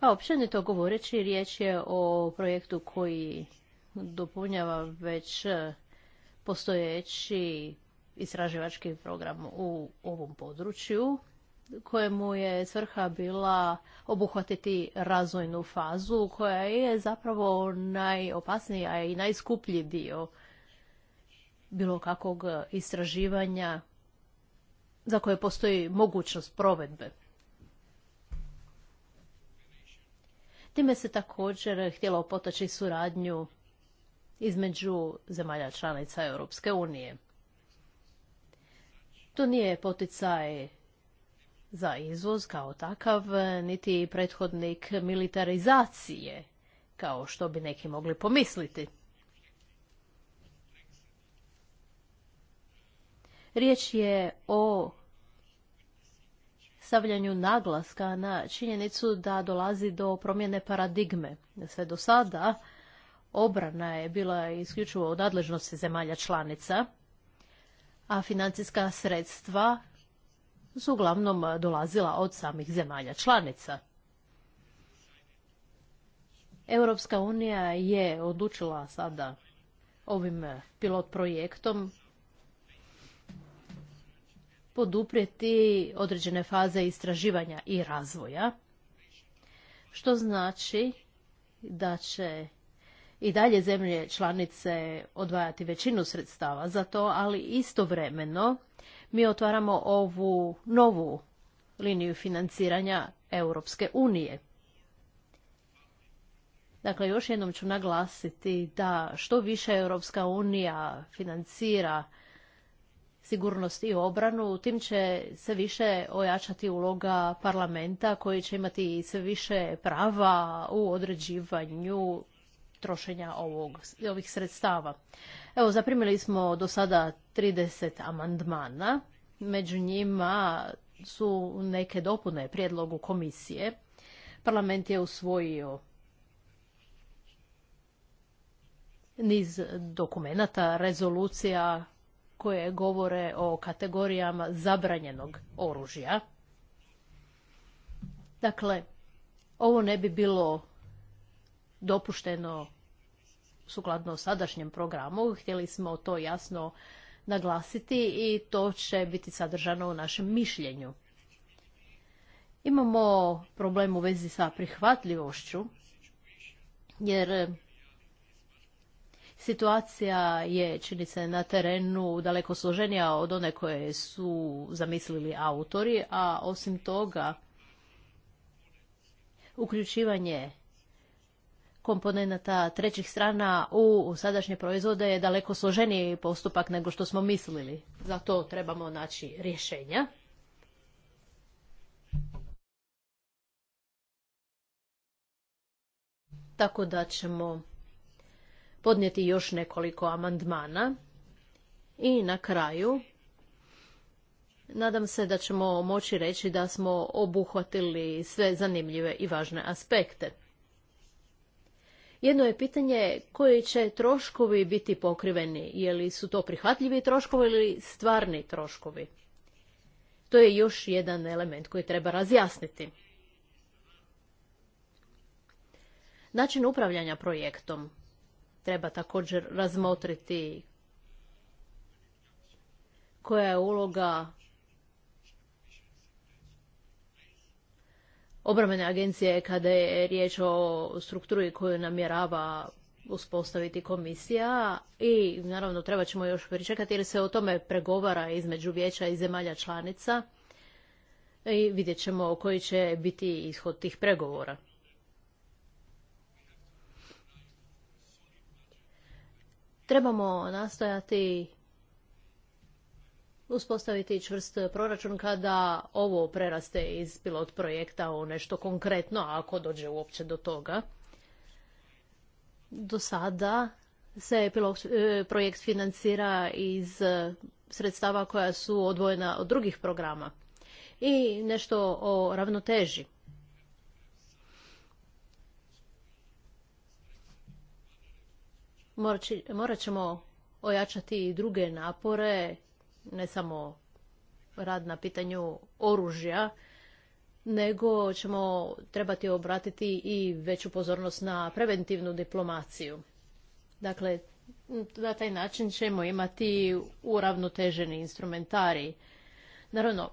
Speaker 2: Pa općenito govoreći, riječ je o projektu koji dopunjava već e, postojeći istraživački program u ovom području, kojemu je svrha bila obuhvatiti razvojnu fazu koja je zapravo najopasnija i najskuplji dio bilo kakvog e, istraživanja za koje postoji mogućnost provedbe. Time se također htjelo potaći suradnju između zemalja članica Europske unije. To nije poticaj za izvoz kao takav, niti prethodnik militarizacije, kao što bi neki mogli pomisliti. Riječ je o stavljanju naglaska na činjenicu da dolazi do promjene paradigme. Sve do sada obrana je bila isključivo u nadležnosti zemalja članica, a financijska sredstva su uglavnom dolazila od samih zemalja članica. Europska unija je odlučila sada ovim pilot projektom poduprijeti određene faze istraživanja i razvoja, što znači da će i dalje zemlje članice odvajati većinu sredstava za to, ali istovremeno mi otvaramo ovu novu liniju financiranja Europske unije. Dakle, još jednom ću naglasiti da što više Europska unija financira sigurnost i obranu, tim će se više ojačati uloga parlamenta koji će imati sve više prava u određivanju trošenja ovog, ovih sredstava. Evo, zaprimili smo do sada 30 amandmana. Među njima su neke dopune prijedlogu komisije. Parlament je usvojio niz dokumenata, rezolucija koje govore o kategorijama zabranjenog oružja. Dakle, ovo ne bi bilo dopušteno sukladno sadašnjem programu. Htjeli smo to jasno naglasiti i to će biti sadržano u našem mišljenju. Imamo problem u vezi sa prihvatljivošću, jer Situacija je, čini se, na terenu daleko složenija od one koje su zamislili autori, a osim toga uključivanje komponenata trećih strana u sadašnje proizvode je daleko složeniji postupak nego što smo mislili. Zato trebamo naći rješenja. Tako da ćemo podnijeti još nekoliko amandmana. I na kraju, nadam se da ćemo moći reći da smo obuhvatili sve zanimljive i važne aspekte. Jedno je pitanje koji će troškovi biti pokriveni, je li su to prihvatljivi troškovi ili stvarni troškovi. To je još jedan element koji treba razjasniti. Način upravljanja projektom treba također razmotriti koja je uloga obramene agencije kada je riječ o strukturi koju namjerava uspostaviti komisija i naravno treba ćemo još pričekati jer se o tome pregovara između vijeća i zemalja članica i vidjet ćemo koji će biti ishod tih pregovora. Trebamo nastojati uspostaviti čvrst proračun kada ovo preraste iz pilot projekta u nešto konkretno, ako dođe uopće do toga. Do sada se pilot e, projekt financira iz sredstava koja su odvojena od drugih programa. I nešto o ravnoteži. morat ćemo ojačati i druge napore, ne samo rad na pitanju oružja, nego ćemo trebati obratiti i veću pozornost na preventivnu diplomaciju. Dakle, na taj način ćemo imati uravnoteženi instrumentari. Naravno,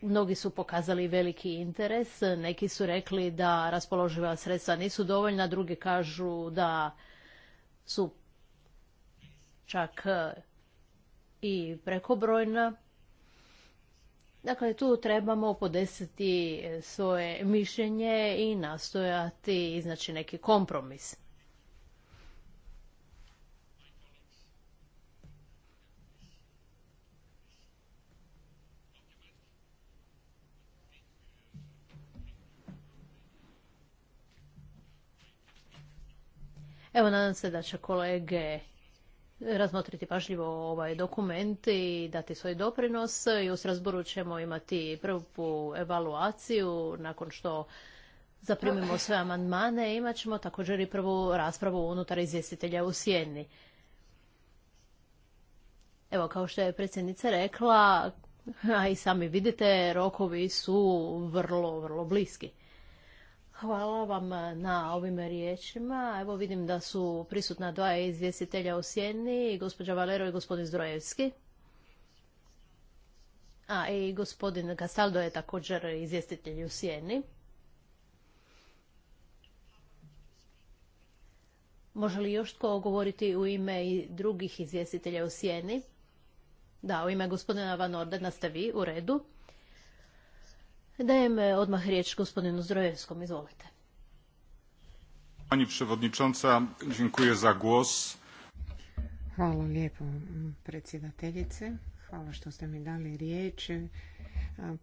Speaker 2: mnogi su pokazali veliki interes, neki su rekli da raspoloživa sredstva nisu dovoljna, drugi kažu da su čak e, i prekobrojna. Dakle, tu trebamo podesiti svoje mišljenje i nastojati iznaći neki kompromis. Evo, nadam se da će kolege razmotriti pažljivo ovaj dokument i dati svoj doprinos i u srazboru ćemo imati prvu evaluaciju nakon što zaprimimo sve amandmane imat ćemo također i prvu raspravu unutar izvjestitelja u Sjeni. Evo, kao što je predsjednica rekla, a i sami vidite, rokovi su vrlo, vrlo bliski. Hvala vam na ovim riječima. Evo vidim da su prisutna dva izvjestitelja u Sjeni, gospođa Valero i gospodin Zdrojevski. A i gospodin Gastaldo je također izvjestitelj u Sjeni. Može li još tko govoriti u ime i drugih izvjestitelja u Sjeni? Da, u ime gospodina Van Ordena ste vi, u redu. Dajem e, odmah riječ gospodinu Zdrojevskom, izvolite.
Speaker 1: Pani przewodnicząca, dziękuję za głos.
Speaker 4: Hvala lijepo predsjedateljice. Hvala što ste mi dali riječ. E,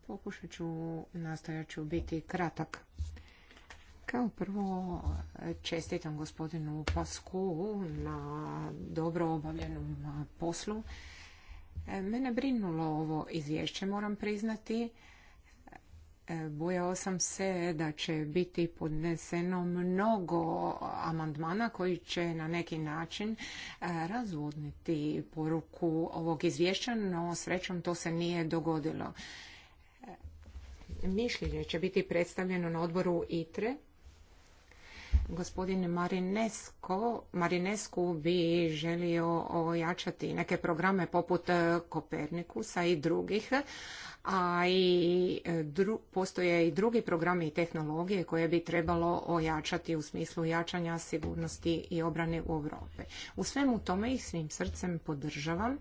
Speaker 4: pokušat ću, nastojat ću biti kratak. Kao prvo čestitam gospodinu Pasku na dobro obavljenom poslu. E, mene brinulo ovo izvješće, moram priznati. E, bojao sam se da će biti podneseno mnogo amandmana koji će na neki način e, razvodniti poruku ovog izvješća, no srećom to se nije dogodilo. E, mišljenje će biti predstavljeno na odboru ITRE Gospodin Marinesko, Marinesku bi želio ojačati neke programe poput Kopernikusa i drugih, a i postoje i drugi programi i tehnologije koje bi trebalo ojačati u smislu jačanja sigurnosti i obrane u Europi. U svemu tome i svim srcem podržavam.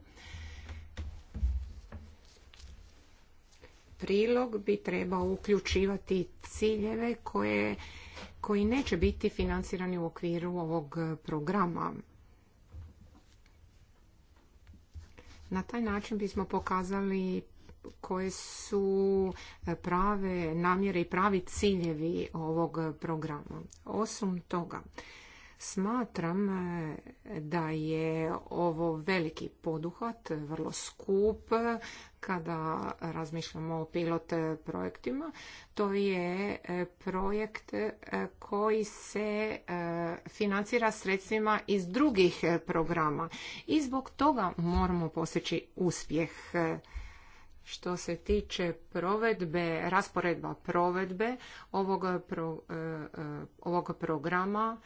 Speaker 4: Prilog bi trebao uključivati ciljeve koje koji neće biti financirani u okviru ovog programa. Na taj način bismo pokazali koje su prave namjere i pravi ciljevi ovog programa. Osim toga, Smatram e, da je ovo veliki poduhvat, vrlo skup kada razmišljamo o pilot projektima. To je e, projekt e, koji se financira sredstvima iz drugih programa i zbog toga moramo postići uspjeh. Što se tiče provedbe, rasporedba provedbe ovog programa,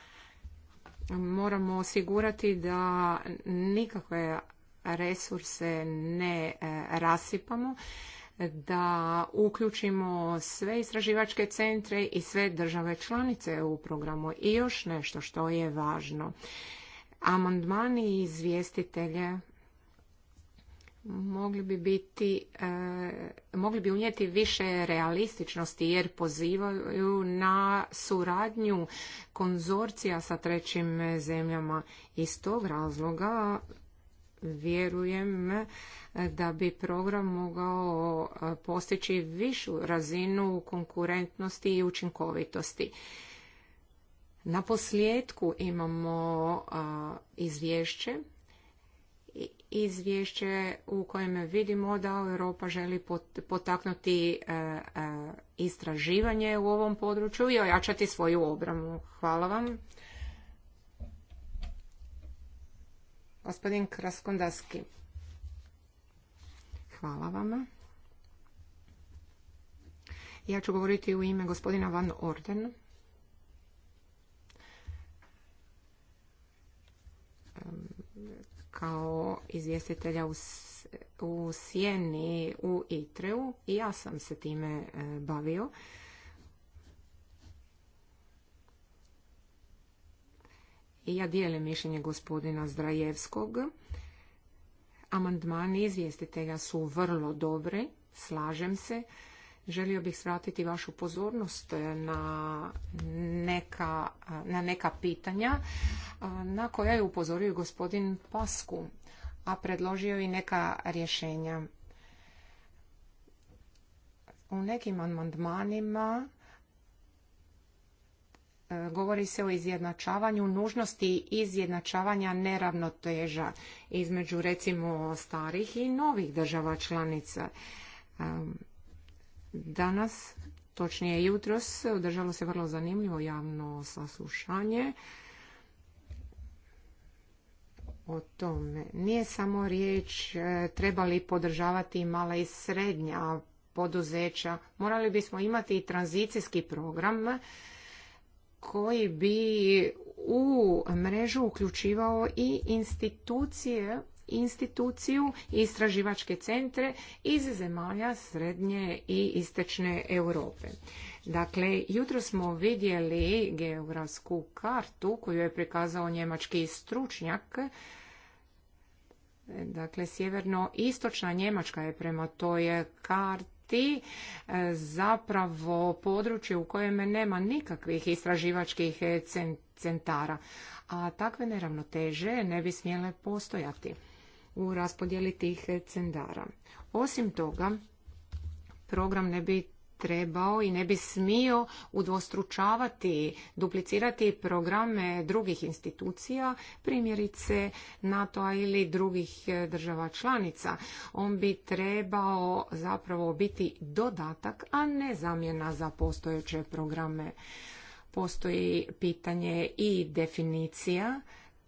Speaker 4: moramo osigurati da nikakve resurse ne e, rasipamo, da uključimo sve istraživačke centre i sve države članice u programu. I još nešto što je važno. Amandmani izvjestitelje mogli bi biti eh, mogli bi unijeti više realističnosti jer pozivaju na suradnju konzorcija sa trećim zemljama iz tog razloga vjerujem da bi program mogao eh, postići višu razinu konkurentnosti i učinkovitosti na posljedku imamo eh, izvješće izvješće u kojem vidimo da Europa želi potaknuti e, e, istraživanje u ovom području i ojačati svoju obramu. Hvala vam. Gospodin Kraskondaski. Hvala vama. Ja ću govoriti u ime gospodina Van Orden kao izvjestitelja u, u Sjeni u Itreu i ja sam se time e, bavio. I ja dijelim mišljenje gospodina Zdrajevskog. Amandmani izvjestitelja su vrlo dobri, slažem se. Želio bih svratiti vašu pozornost eh, na neka, eh, na neka pitanja eh, na koja je upozorio gospodin Pasku, a predložio i neka rješenja. U nekim amandmanima govori se o izjednačavanju nužnosti izjednačavanja neravnoteža između recimo starih i novih država članica. Danas, točnije jutros, održalo se vrlo zanimljivo javno saslušanje o tome. Nije samo riječ e, trebali podržavati mala i srednja poduzeća. Morali bismo imati i tranzicijski program koji bi u mrežu uključivao i institucije instituciju i istraživačke centre iz zemalja srednje i istočne Europe. Dakle, jutro smo vidjeli geografsku kartu koju je prikazao njemački stručnjak Dakle, sjeverno-istočna Njemačka je prema toj karti e, zapravo područje u kojem nema nikakvih istraživačkih centara, a takve neravnoteže ne bi smjele postojati u raspodjeli tih centara. Osim toga, program ne bi trebao i ne bi smio udvostručavati, duplicirati programe drugih institucija, primjerice NATO-a ili drugih e, država članica. On bi trebao zapravo biti dodatak, a ne zamjena za postojeće programe. Postoji pitanje i definicija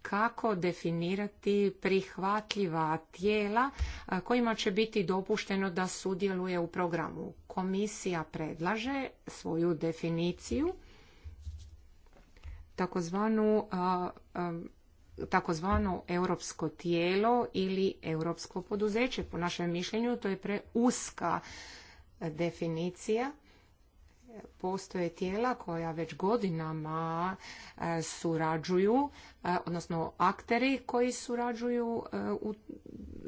Speaker 4: kako definirati prihvatljiva tijela kojima će biti dopušteno da sudjeluje u programu. Komisija predlaže svoju definiciju takozvanu takozvano europsko tijelo ili europsko poduzeće. Po našem mišljenju to je preuska definicija postoje tijela koja već godinama e, surađuju, e, odnosno akteri koji surađuju e,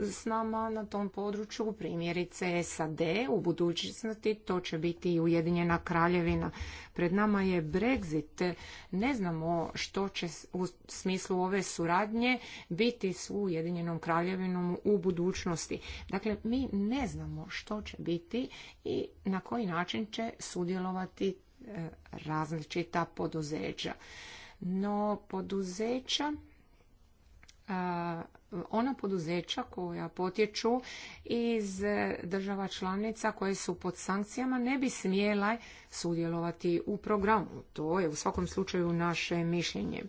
Speaker 4: s nama na tom području, primjerice SAD, u budućnosti to će biti i Ujedinjena kraljevina. Pred nama je Brexit, ne znamo što će u smislu ove suradnje biti s Ujedinjenom kraljevinom u budućnosti. Dakle, mi ne znamo što će biti i na koji način će sudjelovati različita poduzeća. No poduzeća ona poduzeća koja potječu iz država članica koje su pod sankcijama ne bi smjela sudjelovati u programu. To je u svakom slučaju naše mišljenje.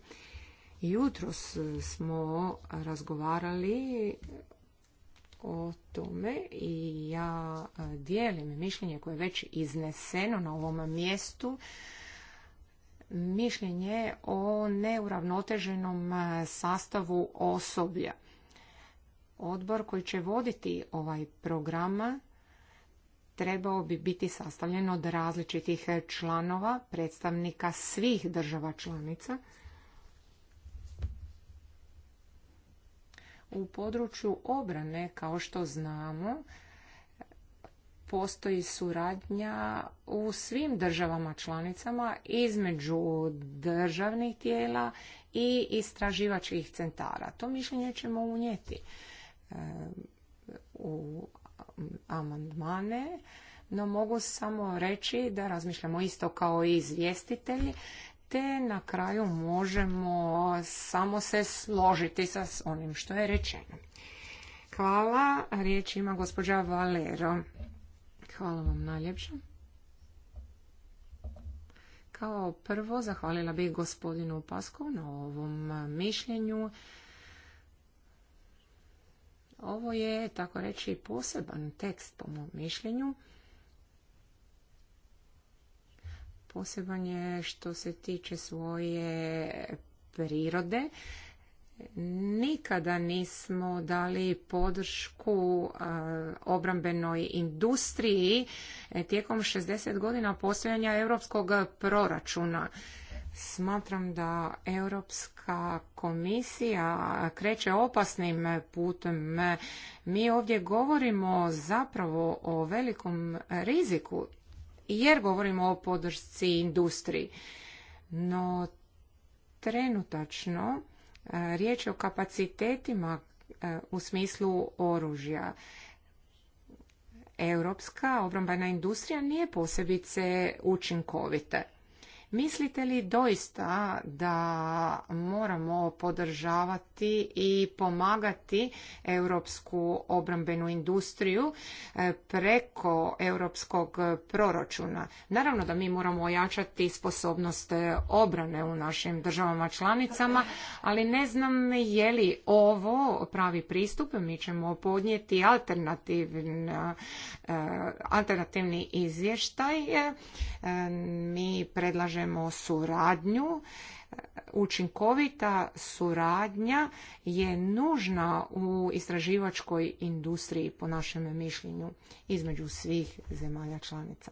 Speaker 4: Jutros smo razgovarali o tome i ja e, dijelim mišljenje koje je već izneseno na ovom mjestu mišljenje o neuravnoteženom e, sastavu osoblja. Odbor koji će voditi ovaj program trebao bi biti sastavljen od različitih članova, predstavnika svih država članica U području obrane, kao što znamo, postoji suradnja u svim državama članicama između državnih tijela i istraživačkih centara. To mišljenje ćemo unijeti e, u amandmane, no mogu samo reći da razmišljamo isto kao i izvjestitelji te na kraju možemo samo se složiti sa onim što je rečeno. Hvala. Riječ ima gospođa Valero. Hvala vam najljepše. Kao prvo zahvalila bih gospodinu Pasku na ovom mišljenju. Ovo je, tako reći, poseban tekst po mom mišljenju. poseban je što se tiče svoje prirode. Nikada nismo dali podršku obrambenoj industriji e, tijekom 60 godina postojanja europskog proračuna. Smatram da Europska komisija kreće opasnim putem. Mi ovdje govorimo zapravo o velikom riziku jer govorimo o podršci industriji. No, trenutačno e, riječ je o kapacitetima e, u smislu oružja. Europska obrambena industrija nije posebice učinkovita. Mislite li doista da moramo podržavati i pomagati europsku obrambenu industriju e, preko europskog proračuna? Naravno da mi moramo ojačati sposobnost e, obrane u našim državama članicama, ali ne znam je li ovo pravi pristup. Mi ćemo podnijeti e, alternativni izvještaj. Mi predlažemo kažemo suradnju učinkovita suradnja je nužna u istraživačkoj industriji po našem mišljenju između svih zemalja članica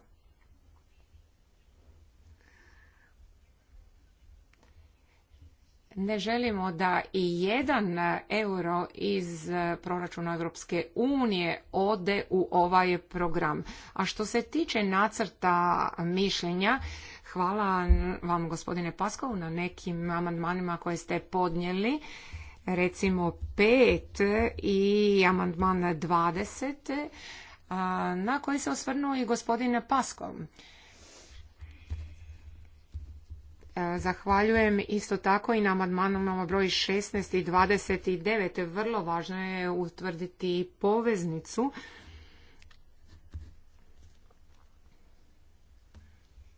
Speaker 4: ne želimo da i jedan euro iz proračuna Europske unije ode u ovaj program. A što se tiče nacrta mišljenja, Hvala vam gospodine Paskov na nekim amandmanima koje ste podnijeli. Recimo pet i amandman 20 na koji se osvrnuo i gospodin Paskov. E, zahvaljujem isto tako i na amandmanama broj 16 i 29. Vrlo važno je utvrditi poveznicu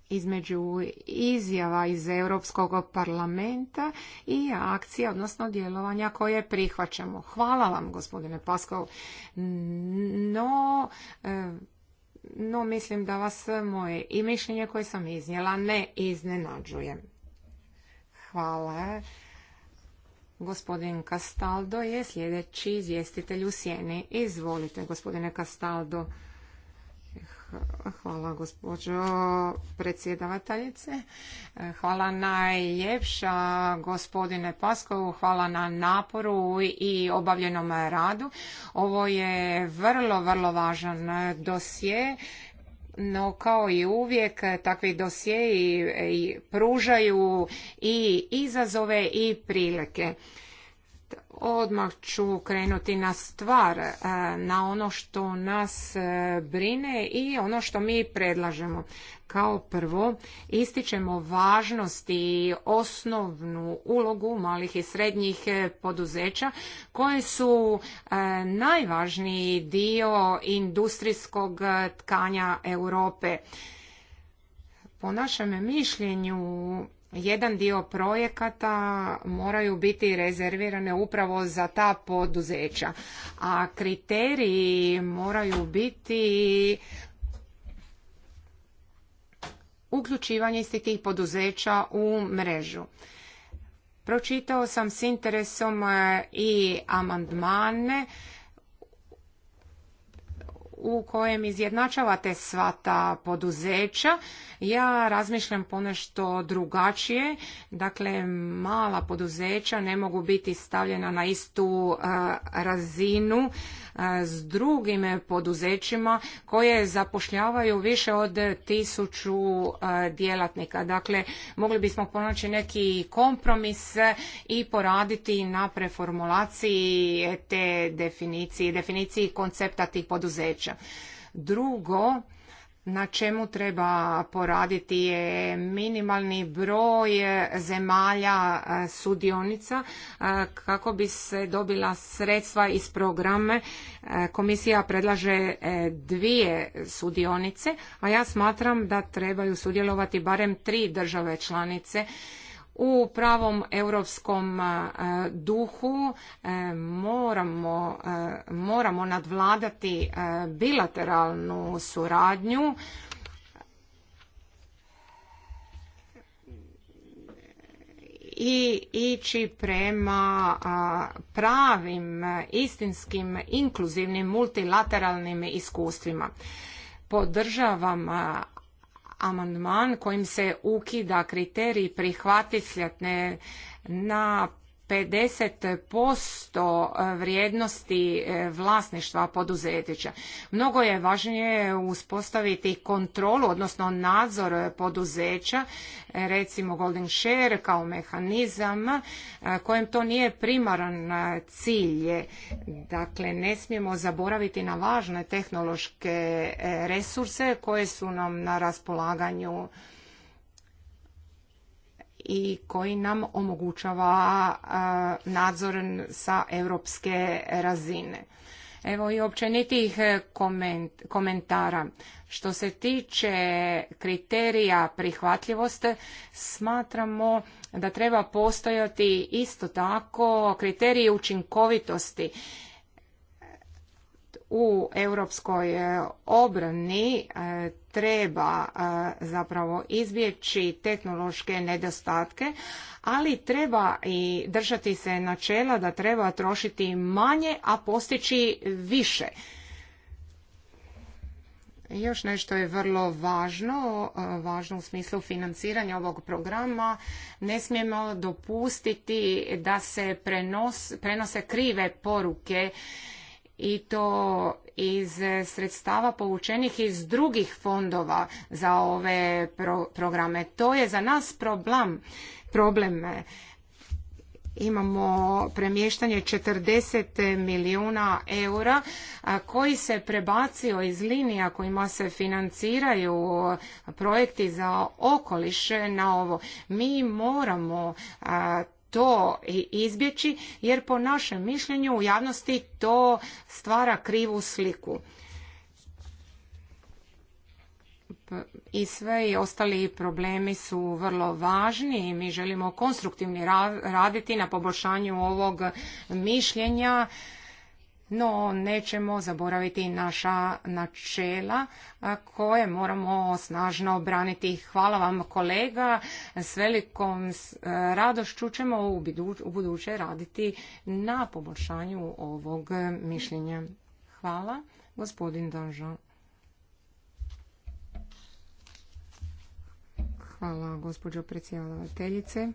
Speaker 4: između izjava iz Europskog parlamenta i akcija, odnosno djelovanja koje prihvaćamo. Hvala vam, gospodine Paskov. No, e, no, mislim da vas moje i mišljenje koje sam iznijela ne iznenađuje. Hvala. Gospodin Castaldo je sljedeći izvjestitelj u sjeni. Izvolite, gospodine Kastaldo. Hvala gospođo predsjedavateljice. Hvala najljepša gospodine Paskovu, hvala na naporu i obavljenom radu. Ovo je vrlo, vrlo važan dosje no kao i uvijek takvi dosjeji pružaju i izazove i prilike. Odmah ću krenuti na stvar, e, na ono što nas e, brine i ono što mi predlažemo. Kao prvo, ističemo važnost i osnovnu ulogu malih i srednjih e, poduzeća koje su najvažniji dio industrijskog tkanja Europe. Po našem mišljenju jedan dio projekata moraju biti rezervirane upravo za ta poduzeća, a kriteriji moraju biti uključivanje istih tih poduzeća u mrežu. Pročitao sam s interesom e, i amandmane u kojem izjednačavate sva ta poduzeća. Ja razmišljam ponešto drugačije. Dakle, mala poduzeća ne mogu biti stavljena na istu eh, razinu s drugim poduzećima koje zapošljavaju više od tisuću djelatnika. Dakle, mogli bismo ponaći neki kompromis i poraditi na preformulaciji te definicije, definiciji koncepta tih poduzeća. Drugo, na čemu treba poraditi je minimalni broj e, zemalja e, sudionica e, kako bi se dobila sredstva iz programe. Komisija predlaže dvije sudionice, a ja smatram da trebaju sudjelovati barem tri države članice u pravom europskom e, duhu e, moramo, e, moramo nadvladati bilateralnu suradnju i ići prema pravim, istinskim, inkluzivnim, multilateralnim iskustvima. Podržavam amandman kojim se ukida kriterij prihvatitljatne na 50% vrijednosti e, vlasništva poduzeća. Mnogo je važnije uspostaviti kontrolu, odnosno nadzor poduzeća, recimo golden share kao mehanizam e, kojem to nije primaran e, cilj. Dakle, ne smijemo zaboraviti na važne tehnološke resurse koje su nam na raspolaganju i koji nam omogućava nadzor sa europske razine. Evo i općenitih e, komentara. Što se tiče kriterija prihvatljivosti, smatramo da treba postojati isto tako kriteriji učinkovitosti u europskoj e, obrani e, treba zapravo izbjeći tehnološke nedostatke, ali treba i držati se načela da treba trošiti manje, a postići više. Još nešto je vrlo važno, važno u smislu financiranja ovog programa. Ne smijemo dopustiti da se prenose krive poruke i to iz e, sredstava povučenih iz drugih fondova za ove programe. To je za nas problem. problem. Imamo premještanje 40 milijuna eura koji se prebacio iz linija kojima se financiraju projekti za okoliše na ovo. Mi moramo to izbjeći jer po našem mišljenju u javnosti to stvara krivu sliku. I sve i ostali problemi su vrlo važni i mi želimo konstruktivni raditi na poboljšanju ovog mišljenja no nećemo zaboraviti naša načela koje moramo snažno obraniti. Hvala vam kolega, s velikom e, radošću ćemo u buduće raditi na poboljšanju ovog e, mišljenja. Hvala, gospodin Danžan. Hvala gospođo predsjedavateljice.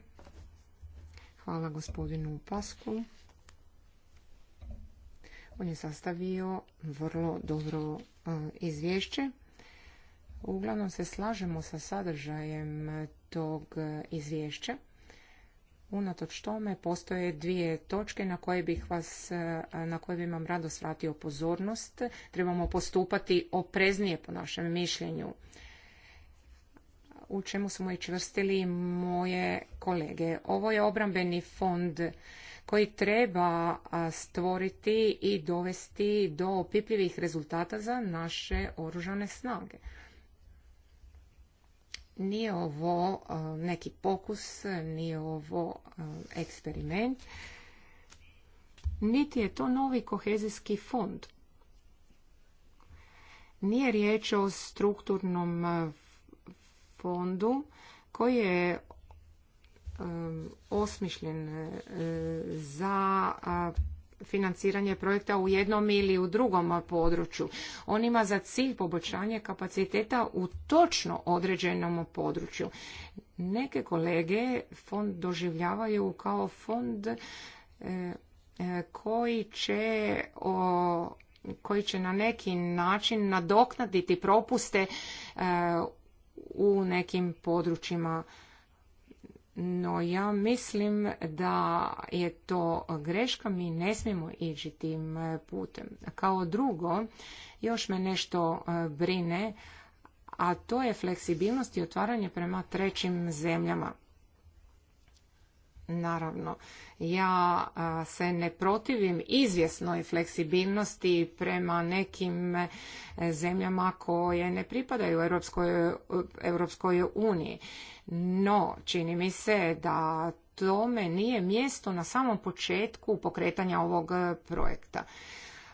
Speaker 4: Hvala gospodinu Pasku. On je sastavio vrlo dobro e, izvješće. Uglavnom se slažemo sa sadržajem tog e, izvješća. Unatoč tome postoje dvije točke na koje bih vas, e, na koje bi vam rado svratio pozornost. Trebamo postupati opreznije po našem mišljenju. U čemu smo i čvrstili moje kolege. Ovo je obrambeni fond koji treba stvoriti i dovesti do opipljivih rezultata za naše oružane snage. Nije ovo neki pokus, nije ovo eksperiment, niti je to novi kohezijski fond. Nije riječ o strukturnom fondu koji je Um, osmišljen e, za financiranje projekta u jednom ili u drugom području. On ima za cilj poboljšanje kapaciteta u točno određenom području. Neke kolege fond doživljavaju kao fond e, e, koji će koji će na neki način nadoknaditi propuste u nekim područjima no ja mislim da je to greška, mi ne smijemo ići tim e, putem. Kao drugo, još me nešto e, brine, a to je fleksibilnost i otvaranje prema trećim zemljama. Naravno, ja e, se ne protivim izvjesnoj fleksibilnosti prema nekim zemljama koje ne pripadaju Europskoj, Europskoj uniji. No, čini mi se da tome nije mjesto na samom početku pokretanja ovog e, projekta.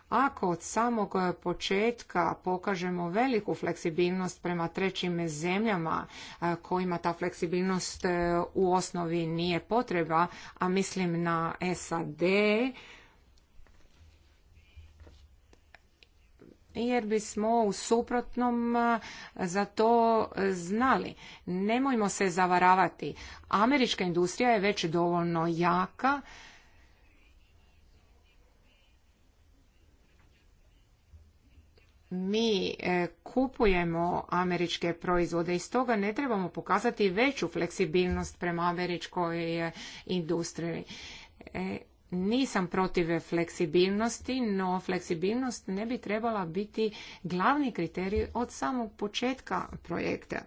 Speaker 4: Ako od samog e, početka pokažemo veliku fleksibilnost prema trećim zemljama e, kojima ta fleksibilnost u osnovi nije potreba, a mislim na SAD, jer bismo u suprotnom za to e, znali. Nemojmo se zavaravati. Američka industrija je već dovoljno jaka mi e, kupujemo američke proizvode i stoga ne trebamo pokazati veću fleksibilnost prema američkoj e, industriji nisam protiv fleksibilnosti, no fleksibilnost ne bi trebala biti glavni kriterij od samog početka projekta.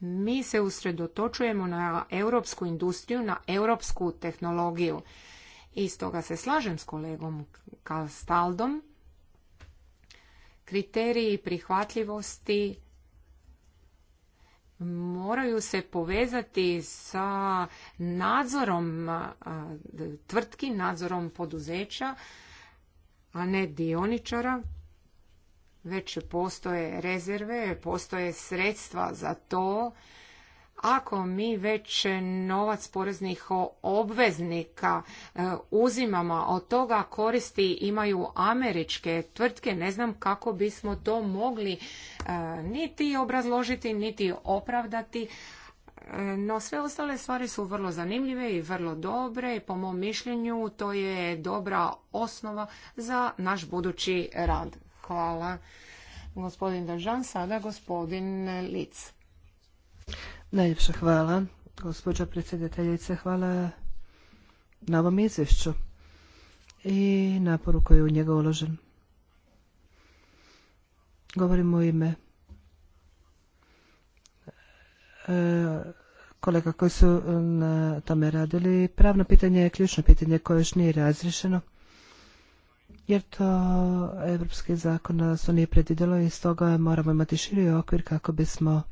Speaker 4: Mi se usredotočujemo na europsku industriju, na europsku tehnologiju. I stoga se slažem s kolegom Kastaldom. Kriteriji prihvatljivosti moraju se povezati sa nadzorom tvrtki, nadzorom poduzeća, a ne dioničara. Već postoje rezerve, postoje sredstva za to ako mi već novac poreznih obveznika e, uzimamo, od toga koristi imaju američke tvrtke, ne znam kako bismo to mogli e, niti obrazložiti, niti opravdati. E, no sve ostale stvari su vrlo zanimljive i vrlo dobre i po mom mišljenju to je dobra osnova za naš budući rad. Hvala gospodin Držan, sada gospodin Lic.
Speaker 1: Najljepša hvala, gospođa predsjedateljice. Hvala na ovom izvješću i naporu koji je u njega uložen. Govorim u ime e, kolega koji su e, na tome radili. Pravno pitanje je ključno pitanje koje još nije razrišeno, jer to evropski zakon nas nije predvidjelo i stoga moramo imati širi okvir kako bismo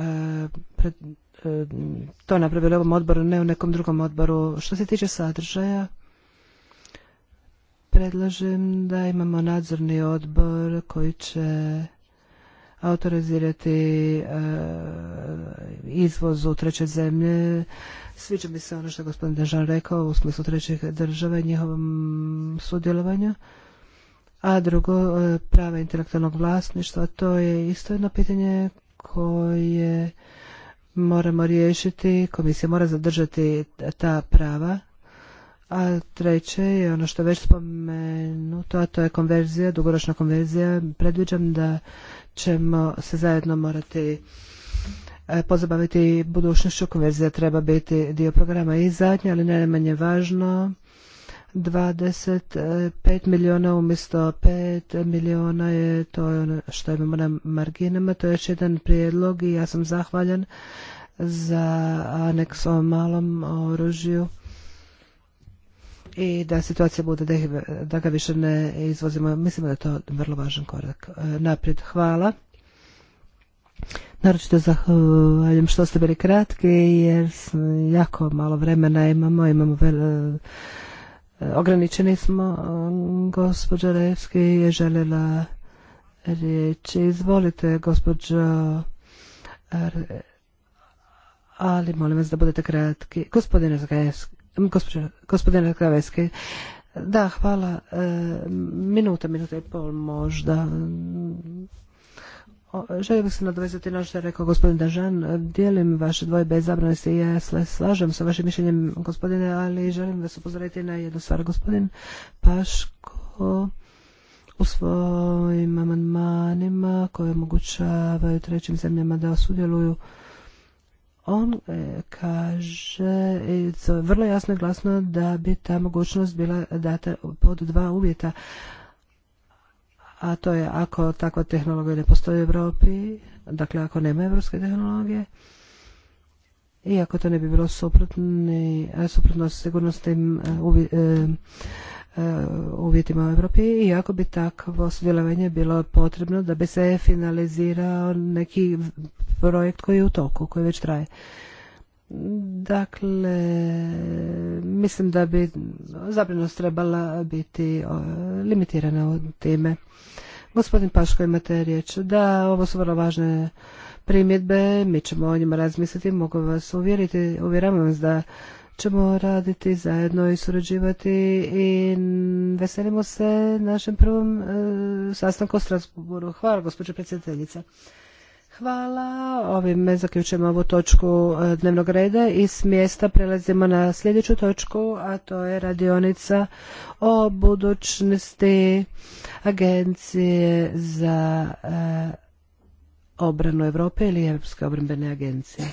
Speaker 1: E, to napravili u ovom odboru, ne u nekom drugom odboru. Što se tiče sadržaja, predlažem da imamo nadzorni odbor koji će autorizirati e, izvoz u treće zemlje. Sviđa mi se ono što je gospodin Dežan rekao u smislu trećih država i njihovom sudjelovanju. A drugo, e, prava intelektualnog vlasništva, to je isto jedno pitanje koje moramo riješiti. Komisija mora zadržati ta prava. A treće je ono što je već spomenuto, a to je konverzija, dugoročna konverzija. Predviđam da ćemo se zajedno morati e, pozabaviti budućnošću. Konverzija treba biti dio programa i zadnje, ali najmanje važno 25 milijuna umjesto 5 milijuna je to ono što imamo na marginama. To je još jedan prijedlog i ja sam zahvaljan za aneks o malom oružju i da situacija bude da, ga više ne izvozimo. mislim da je to vrlo važan korak e, naprijed. Hvala. Naročito zahvaljujem što ste bili kratki jer jako malo vremena imamo, imamo vel, ograničeni smo. Gospođa Revski je željela riječi Izvolite, gospođo ali molim vas da budete kratki. Gospodine Zagajevski, gospodine Zagajevski, da, hvala. E, minuta, minuta i pol možda. Želio se nadovezati na ono što je rekao gospodin Dažan. Dijelim vaše dvoje bezabranosti i ja slažem sa vašim mišljenjem gospodine, ali želim vas upozoriti na jednu stvar. Gospodin Paško u svojim amandmanima koje omogućavaju trećim zemljama da sudjeluju on e, kaže vrlo jasno i glasno da bi ta mogućnost bila data pod dva uvjeta a to je ako takva tehnologija ne postoji u Europi, dakle ako nema evropske tehnologije, i ako to ne bi bilo suprotni, e, suprotno sigurnosnim e, e, uvjetima u Europi i ako bi takvo sudjelovanje bilo potrebno da bi se finalizirao neki projekt koji je u toku, koji već traje. Dakle, mislim da bi zabrinost trebala biti limitirana od time. Gospodin Paško, imate riječ. Da, ovo su vrlo važne primjedbe, mi ćemo o njima razmisliti, mogu vas uvjeriti, uvjeravam vas da ćemo raditi zajedno i surađivati i veselimo se našem prvom e, sastanku u Strasburu. Hvala, gospođo predsjedateljica. Hvala. Ovim zaključujemo ovu točku e, dnevnog reda i s mjesta prelazimo na sljedeću točku, a to je radionica o budućnosti Agencije za e, obranu Europe ili Europske obrambene agencije.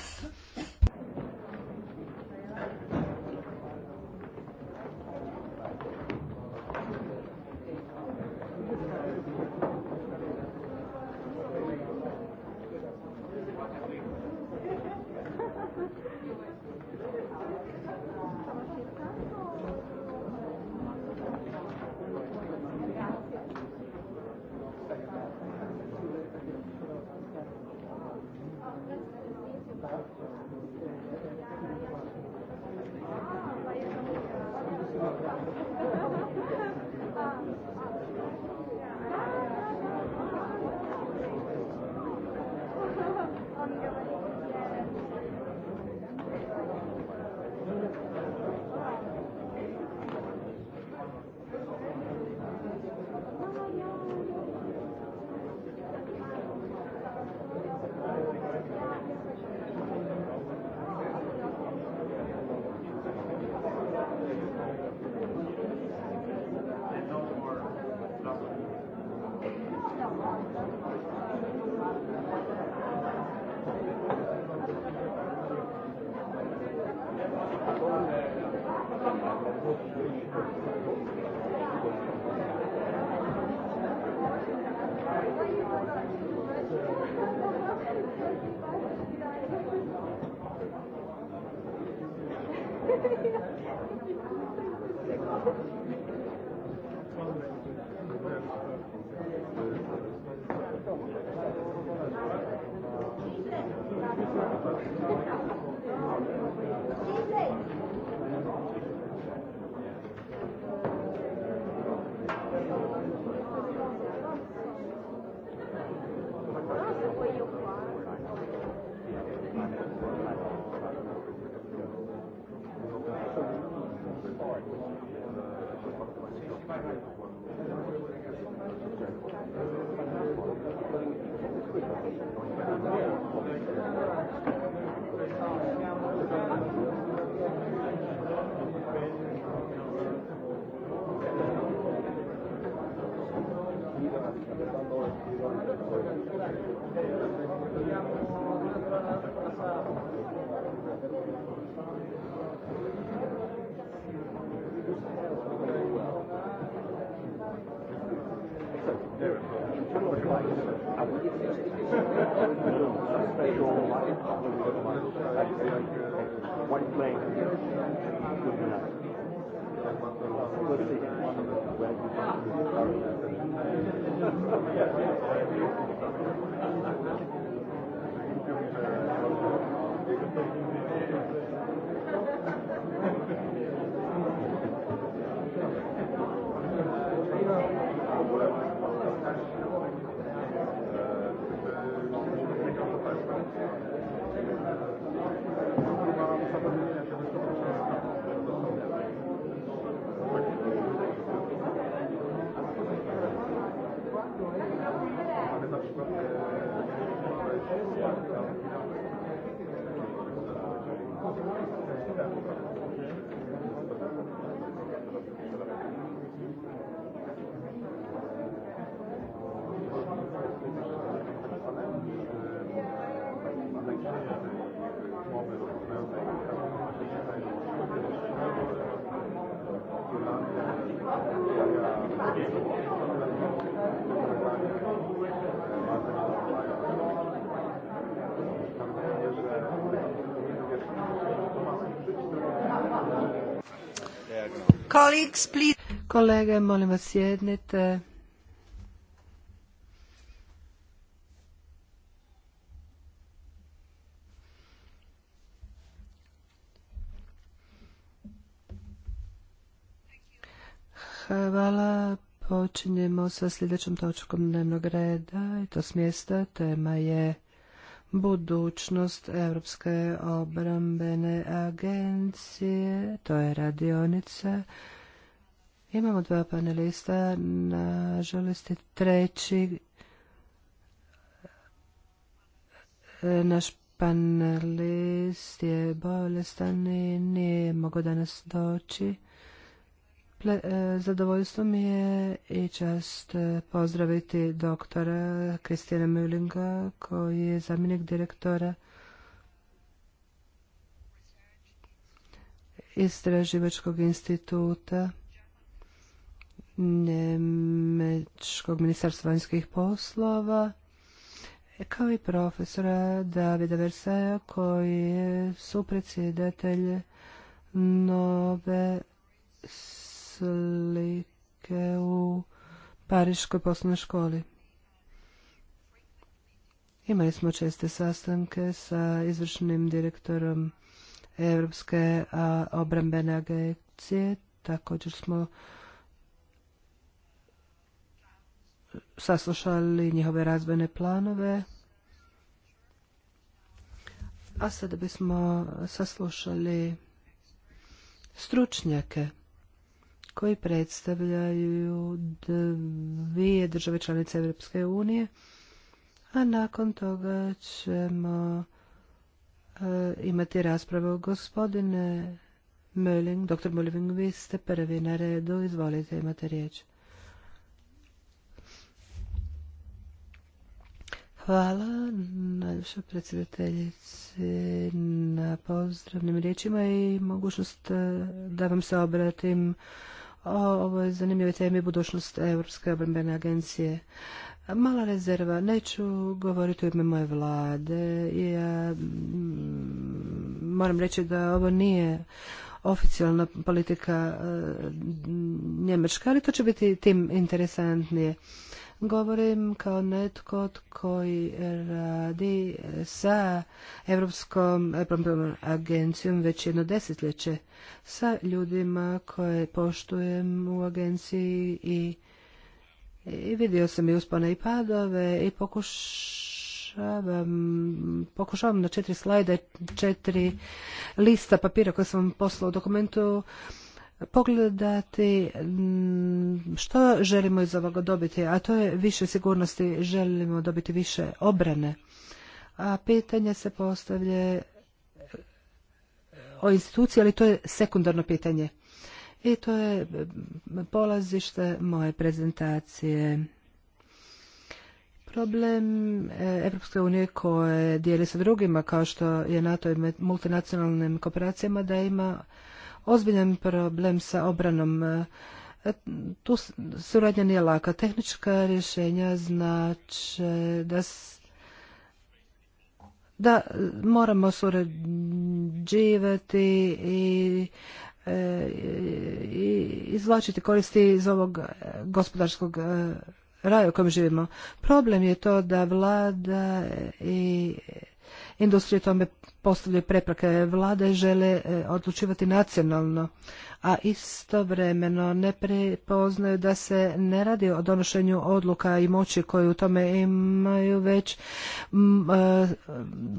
Speaker 1: colleagues, please. Kolege, molim vas sjednite. Hvala. Počinjemo sa sljedećom točkom dnevnog reda i to s mjesta. Tema je budućnost Europske obrambene agencije, to je radionica. Imamo dva panelista, nažalost treći e, naš panelist je bolestan i nije mogao danas doći. E, zadovoljstvo mi je i čast e, pozdraviti doktora Kristina Müllinga koji je zamjenik direktora Istraživačkog instituta Nemečkog ministarstva vanjskih poslova kao i profesora Davida Versaja koji je supredsjedatelj nove slike u Pariškoj poslovnoj školi. Imali smo česte sastanke sa izvršnim direktorom Europske obrambene agencije. Također smo saslušali njihove razvojne planove. A sada bismo saslušali stručnjake koji predstavljaju dvije države članice Europske unije, a nakon toga ćemo eh, imati raspravu. Gospodine Mölling, doktor Mölling, vi ste prvi na redu, izvolite, imate riječ. Hvala najviše predsjedateljici na pozdravnim riječima i mogućnost eh, da vam se obratim ovo je zanimljivoj temi budućnost Europske obrambene agencije. Mala rezerva, neću govoriti u ime moje vlade. Ja mm, moram reći da ovo nije oficijalna politika e, Njemačka, ali to će biti tim interesantnije. Govorim kao netko koji radi sa Europskom eh, agencijom već jedno desetljeće, sa ljudima koje poštujem u agenciji i, i vidio sam i uspone i padove i pokušavam, pokušavam na četiri slajde, četiri lista papira koje sam vam poslao u dokumentu pogledati mm, što želimo iz ovoga dobiti, a to je više sigurnosti, želimo dobiti više obrane. A pitanje se postavlja e, o instituciji, ali to je sekundarno pitanje. I to je polazište moje prezentacije. Problem e, Evropske unije koje dijeli sa drugima, kao što je NATO i multinacionalnim kooperacijama, da ima ozbiljan problem sa obranom. E, tu suradnja nije laka. Tehnička rješenja znači da da e, moramo surađivati e, i i izvlačiti koristi iz ovog gospodarskog raja u kojem živimo. Problem je to da vlada i industrija tome postavljaju prepreke. Vlade žele e, odlučivati nacionalno, a istovremeno ne prepoznaju da se ne radi o donošenju odluka i moći koje u tome imaju, već e,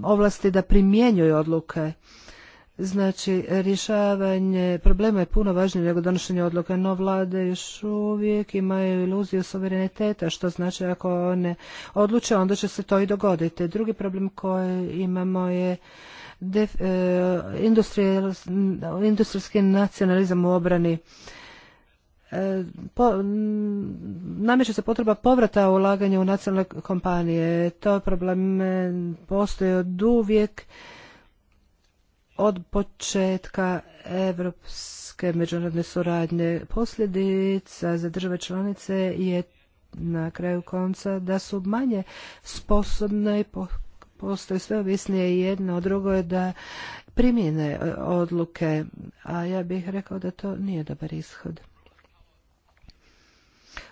Speaker 1: ovlasti da primjenjuju odluke. Znači, rješavanje problema je puno važnije nego donošenje odluka, no vlade još uvijek imaju iluziju suvereniteta, što znači ako one odluče, onda će se to i dogoditi. Drugi problem koji imamo je E, industrijski nacionalizam u obrani. E, po, nameće se potreba povrata ulaganja u nacionalne kompanije. To problem e, postoji od uvijek od početka evropske međunarodne suradnje. Posljedica za države članice je na kraju konca da su manje sposobne postaju sve ovisnije jedno, drugo je da primjene e, odluke, a ja bih rekao da to nije dobar ishod.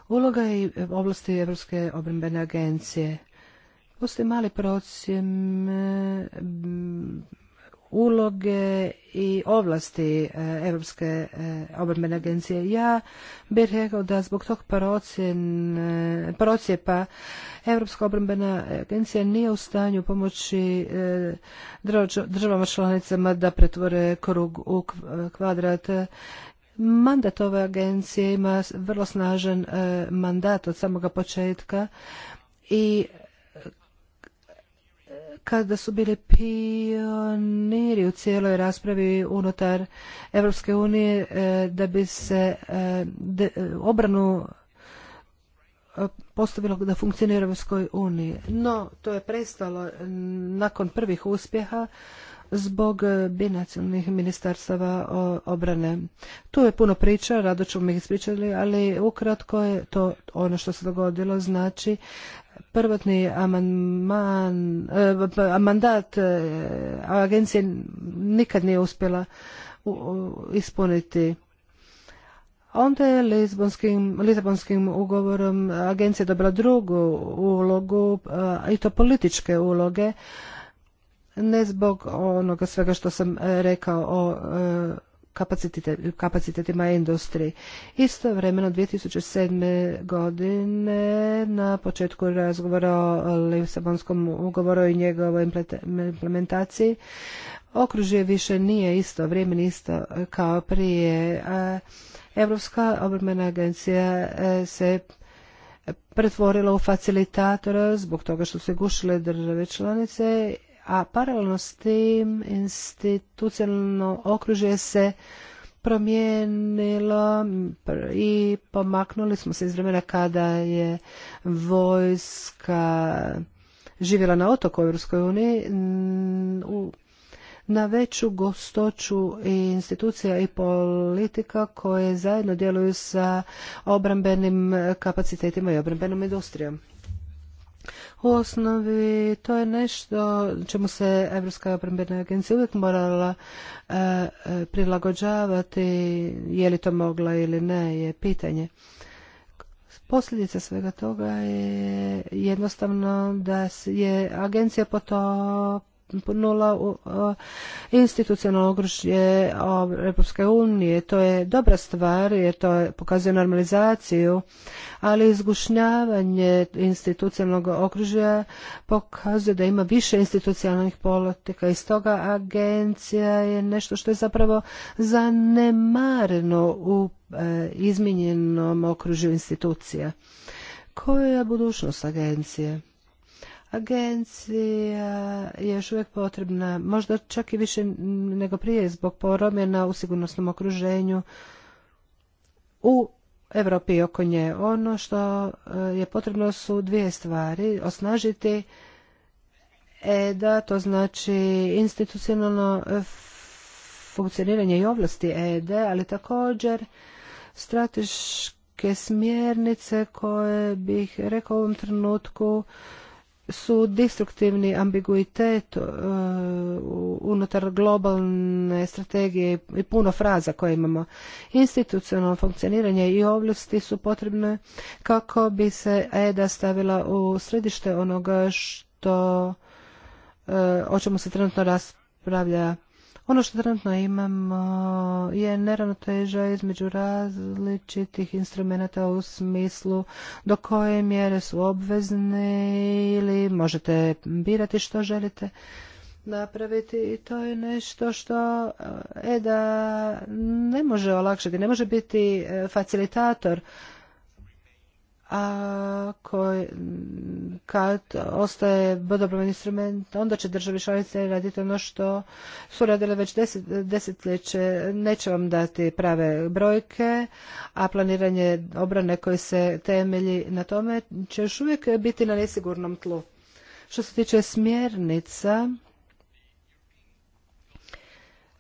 Speaker 1: Uloga i oblasti Evropske obrambene agencije. Postoji mali procjen e, uloge i ovlasti e, Europske e, obrambene agencije. Ja bih rekao da zbog tog procijepa e, Europska obrambena agencija nije u stanju pomoći državama članicama da pretvore krug u kvadrat. Mandat ove agencije ima vrlo snažan mandat od samoga početka i kada su bili pioniri u cijeloj raspravi unutar Evropske unije e, da bi se e, e, obranu postavilo da funkcionira u Evropskoj uniji. No, to je prestalo nakon prvih uspjeha zbog binacionalnih ministarstava obrane. Tu je puno priča, rado ćemo ih ispričati ali ukratko je to ono što se dogodilo, znači prvotni amandman, e, mandat e, agencije nikad nije uspjela ispuniti. Onda je Lizabonskim Lisabonskim ugovorom agencija dobila drugu ulogu e, i to političke uloge ne zbog onoga svega što sam rekao o kapacitetima industriji. Istovremeno 2007. godine na početku razgovora o Lisabonskom ugovoru i njegovoj implementaciji okružje više nije isto, vrijeme isto kao prije. Europska obrambena agencija e, se pretvorila u facilitatora zbog toga što se gušile države članice a paralelno s tim institucionalno okružje se promijenilo i pomaknuli smo se iz vremena kada je vojska živjela na otoku u Europskoj uniji na veću gostoću institucija i politika koje zajedno djeluju sa obrambenim kapacitetima i obrambenom industrijom. U osnovi to je nešto čemu se Evropska obrambena agencija uvijek morala e, e, prilagođavati, je li to mogla ili ne, je pitanje. Posljedica svega toga je jednostavno da je agencija po to potpunula institucionalno okružje Europske unije. To je dobra stvar jer to pokazuje normalizaciju, ali izgušnjavanje institucionalnog okružja pokazuje da ima više institucionalnih politika i stoga agencija je nešto što je zapravo zanemareno u e, izmijenjenom okružju institucija. Koja je budućnost agencije? Agencija e, je još uvijek potrebna, možda čak i više nego prije zbog poromjena u sigurnosnom okruženju u Europi i oko nje. Ono što e, je potrebno su dvije stvari. Osnažiti EDA, to znači institucionalno e, funkcioniranje i ovlasti EDA, ali također strateške smjernice koje bih rekao u ovom trenutku su destruktivni ambiguitet e, unutar globalne strategije i puno fraza koje imamo. Institucionalno funkcioniranje i ovlasti su potrebne kako bi se EDA stavila u središte onoga što e, o čemu se trenutno raspravlja ono što trenutno imamo je neravnoteža između različitih instrumenta u smislu do koje mjere su obvezne ili možete birati što želite napraviti i to je nešto što e da ne može olakšati, ne može biti e, facilitator a koji kad ostaje bodobrovan instrument, onda će države članice raditi ono što su radile već deset, desetljeće. Neće vam dati prave brojke, a planiranje obrane koje se temelji na tome će još uvijek biti na nesigurnom tlu. Što se tiče smjernica,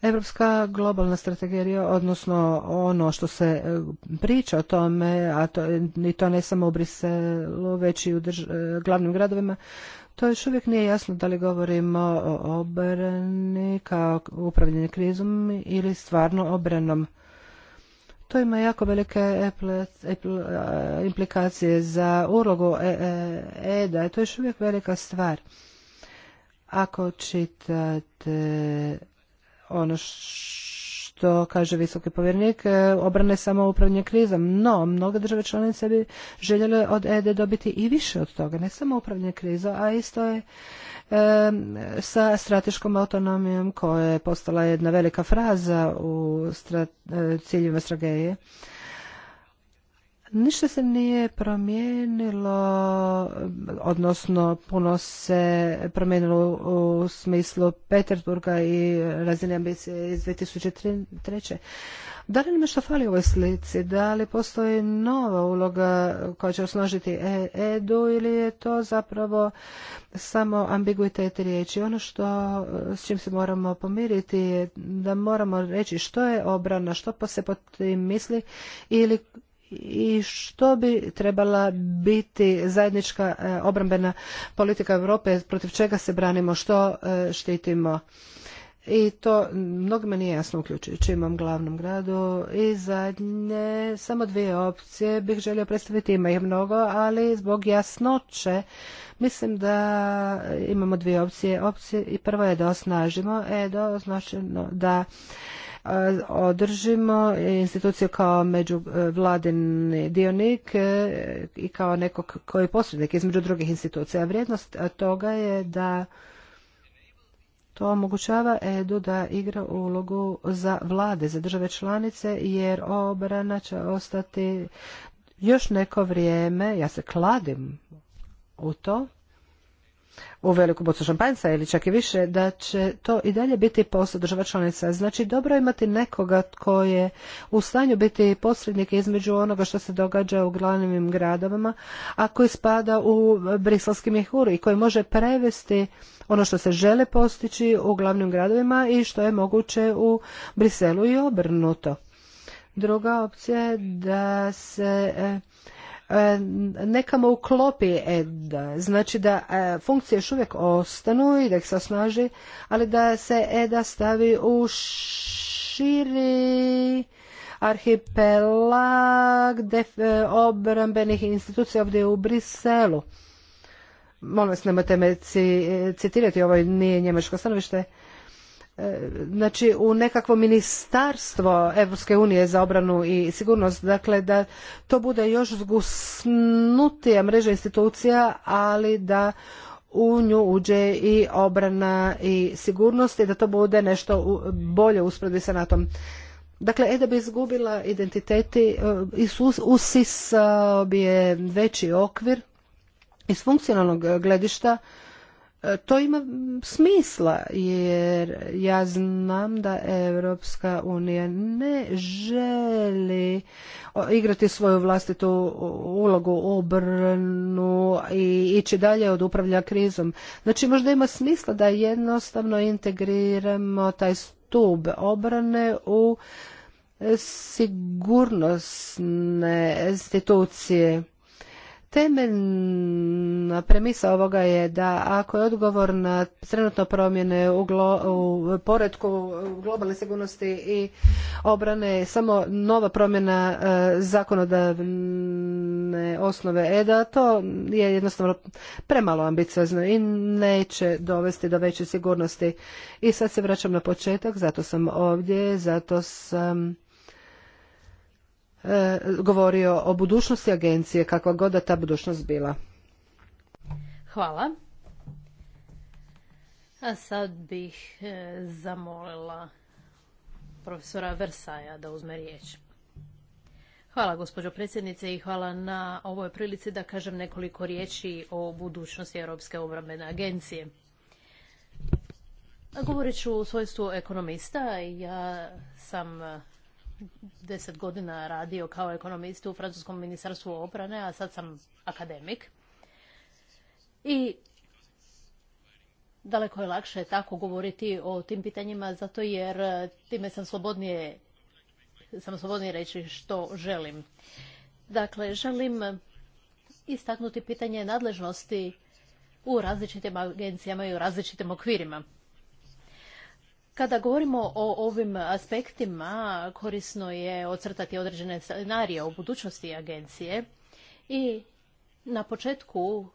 Speaker 1: Evropska globalna strategija, odnosno ono što se e, priča o tome, a to, i to ne samo u Briselu, već i u e, glavnim gradovima, to još uvijek nije jasno da li govorimo o obrani kao upravljanje krizom ili stvarno obranom. To ima jako velike implikacije za urogu e, EDA. to je još uvijek velika stvar. Ako čitate ono što kaže visoki povjernik, e, obrane samo upravljanje krizom. No, mnoge države članice bi željele od EDE dobiti i više od toga, ne samo upravljanje krizom, a isto je e, sa strateškom autonomijom koja je postala jedna velika fraza u strat, e, strategije Ništa se nije promijenilo, odnosno puno se promijenilo u smislu Petersburga i razine ambicije iz 2003. Da li nam što fali u ovoj slici? Da li postoji nova uloga koja će osnožiti e- EDU ili je to zapravo samo ambiguitet riječi? Ono što s čim se moramo pomiriti je da moramo reći što je obrana, što se pod tim misli ili i što bi trebala biti zajednička e, obrambena politika Europe protiv čega se branimo, što e, štitimo. I to mnogima nije jasno uključujući imam glavnom gradu. I zadnje, samo dvije opcije bih želio predstaviti, ima ih mnogo, ali zbog jasnoće mislim da imamo dvije opcije. opcije I prvo je da osnažimo, e, da, označeno da održimo instituciju kao međuvladin dionik e, i kao nekog koji je posrednik između drugih institucija. Vrijednost toga je da to omogućava EDU da igra ulogu za vlade, za države članice, jer obrana će ostati još neko vrijeme, ja se kladim u to, u veliku bocu šampanjca ili čak i više, da će to i dalje biti posao država članica. Znači, dobro je imati nekoga tko je u stanju biti posrednik između onoga što se događa u glavnim gradovima, a koji spada u briselski jehuru i koji može prevesti ono što se žele postići u glavnim gradovima i što je moguće u Briselu i obrnuto. Druga opcija je da se eh, E, nekamo uklopi ED. Znači da e, funkcije još uvijek ostanu i da ih se osnaži, ali da se EDA stavi u širi arhipelag e, obrambenih institucija ovdje u Briselu. Molim vas, nemojte me citirati, ovo nije njemačko stanovište znači u nekakvo ministarstvo Europske unije za obranu i sigurnost, dakle da to bude još zgusnutija mreža institucija, ali da u nju uđe i obrana i sigurnost i da to bude nešto bolje usporedbi sa NATO-om. Dakle, EDA bi izgubila identiteti i bi je veći okvir iz funkcionalnog e, gledišta E, to ima smisla jer ja znam da Europska unija ne želi igrati svoju vlastitu ulogu obrnu i ići dalje od upravlja krizom. Znači možda ima smisla da jednostavno integriramo taj stub obrane u sigurnosne institucije Temeljna premisa ovoga je da ako je odgovor na trenutno promjene u, poretku u globalne sigurnosti i obrane samo nova promjena e, zakonodavne osnove e, da to je jednostavno premalo ambiciozno i neće dovesti do veće sigurnosti. I sad se vraćam na početak, zato sam ovdje, zato sam E, govorio o budućnosti agencije, kakva god da ta budućnost
Speaker 4: bila.
Speaker 2: Hvala. A sad bih e, zamolila profesora Versaja da uzme riječ. Hvala gospođo predsjednice i hvala na ovoj prilici da kažem nekoliko riječi o budućnosti Europske obrambene agencije. Govorit ću u svojstvu ekonomista. Ja sam deset godina radio kao ekonomist u Francuskom ministarstvu obrane, a sad sam akademik. I daleko je lakše tako govoriti o tim pitanjima, zato jer time sam slobodnije, sam slobodnije reći što želim. Dakle, želim istaknuti pitanje nadležnosti u različitim agencijama i u različitim okvirima. Kada govorimo o ovim aspektima, korisno je ocrtati određene scenarije o budućnosti agencije i na početku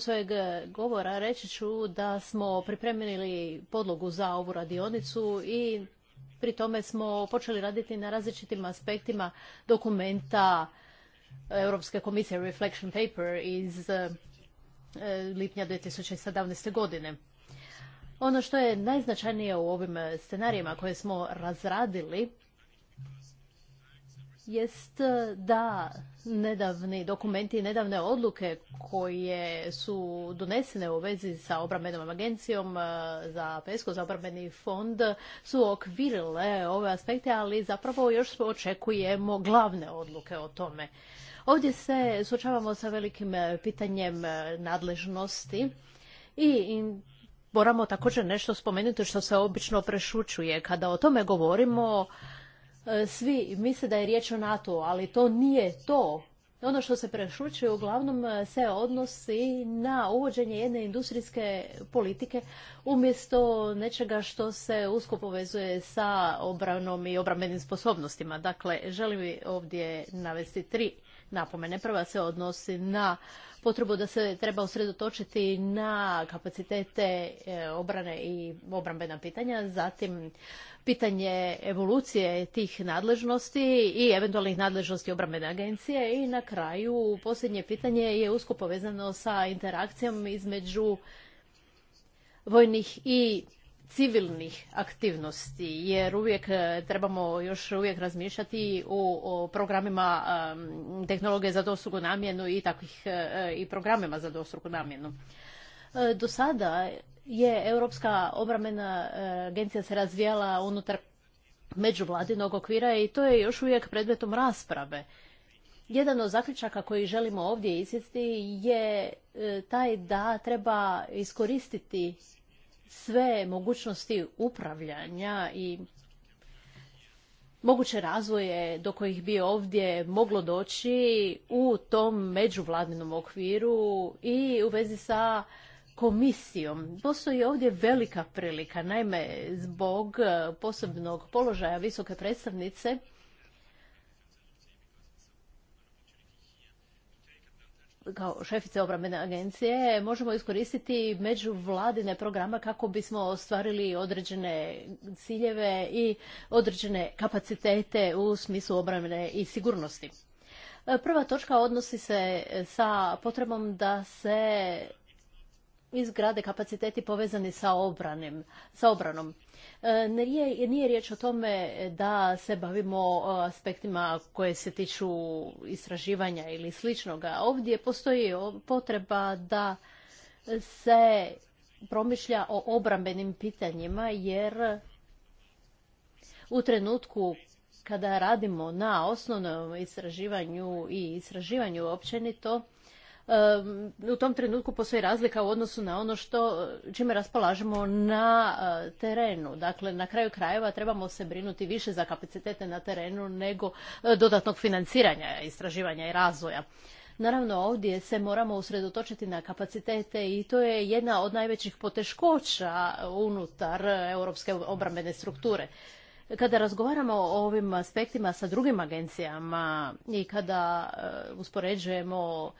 Speaker 2: svojeg govora reći ću da smo pripremili podlogu za ovu radionicu i pri tome smo počeli raditi na različitim aspektima dokumenta Europske komisije Reflection Paper iz eh, lipnja 2017. godine. Ono što je najznačajnije u ovim scenarijima koje smo razradili jest da nedavni dokumenti i nedavne odluke koje su donesene u vezi sa obrambenom agencijom eh, za PESCO, za obrambeni fond, su okvirile ove aspekte, ali zapravo još očekujemo glavne odluke o tome. Ovdje se suočavamo sa velikim pitanjem nadležnosti i moramo također nešto spomenuti što se obično prešućuje. Kada o tome govorimo, e, svi misle da je riječ o NATO, ali to nije to. Ono što se prešućuje uglavnom e, se odnosi na uvođenje jedne industrijske politike umjesto nečega što se usko povezuje sa obranom i obrambenim sposobnostima. Dakle, želim ovdje navesti tri napomene. Prva se odnosi na potrebu da se treba usredotočiti na kapacitete e, obrane i obrambena pitanja, zatim pitanje evolucije tih nadležnosti i eventualnih nadležnosti obrambene agencije i na kraju posljednje pitanje je usko povezano sa interakcijom između vojnih i civilnih aktivnosti, jer uvijek e, trebamo još uvijek razmišljati o, programima tehnologije za dvostruku namjenu i takvih e, e, i programima za dvostruku namjenu. do sada je Europska obramena agencija se razvijala unutar međuvladinog okvira i to je još uvijek predmetom rasprave. Jedan od zaključaka koji želimo ovdje isjesti je taj da treba iskoristiti sve mogućnosti upravljanja i moguće razvoje do kojih bi ovdje moglo doći u tom međuvladinom okviru i u vezi sa komisijom. Postoji ovdje velika prilika, naime zbog posebnog položaja visoke predstavnice kao šefice obrambene agencije možemo iskoristiti vladine programa kako bismo ostvarili određene ciljeve i određene kapacitete u smislu obrane i sigurnosti. Prva točka odnosi se sa potrebom da se izgrade kapaciteti povezani sa, sa obranom. E, nije, nije riječ o tome da se bavimo e, aspektima koje se tiču istraživanja ili sličnoga. Ovdje postoji potreba da se promišlja o obrambenim pitanjima jer u trenutku kada radimo na osnovnom istraživanju i istraživanju općenito, u tom trenutku postoji razlika u odnosu na ono što, čime raspolažemo na e, terenu. Dakle, na kraju krajeva trebamo se brinuti više za kapacitete na terenu nego e, dodatnog financiranja, istraživanja i razvoja. Naravno, ovdje se moramo usredotočiti na kapacitete i to je jedna od najvećih poteškoća unutar europske obrambene strukture. Kada razgovaramo o ovim aspektima sa drugim agencijama i kada e, uspoređujemo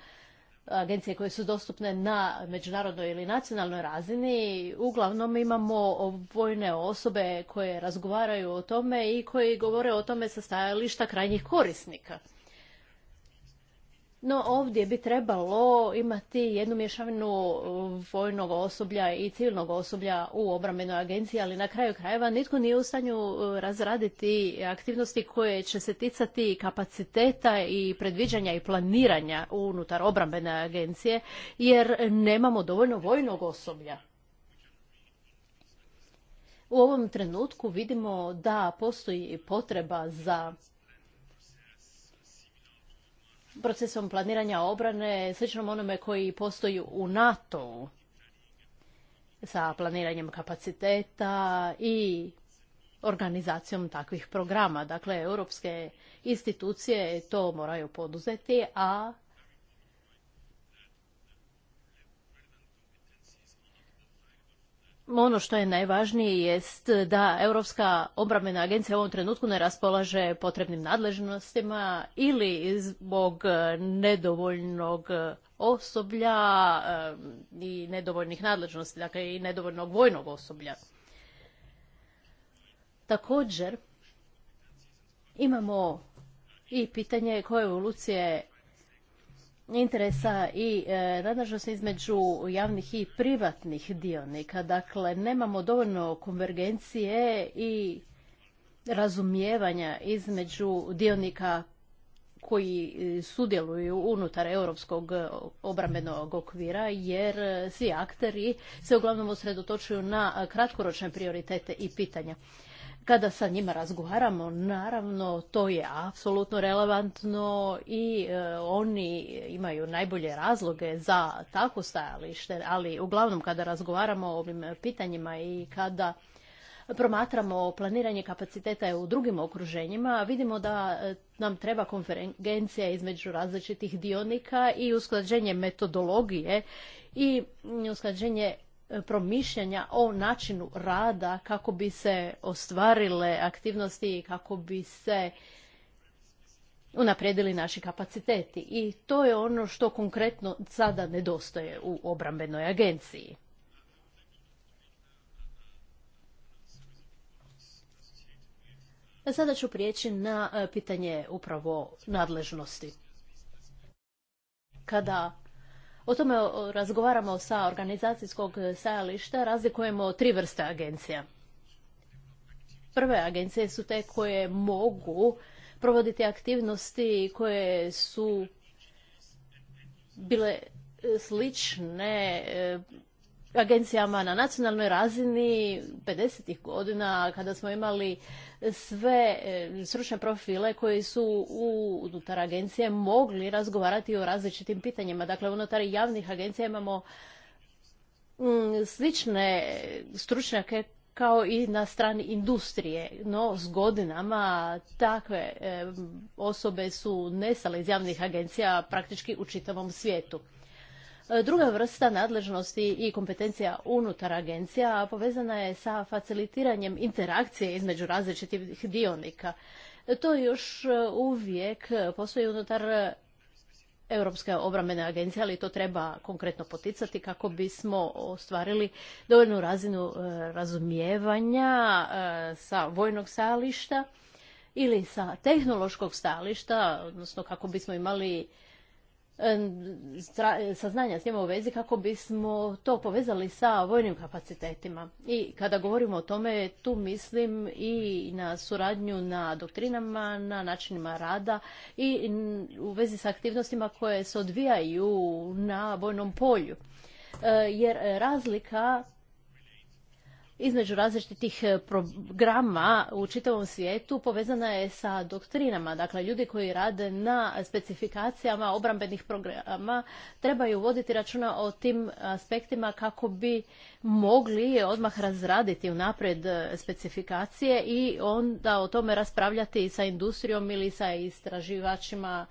Speaker 2: agencije koje su dostupne na međunarodnoj ili nacionalnoj razini, uglavnom imamo vojne osobe koje razgovaraju o tome i koji govore o tome sa stajališta krajnjih korisnika. No ovdje bi trebalo imati jednu mješavinu vojnog osoblja i civilnog osoblja u obrambenoj agenciji, ali na kraju krajeva nitko nije u stanju e, razraditi aktivnosti koje će se ticati kapaciteta i predviđanja i planiranja unutar obrambene agencije, jer nemamo dovoljno vojnog osoblja. U ovom trenutku vidimo da postoji potreba za procesom planiranja obrane sličnom onome koji postoji u nato sa planiranjem kapaciteta i organizacijom takvih programa. Dakle, europske institucije to moraju poduzeti, a ono što je najvažnije jest da Europska obrambena agencija u ovom trenutku ne raspolaže potrebnim nadležnostima ili zbog nedovoljnog osoblja i nedovoljnih nadležnosti, dakle i nedovoljnog vojnog osoblja. Također imamo i pitanje koje evolucije interesa i e, nadležnosti između javnih i privatnih dionika. Dakle, nemamo dovoljno konvergencije i razumijevanja između dionika koji sudjeluju unutar europskog obrambenog okvira, jer svi akteri se uglavnom usredotočuju na kratkoročne prioritete i pitanja. Kada sa njima razgovaramo, naravno, to je apsolutno relevantno i e, oni imaju najbolje razloge za takvo stajalište, ali uglavnom kada razgovaramo o ovim pitanjima i kada promatramo planiranje kapaciteta u drugim okruženjima, vidimo da e, nam treba konferencija između različitih dionika i usklađenje metodologije i mm, usklađenje E, promišljanja o načinu rada kako bi se ostvarile aktivnosti i kako bi se unaprijedili naši kapaciteti. I to je ono što konkretno sada nedostaje u obrambenoj agenciji. Sada ću prijeći na e, pitanje upravo nadležnosti. Kada o tome razgovaramo sa organizacijskog stajališta, razlikujemo tri vrste agencija. Prve agencije su te koje mogu provoditi aktivnosti koje su bile e, slične e, agencijama na nacionalnoj razini 50. godina kada smo imali sve e, stručne profile koji su unutar agencije mogli razgovarati o različitim pitanjima. Dakle, unutar javnih agencija imamo mm, slične stručnjake kao i na strani industrije. No, s godinama takve e, osobe su nestale iz javnih agencija praktički u čitavom svijetu. E, druga vrsta nadležnosti i kompetencija unutar agencija, povezana je sa facilitiranjem interakcije između različitih dionika. E, to još e, uvijek postoji unutar Europske obrambene agencije, ali to treba konkretno poticati kako bismo ostvarili dovoljnu razinu razumijevanja sa vojnog stajališta ili sa tehnološkog stajališta, odnosno kako bismo imali saznanja s njima u vezi kako bismo to povezali sa vojnim kapacitetima. I kada govorimo o tome, tu mislim i na suradnju na doktrinama, na načinima rada i u vezi sa aktivnostima koje se odvijaju na vojnom polju. E, jer e, razlika između različitih e, programa u čitavom svijetu povezana je sa doktrinama. Dakle, ljudi koji rade na specifikacijama obrambenih programa trebaju voditi računa o tim aspektima kako bi mogli odmah razraditi unaprijed e, specifikacije i onda o tome raspravljati sa industrijom ili sa istraživačima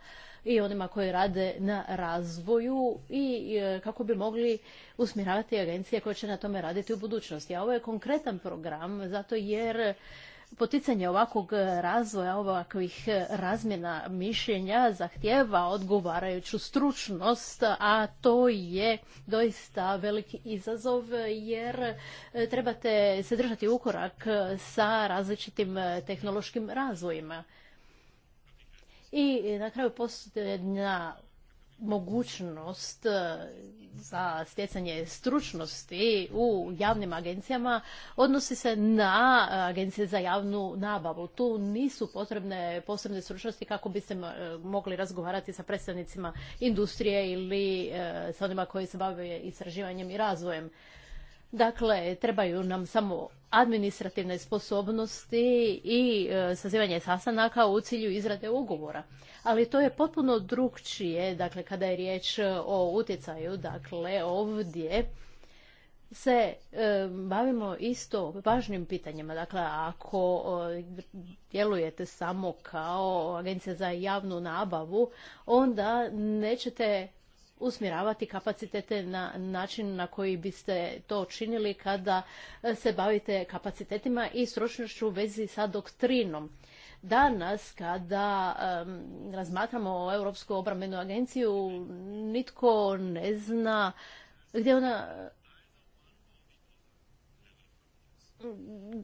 Speaker 2: i onima koji rade na razvoju i e, kako bi mogli usmjeravati agencije koje će na tome raditi u budućnosti. A ovo je konkretan program zato jer poticanje ovakvog razvoja, ovakvih razmjena mišljenja zahtjeva odgovarajuću stručnost, a to je doista veliki izazov jer e, trebate se držati ukorak sa različitim tehnološkim razvojima. I na kraju jedna mogućnost e, za stjecanje stručnosti u javnim agencijama odnosi se na agencije za javnu nabavu. Tu nisu potrebne posebne stručnosti kako biste e, mogli razgovarati sa predstavnicima industrije ili e, sa onima koji se bave istraživanjem i razvojem. Dakle, trebaju nam samo administrativne sposobnosti i e, sazivanje sastanaka u cilju izrade ugovora. Ali to je potpuno drugčije, dakle, kada je riječ e, o utjecaju, dakle, ovdje se e, bavimo isto važnim pitanjima. Dakle, ako djelujete samo kao agencija za javnu nabavu, onda nećete usmjeravati kapacitete na način na koji biste to činili kada se bavite kapacitetima i stručnošću u vezi sa doktrinom. Danas kada razmatramo Europsku obrambenu agenciju, nitko ne zna gdje ona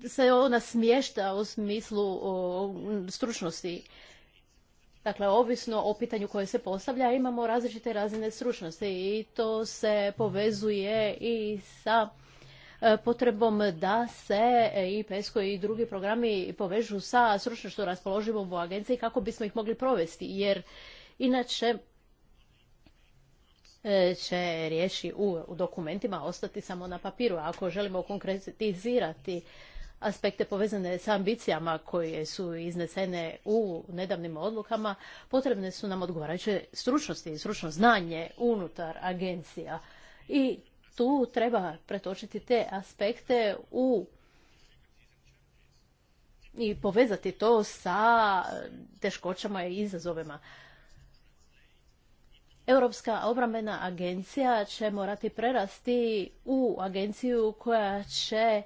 Speaker 2: se ona smješta u smislu stručnosti Dakle, ovisno o pitanju koje se postavlja, imamo različite razine stručnosti i to se povezuje i sa e, potrebom da se e, i PESCO i drugi programi povežu sa stručnošću raspoloživom u agenciji kako bismo ih mogli provesti, jer inače e, će riješi u dokumentima ostati samo na papiru. Ako želimo konkretizirati aspekte povezane sa ambicijama koje su iznesene u nedavnim odlukama, potrebne su nam odgovarajuće stručnosti i stručno znanje unutar agencija. I tu treba pretočiti te aspekte u i povezati to sa teškoćama i izazovima. Europska obrambena agencija će morati prerasti u agenciju koja će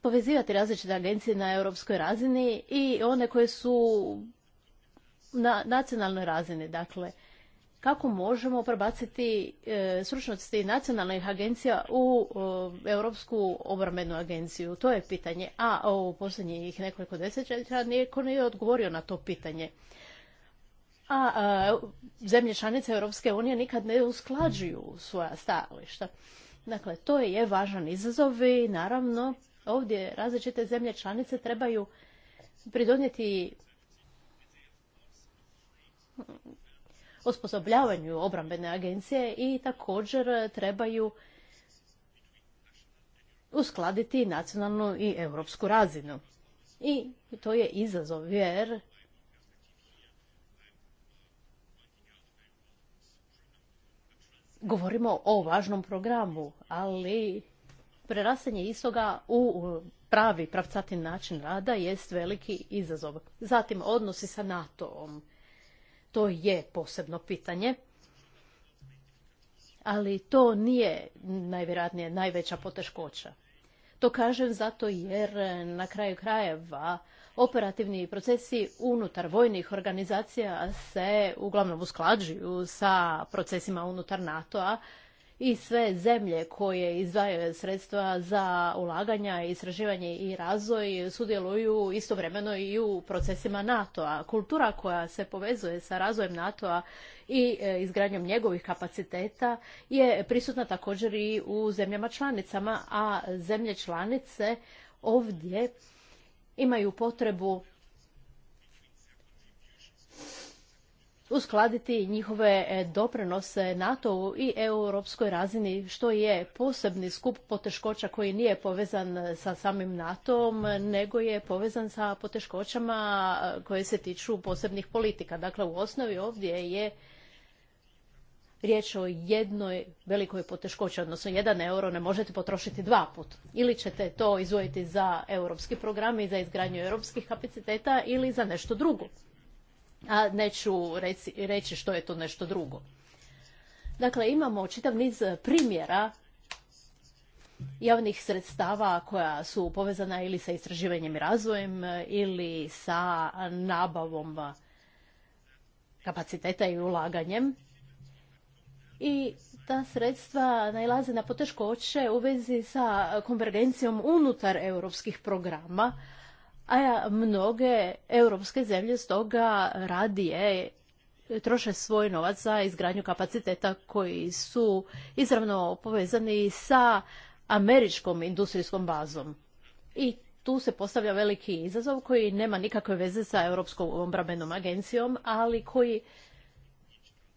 Speaker 2: povezivati različite agencije na europskoj razini i one koje su na nacionalnoj razini. Dakle, kako možemo prebaciti sručnosti e, stručnosti nacionalnih agencija u e, Europsku obrambenu agenciju? To je pitanje. A u posljednjih nekoliko desetljeća niko nije odgovorio na to pitanje. A, e, zemlje članice Europske unije nikad ne usklađuju svoja stajališta. Dakle, to je važan izazov i naravno ovdje različite zemlje članice trebaju pridonijeti osposobljavanju obrambene agencije i također trebaju uskladiti nacionalnu i europsku razinu. I to je izazov jer govorimo o važnom programu, ali prerastanje istoga u pravi, pravcati način rada jest veliki izazov. Zatim, odnosi sa NATO-om. To je posebno pitanje. Ali to nije najvjerojatnije najveća poteškoća. To kažem zato jer na kraju krajeva operativni procesi unutar vojnih organizacija se uglavnom usklađuju sa procesima unutar NATO-a i sve zemlje koje izdvajaju sredstva za ulaganja, istraživanje i razvoj sudjeluju istovremeno i u procesima NATO-a. Kultura koja se povezuje sa razvojem NATO-a i e, izgradnjom njegovih kapaciteta je prisutna također i u zemljama članicama, a zemlje članice ovdje imaju potrebu uskladiti njihove e, doprinose NATO-u i europskoj razini, što je posebni skup poteškoća koji nije povezan e, sa samim NATO-om, nego je povezan sa poteškoćama e, koje se tiču posebnih politika. Dakle, u osnovi ovdje je riječ o jednoj velikoj poteškoći, odnosno jedan euro ne možete potrošiti dva put. Ili ćete to izvojiti za europski program i za izgradnju europskih kapaciteta ili za nešto drugo a neću reći što je to nešto drugo. Dakle, imamo čitav niz primjera javnih sredstava koja su povezana ili sa istraživanjem i razvojem ili sa nabavom kapaciteta i ulaganjem. I ta sredstva nailaze na poteškoće u vezi sa konvergencijom unutar europskih programa, a mnoge europske zemlje stoga radije troše svoj novac za izgradnju kapaciteta koji su izravno povezani sa američkom industrijskom bazom. I tu se postavlja veliki izazov koji nema nikakve veze sa Europskom obrambenom agencijom, ali koji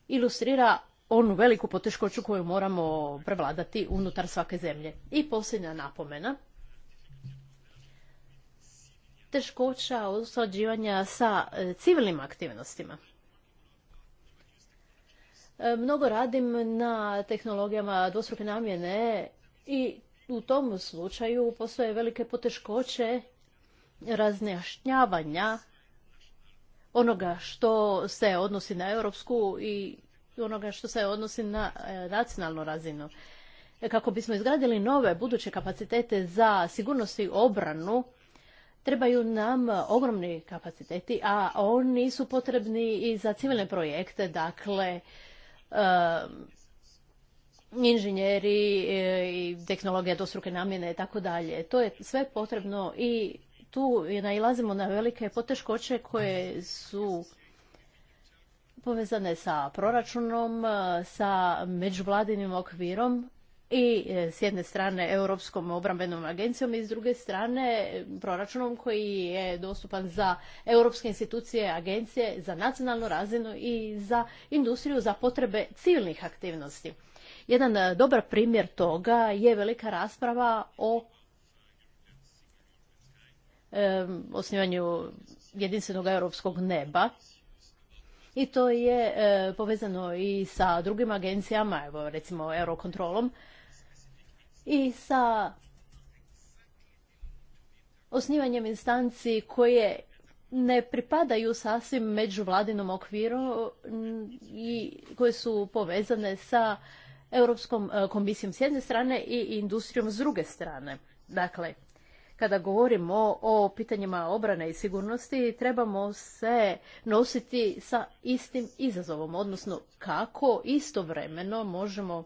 Speaker 2: ilustrira onu veliku poteškoću koju moramo prevladati unutar svake zemlje. I posljednja napomena, teškoća usklađivanja sa e, civilnim aktivnostima. E, mnogo radim na tehnologijama dvostruke namjene i u tom slučaju postoje velike poteškoće razjašnjavanja onoga što se odnosi na europsku i onoga što se odnosi na e, nacionalnu razinu. Kako bismo izgradili nove buduće kapacitete za sigurnost i obranu, Trebaju nam ogromni kapaciteti, a oni su potrebni i za civilne projekte, dakle inženjeri e, i tehnologija dostruke namjene i tako dalje. To je sve potrebno i tu nailazimo na velike poteškoće koje su povezane sa proračunom, sa međuvladinim okvirom i e, s jedne strane Europskom obrambenom agencijom i s druge strane e, proračunom koji je dostupan za europske institucije, agencije, za nacionalnu razinu i za industriju za potrebe civilnih aktivnosti. Jedan e, dobar primjer toga je velika rasprava o osnivanju jedinstvenog europskog neba i to je povezano i sa drugim agencijama, evo recimo Eurokontrolom, i sa osnivanjem instanci koje ne pripadaju sasvim međuvladinom okviru i koje su povezane sa Europskom e, komisijom s jedne strane i industrijom s druge strane. Dakle, kada govorimo o pitanjima obrane i sigurnosti, trebamo se nositi sa istim izazovom, odnosno kako istovremeno možemo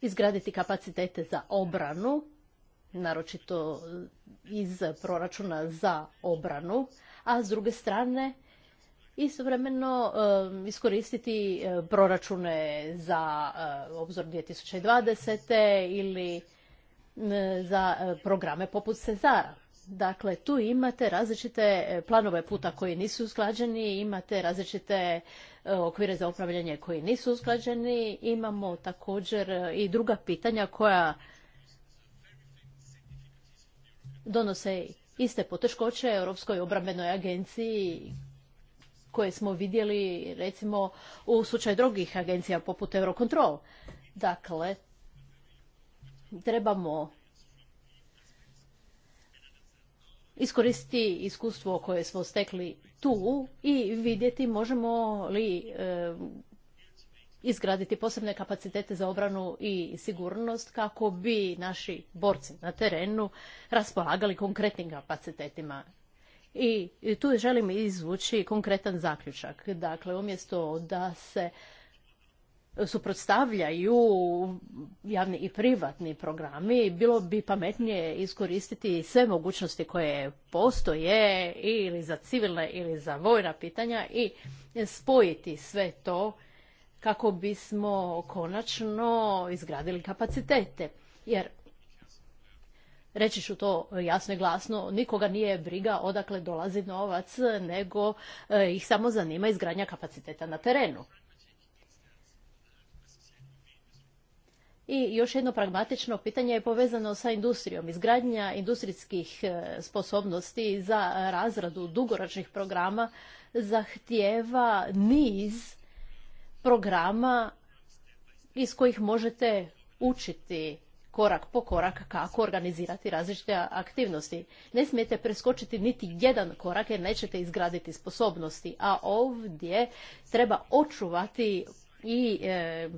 Speaker 2: izgraditi kapacitete za obranu, naročito iz proračuna za obranu, a s druge strane istovremeno eh, iskoristiti eh, proračune za eh, obzor 2020. ili za programe poput Cezara. Dakle, tu imate različite planove puta koji nisu usklađeni, imate različite E, okvire za upravljanje koji nisu usklađeni. Imamo također e, i druga pitanja koja donose iste poteškoće Europskoj obrambenoj agenciji koje smo vidjeli recimo u slučaju drugih agencija poput Eurocontrol. Dakle, trebamo iskoristiti iskustvo koje smo stekli tu i vidjeti možemo li e, izgraditi posebne kapacitete za obranu i sigurnost kako bi naši borci na terenu raspolagali konkretnim kapacitetima. I tu želim izvući konkretan zaključak. Dakle, umjesto da se suprotstavljaju javni i privatni programi, bilo bi pametnije iskoristiti sve mogućnosti koje postoje ili za civilne ili za vojna pitanja i spojiti sve to kako bismo konačno izgradili kapacitete. Jer reći ću to jasno i glasno, nikoga nije briga odakle dolazi novac, nego eh, ih samo zanima izgradnja kapaciteta na terenu. I još jedno pragmatično pitanje je povezano sa industrijom. Izgradnja industrijskih e, sposobnosti za razradu dugoročnih programa zahtijeva niz programa iz kojih možete učiti korak po korak kako organizirati različite aktivnosti. Ne smijete preskočiti niti jedan korak jer nećete izgraditi sposobnosti, a ovdje treba očuvati i e,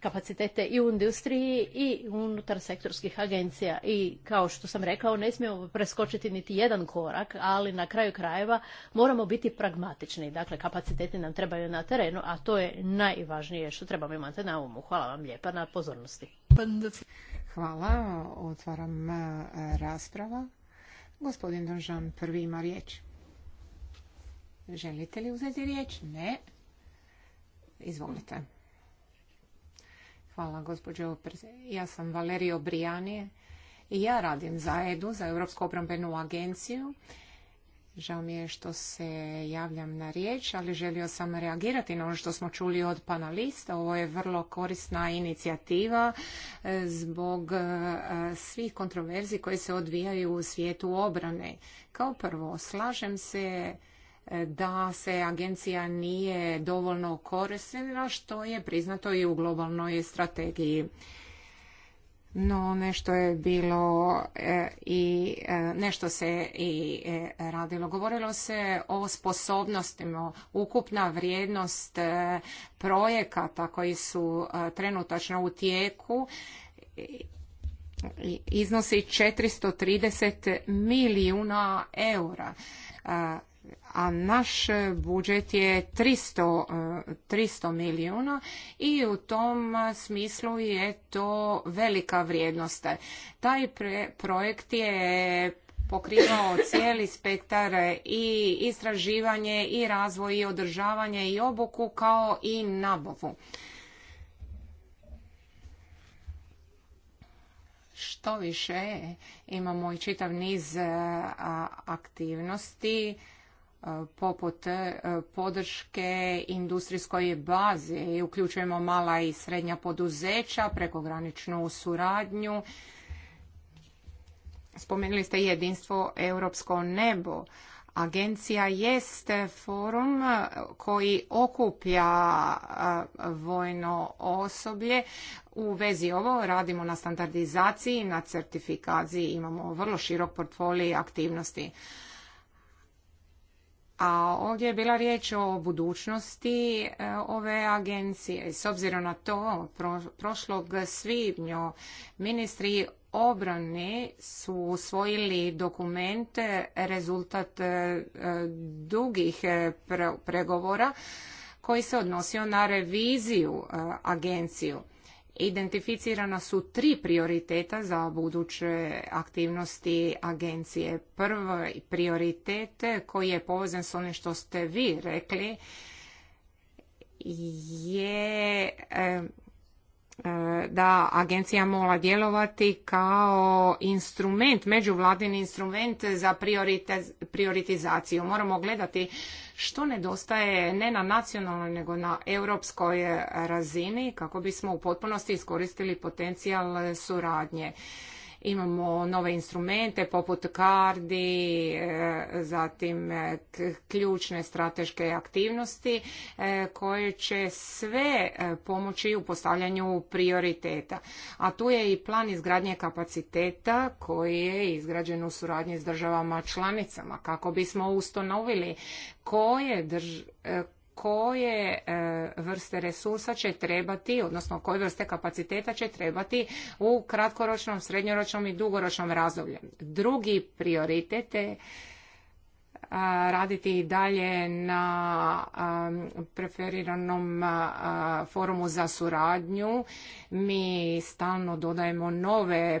Speaker 2: kapacitete i u industriji i unutar sektorskih agencija. I kao što sam rekao, ne smijemo preskočiti niti jedan korak, ali na kraju krajeva moramo biti pragmatični. Dakle, kapaciteti nam trebaju na terenu, a to je najvažnije što trebamo imati na umu. Hvala vam lijepa na pozornosti.
Speaker 4: Hvala, otvaram e, rasprava. Gospodin držan prvi ima riječ. Želite li uzeti riječ? Ne. Izvolite. Hvala gospođo. Ja sam Valerio Brijanije i ja radim za EDU, za Europsku obrambenu agenciju. Žao mi je što se javljam na riječ, ali želio sam reagirati na ono što smo čuli od panelista. Ovo je vrlo korisna inicijativa e, zbog e, svih kontroverzi koje se odvijaju u svijetu obrane. Kao prvo, slažem se da se agencija nije dovoljno koristila što je priznato i u globalnoj strategiji. No, nešto je bilo e, i e, nešto se i e, radilo. Govorilo se o sposobnostima, ukupna vrijednost projekata koji su trenutačno u tijeku iznosi 430 milijuna eura a naš budžet je 300, eh, milijuna i u tom smislu je to velika vrijednost. Taj projekt je pokrivao cijeli spektar i istraživanje i razvoj i održavanje i obuku kao i nabavu. Što više, imamo i čitav niz eh, aktivnosti poput e, podrške industrijskoj bazi. Uključujemo mala i srednja poduzeća, prekograničnu suradnju. Spomenuli ste jedinstvo Europsko nebo. Agencija jest forum e, koji okuplja e, vojno osoblje. U vezi ovo radimo na standardizaciji, na certifikaciji, imamo vrlo širok portfolij aktivnosti a ovdje je bila riječ o budućnosti e, ove agencije. S obzirom na to, prošlog svibnja ministri obrane su usvojili dokumente rezultat e, dugih e, pregovora koji se odnosio na reviziju agenciju identificirana su tri prioriteta za buduće aktivnosti agencije. Prvi prioritet koji je povezan s onim što ste vi rekli je E, da agencija mora djelovati kao instrument, međuvladin instrument za prioritizaciju. Moramo gledati što nedostaje ne na nacionalnoj nego na europskoj razini kako bismo u potpunosti iskoristili potencijal suradnje. Imamo nove instrumente poput kardi, e, zatim e, ključne strateške aktivnosti e, koje će sve pomoći u postavljanju prioriteta. A tu je i plan izgradnje kapaciteta koji je izgrađen u suradnji s državama članicama kako bismo ustanovili koje, drž koje e, vrste resursa će trebati, odnosno koje vrste kapaciteta će trebati u kratkoročnom, srednjoročnom i dugoročnom razdoblju. Drugi prioritet je e, raditi i dalje na e, preferiranom forumu za suradnju. Mi stalno dodajemo nove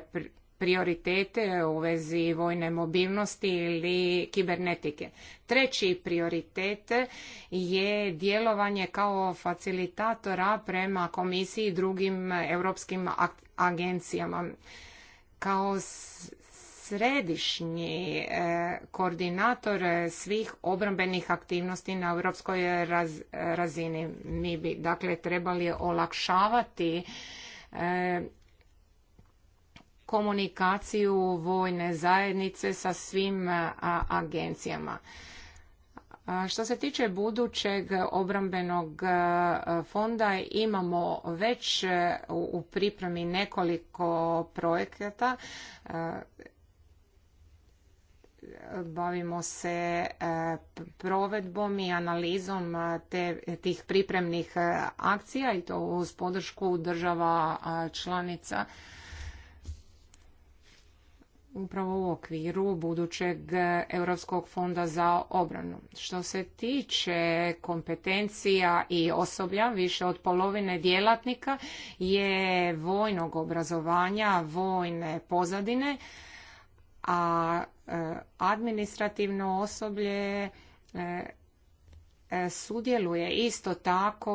Speaker 4: prioritete u vezi vojne mobilnosti ili kibernetike. Treći prioritet je djelovanje kao facilitatora prema komisiji i drugim europskim agencijama. Kao središnji e, koordinator svih obrambenih aktivnosti na europskoj razini. Mi bi dakle trebali olakšavati e, komunikaciju vojne zajednice sa svim agencijama. Što se tiče budućeg obrambenog fonda, imamo već u pripremi nekoliko projekata. Bavimo se provedbom i analizom tih pripremnih akcija i to uz podršku država članica upravo u okviru budućeg Europskog fonda za obranu. Što se tiče kompetencija i osoblja, više od polovine djelatnika je vojnog obrazovanja, vojne pozadine, a e, administrativno osoblje e, E, sudjeluje isto tako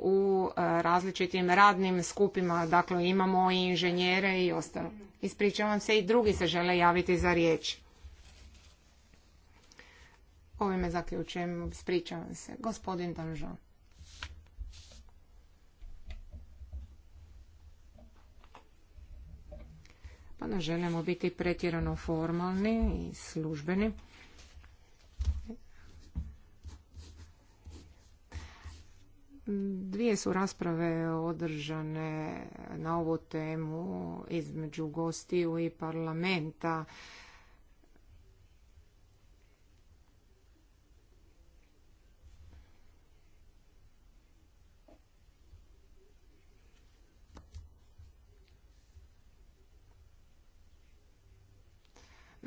Speaker 4: u e, različitim radnim skupima, dakle imamo i inženjere i ostalo. Ispričavam se i drugi se žele javiti za riječ. Ovime zaključujem, ispričavam se. Gospodin Danžan. Pa ne želimo biti pretjerano formalni i službeni. Dvije su rasprave održane na ovu temu između gostiju i parlamenta.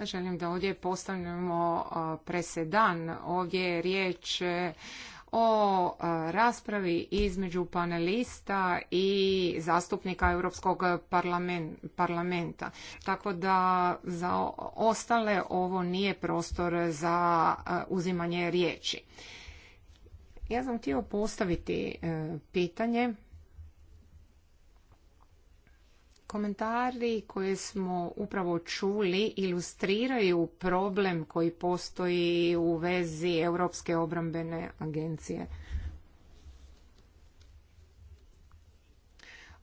Speaker 4: želim da ovdje postavljamo presedan. Ovdje je riječ o raspravi između panelista i zastupnika Europskog parlamenta. Tako da za ostale ovo nije prostor za uzimanje riječi. Ja sam htio postaviti e, pitanje Komentari koje smo upravo čuli ilustriraju problem koji postoji u vezi Europske obrambene agencije.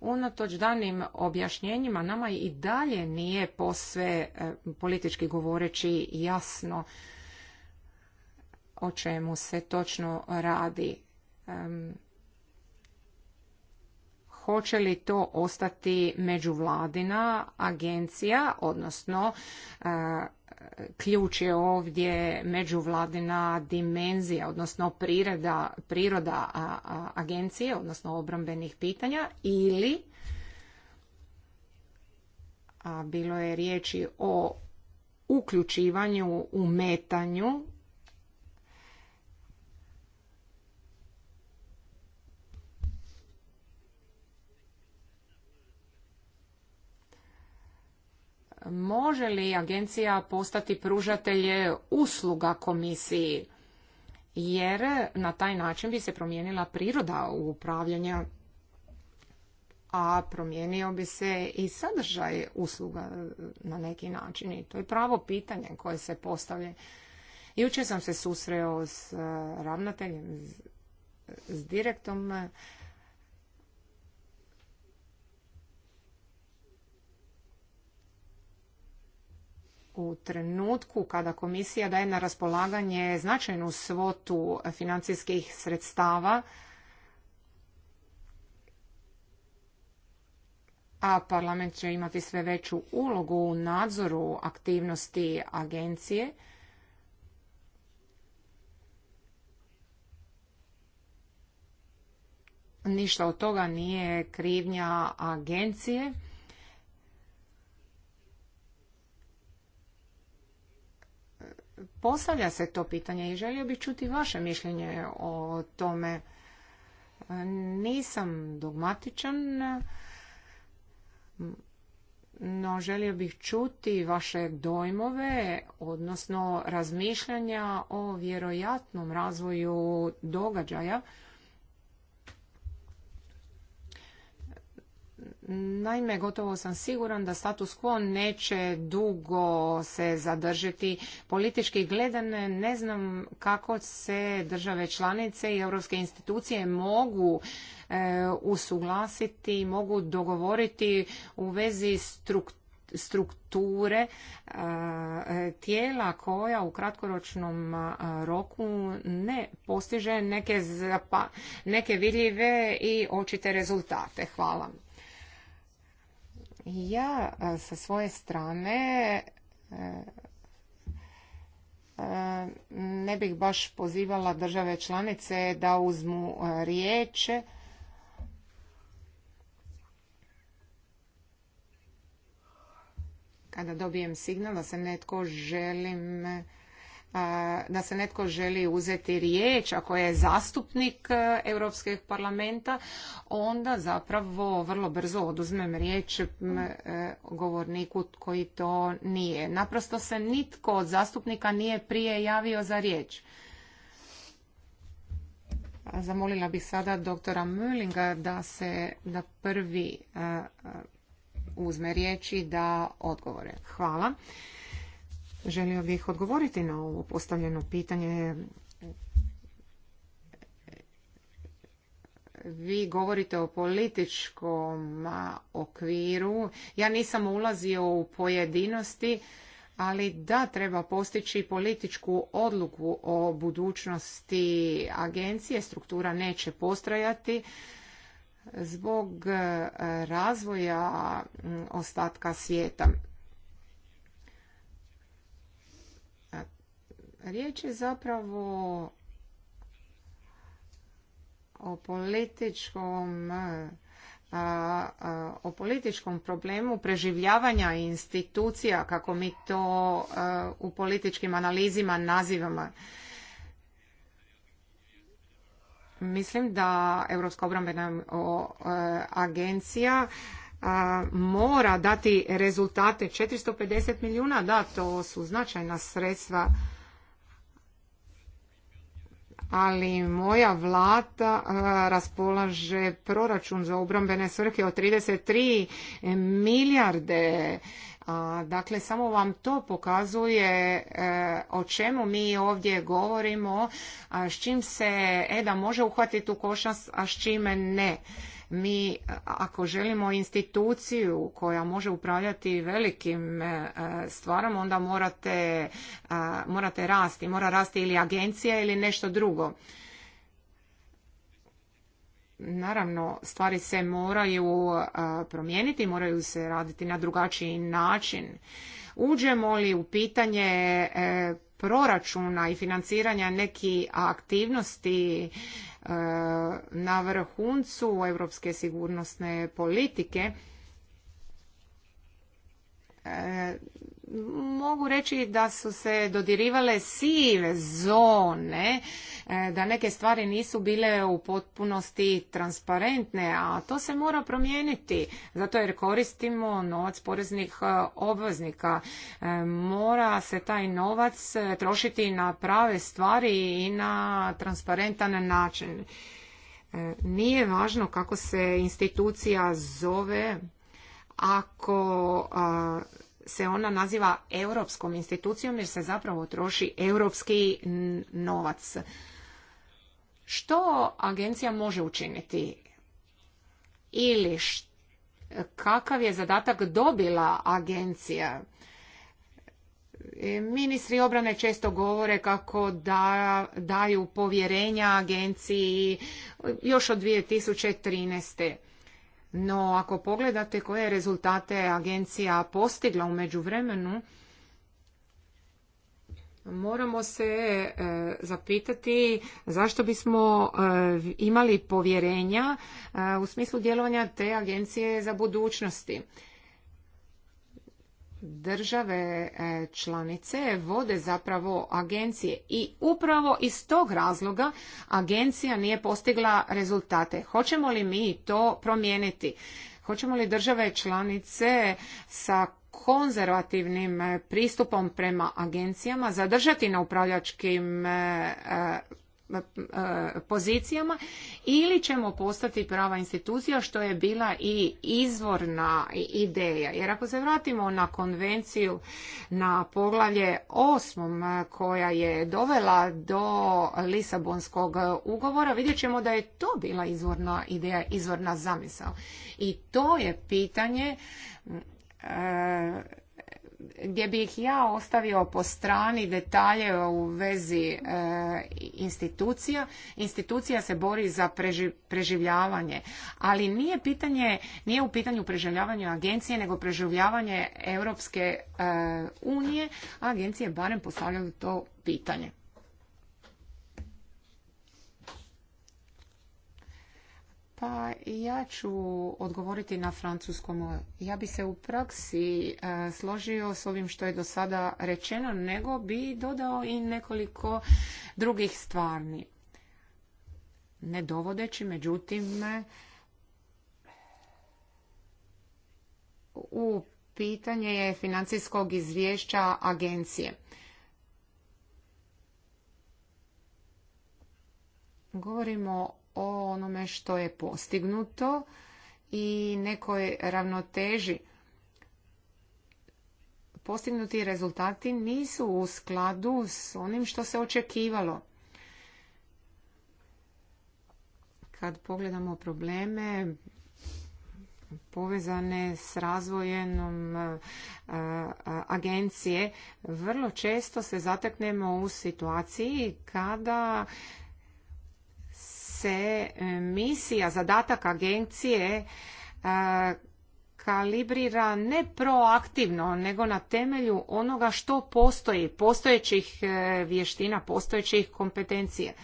Speaker 4: Unatoč danim objašnjenjima nama i dalje nije posve e, politički govoreći jasno o čemu se točno radi hoće li to ostati međuvladina agencija, odnosno ključ je ovdje međuvladina dimenzija, odnosno priroda, priroda agencije, odnosno obrambenih pitanja ili a bilo je riječi o uključivanju, umetanju može li agencija postati pružatelje usluga komisiji jer na taj način bi se promijenila priroda upravljanja a promijenio bi se i sadržaj usluga na neki način i to je pravo pitanje koje se postavlja jučer sam se susreo s ravnateljem s direktom u trenutku kada komisija daje na raspolaganje značajnu svotu financijskih sredstava, a parlament će imati sve veću ulogu u nadzoru aktivnosti agencije, ništa od toga nije krivnja agencije Postavlja se to pitanje i želio bih čuti vaše mišljenje o tome. E, nisam dogmatičan, no želio bih čuti vaše dojmove, odnosno razmišljanja o vjerojatnom razvoju događaja Naime, gotovo sam siguran da status quo neće dugo se zadržati. Politički gledane ne znam kako se države članice i europske institucije mogu e, usuglasiti, mogu dogovoriti u vezi strukture e, tijela koja u kratkoročnom roku ne postiže neke, neke vidljive i očite rezultate. Hvala. Ja e, sa svoje strane e, e, ne bih baš pozivala države članice da uzmu riječ. Kada dobijem signal da se netko želim da se netko želi uzeti riječ, ako je zastupnik e, Europskog parlamenta, onda zapravo vrlo brzo oduzmem riječ e, govorniku koji to nije. Naprosto se nitko od zastupnika nije prije javio za riječ. Zamolila bih sada doktora Möllinga da se da prvi e, uzme riječ i da odgovore. Hvala. Želio bih odgovoriti na ovo postavljeno pitanje. vi govorite o političkom okviru. Ja nisam ulazio u pojedinosti, ali da treba postići političku odluku o budućnosti agencije. Struktura neće postrajati zbog e, razvoja ostatka svijeta. Riječ je zapravo o političkom o političkom problemu preživljavanja institucija, kako mi to u političkim analizima nazivamo. Mislim da Europska obrambena agencija mora dati rezultate. 450 milijuna, da, to su značajna sredstva ali moja vlada e, raspolaže proračun za obrambene svrhe od 33 milijarde. Dakle, samo vam to pokazuje e, o čemu mi ovdje govorimo, s čim se EDA može uhvatiti u košnost, a s čime ne. Mi ako želimo instituciju koja može upravljati velikim e, e, stvarom, onda morate, rasti. Mora rasti ili agencija ili nešto drugo. Naravno, stvari se moraju promijeniti, moraju se raditi na drugačiji način. Uđemo li u pitanje e, proračuna i financiranja neki aktivnosti na vrhuncu europske sigurnosne politike E, mogu reći da su se dodirivale sive zone, e, da neke stvari nisu bile u potpunosti transparentne, a to se mora promijeniti, zato jer koristimo novac poreznih e, obveznika. Mora se taj novac trošiti na prave stvari i na transparentan način. Nije važno kako se institucija zove, ako se ona naziva europskom institucijom jer se zapravo troši europski novac. Što agencija može učiniti? Ili kakav je zadatak dobila agencija? E, ministri obrane često govore kako da, daju povjerenja agenciji još od 2013. No ako pogledate koje rezultate agencija postigla u međuvremenu, moramo se e, zapitati zašto bismo e, imali povjerenja e, u smislu djelovanja te agencije za budućnosti države e, članice vode zapravo agencije i upravo iz tog razloga agencija nije postigla rezultate. Hoćemo li mi to promijeniti? Hoćemo li države članice sa konzervativnim e, pristupom prema agencijama zadržati na upravljačkim e, pozicijama ili ćemo postati prava institucija što je bila i izvorna ideja. Jer ako se vratimo na konvenciju na poglavlje osmom koja je dovela do Lisabonskog ugovora, vidjet ćemo da je to bila izvorna ideja, izvorna zamisao. I to je pitanje gdje bih ja ostavio po strani detalje u vezi e, institucija. Institucija se bori za preživljavanje, ali nije pitanje, nije u pitanju preživljavanje agencije, nego preživljavanje Europske e, unije, a agencije barem postavljaju to pitanje. Pa ja ću odgovoriti na francuskom. Ja bi se u praksi e, složio s ovim što je do sada rečeno, nego bi dodao i nekoliko drugih stvarni. Ne dovodeći, međutim, u pitanje je financijskog izvješća agencije. Govorimo o onome što je postignuto i nekoj ravnoteži. Postignuti rezultati nisu u skladu s onim što se očekivalo. Kad pogledamo probleme povezane s razvojenom e, e, agencije, vrlo često se zateknemo u situaciji kada se e, misija, zadatak agencije e, kalibrira ne proaktivno, nego na temelju onoga što postoji, postojećih e, vještina, postojećih kompetencije.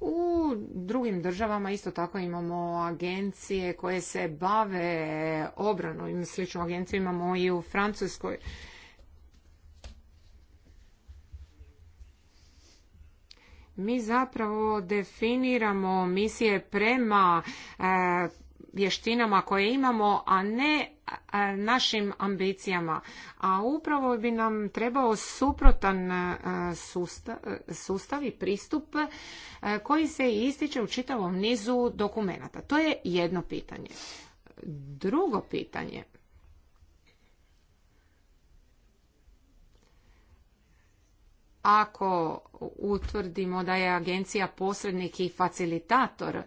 Speaker 4: U drugim državama isto tako imamo agencije koje se bave obranom, sličnu agenciju imamo i u Francuskoj. mi zapravo definiramo misije prema e, vještinama koje imamo, a ne e, našim ambicijama. A upravo bi nam trebao suprotan e, sustav, i pristup koji se ističe u čitavom nizu dokumenata. To je jedno pitanje. Drugo pitanje ako utvrdimo da je agencija posrednik i facilitator,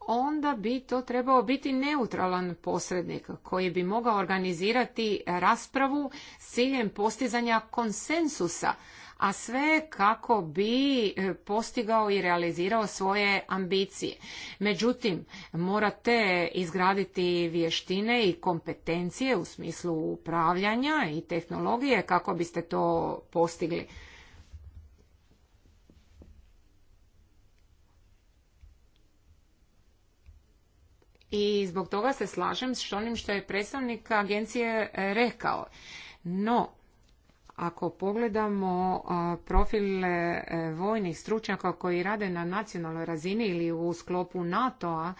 Speaker 4: onda bi to trebao biti neutralan posrednik koji bi mogao organizirati raspravu s ciljem postizanja konsensusa a sve kako bi e, postigao i realizirao svoje ambicije. Međutim, morate izgraditi vještine i kompetencije u smislu upravljanja i tehnologije kako biste to postigli. I zbog toga se slažem s onim što je predstavnik agencije rekao. No, ako pogledamo profile e, vojnih stručnjaka koji rade na nacionalnoj razini ili u sklopu NATO-a,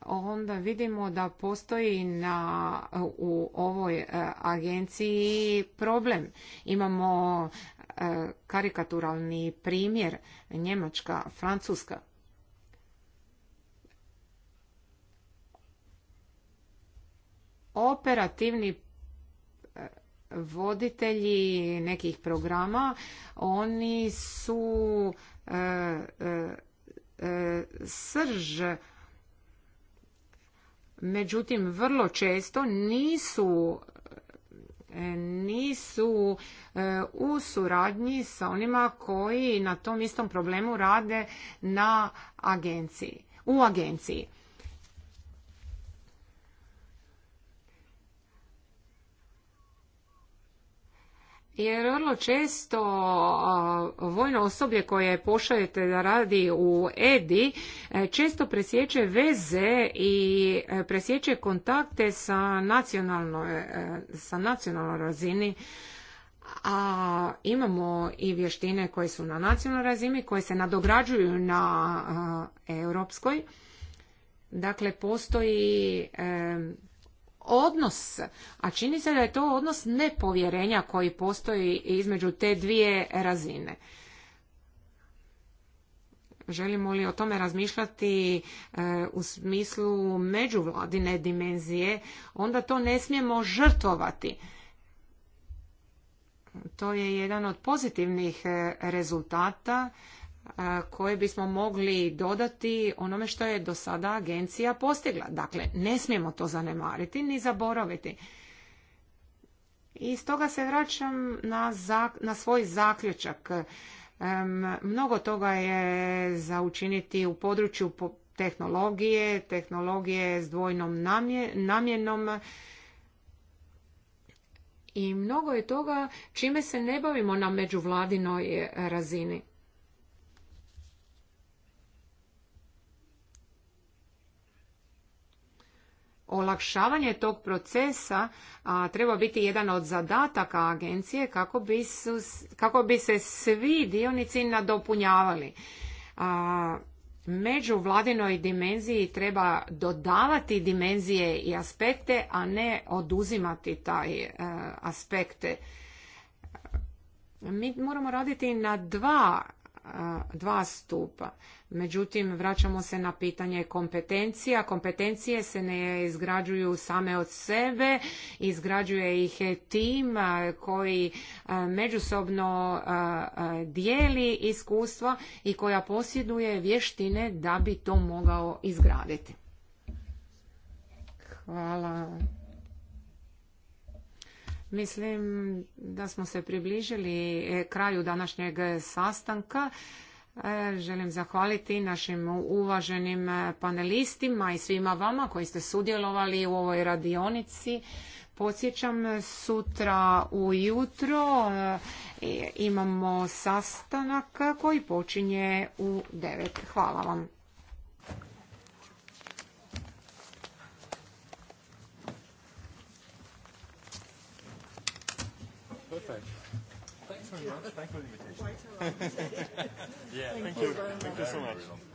Speaker 4: onda vidimo da postoji na, u ovoj e, agenciji problem. Imamo e, karikaturalni primjer Njemačka, Francuska. Operativni voditelji nekih programa, oni su e, e, e, srž međutim vrlo često nisu nisu u suradnji sa onima koji na tom istom problemu rade na agenciji, u agenciji. jer vrlo često vojno osoblje koje pošaljete da radi u EDI e, često presjeće veze i e, presjeće kontakte sa nacionalnoj, e, sa nacionalnoj razini a imamo i vještine koje su na nacionalnoj razini, koje se nadograđuju na europskoj. Dakle, postoji odnos, a čini se da je to odnos nepovjerenja koji postoji između te dvije razine. Želimo li o tome razmišljati e, u smislu međuvladine dimenzije, onda to ne smijemo žrtvovati. To je jedan od pozitivnih e, rezultata koje bismo mogli dodati onome što je do sada agencija postigla. Dakle, ne smijemo to zanemariti ni zaboraviti. I stoga se vraćam na, na svoj zaključak. Mnogo toga je za učiniti u području tehnologije, tehnologije s dvojnom namjenom i mnogo je toga čime se ne bavimo na međuvladinoj eh, razini. olakšavanje tog procesa a, treba biti jedan od zadataka agencije kako bi, kako bi se svi dionici nadopunjavali. A, među vladinoj dimenziji treba dodavati dimenzije i aspekte, a ne oduzimati taj e, aspekte. Mi moramo raditi na dva dva stupa. Međutim, vraćamo se na pitanje kompetencija. Kompetencije se ne izgrađuju same od sebe, izgrađuje ih tim koji međusobno dijeli iskustva i koja posjeduje vještine da bi to mogao izgraditi. Hvala Mislim da smo se približili e, kraju današnjeg sastanka. E, želim zahvaliti našim uvaženim e, panelistima i svima vama koji ste sudjelovali u ovoj radionici. Podsjećam, sutra ujutro imamo sastanak koji počinje u 9. Hvala vam.
Speaker 3: very much. you for the invitation. yeah, thank you. Thank you so much.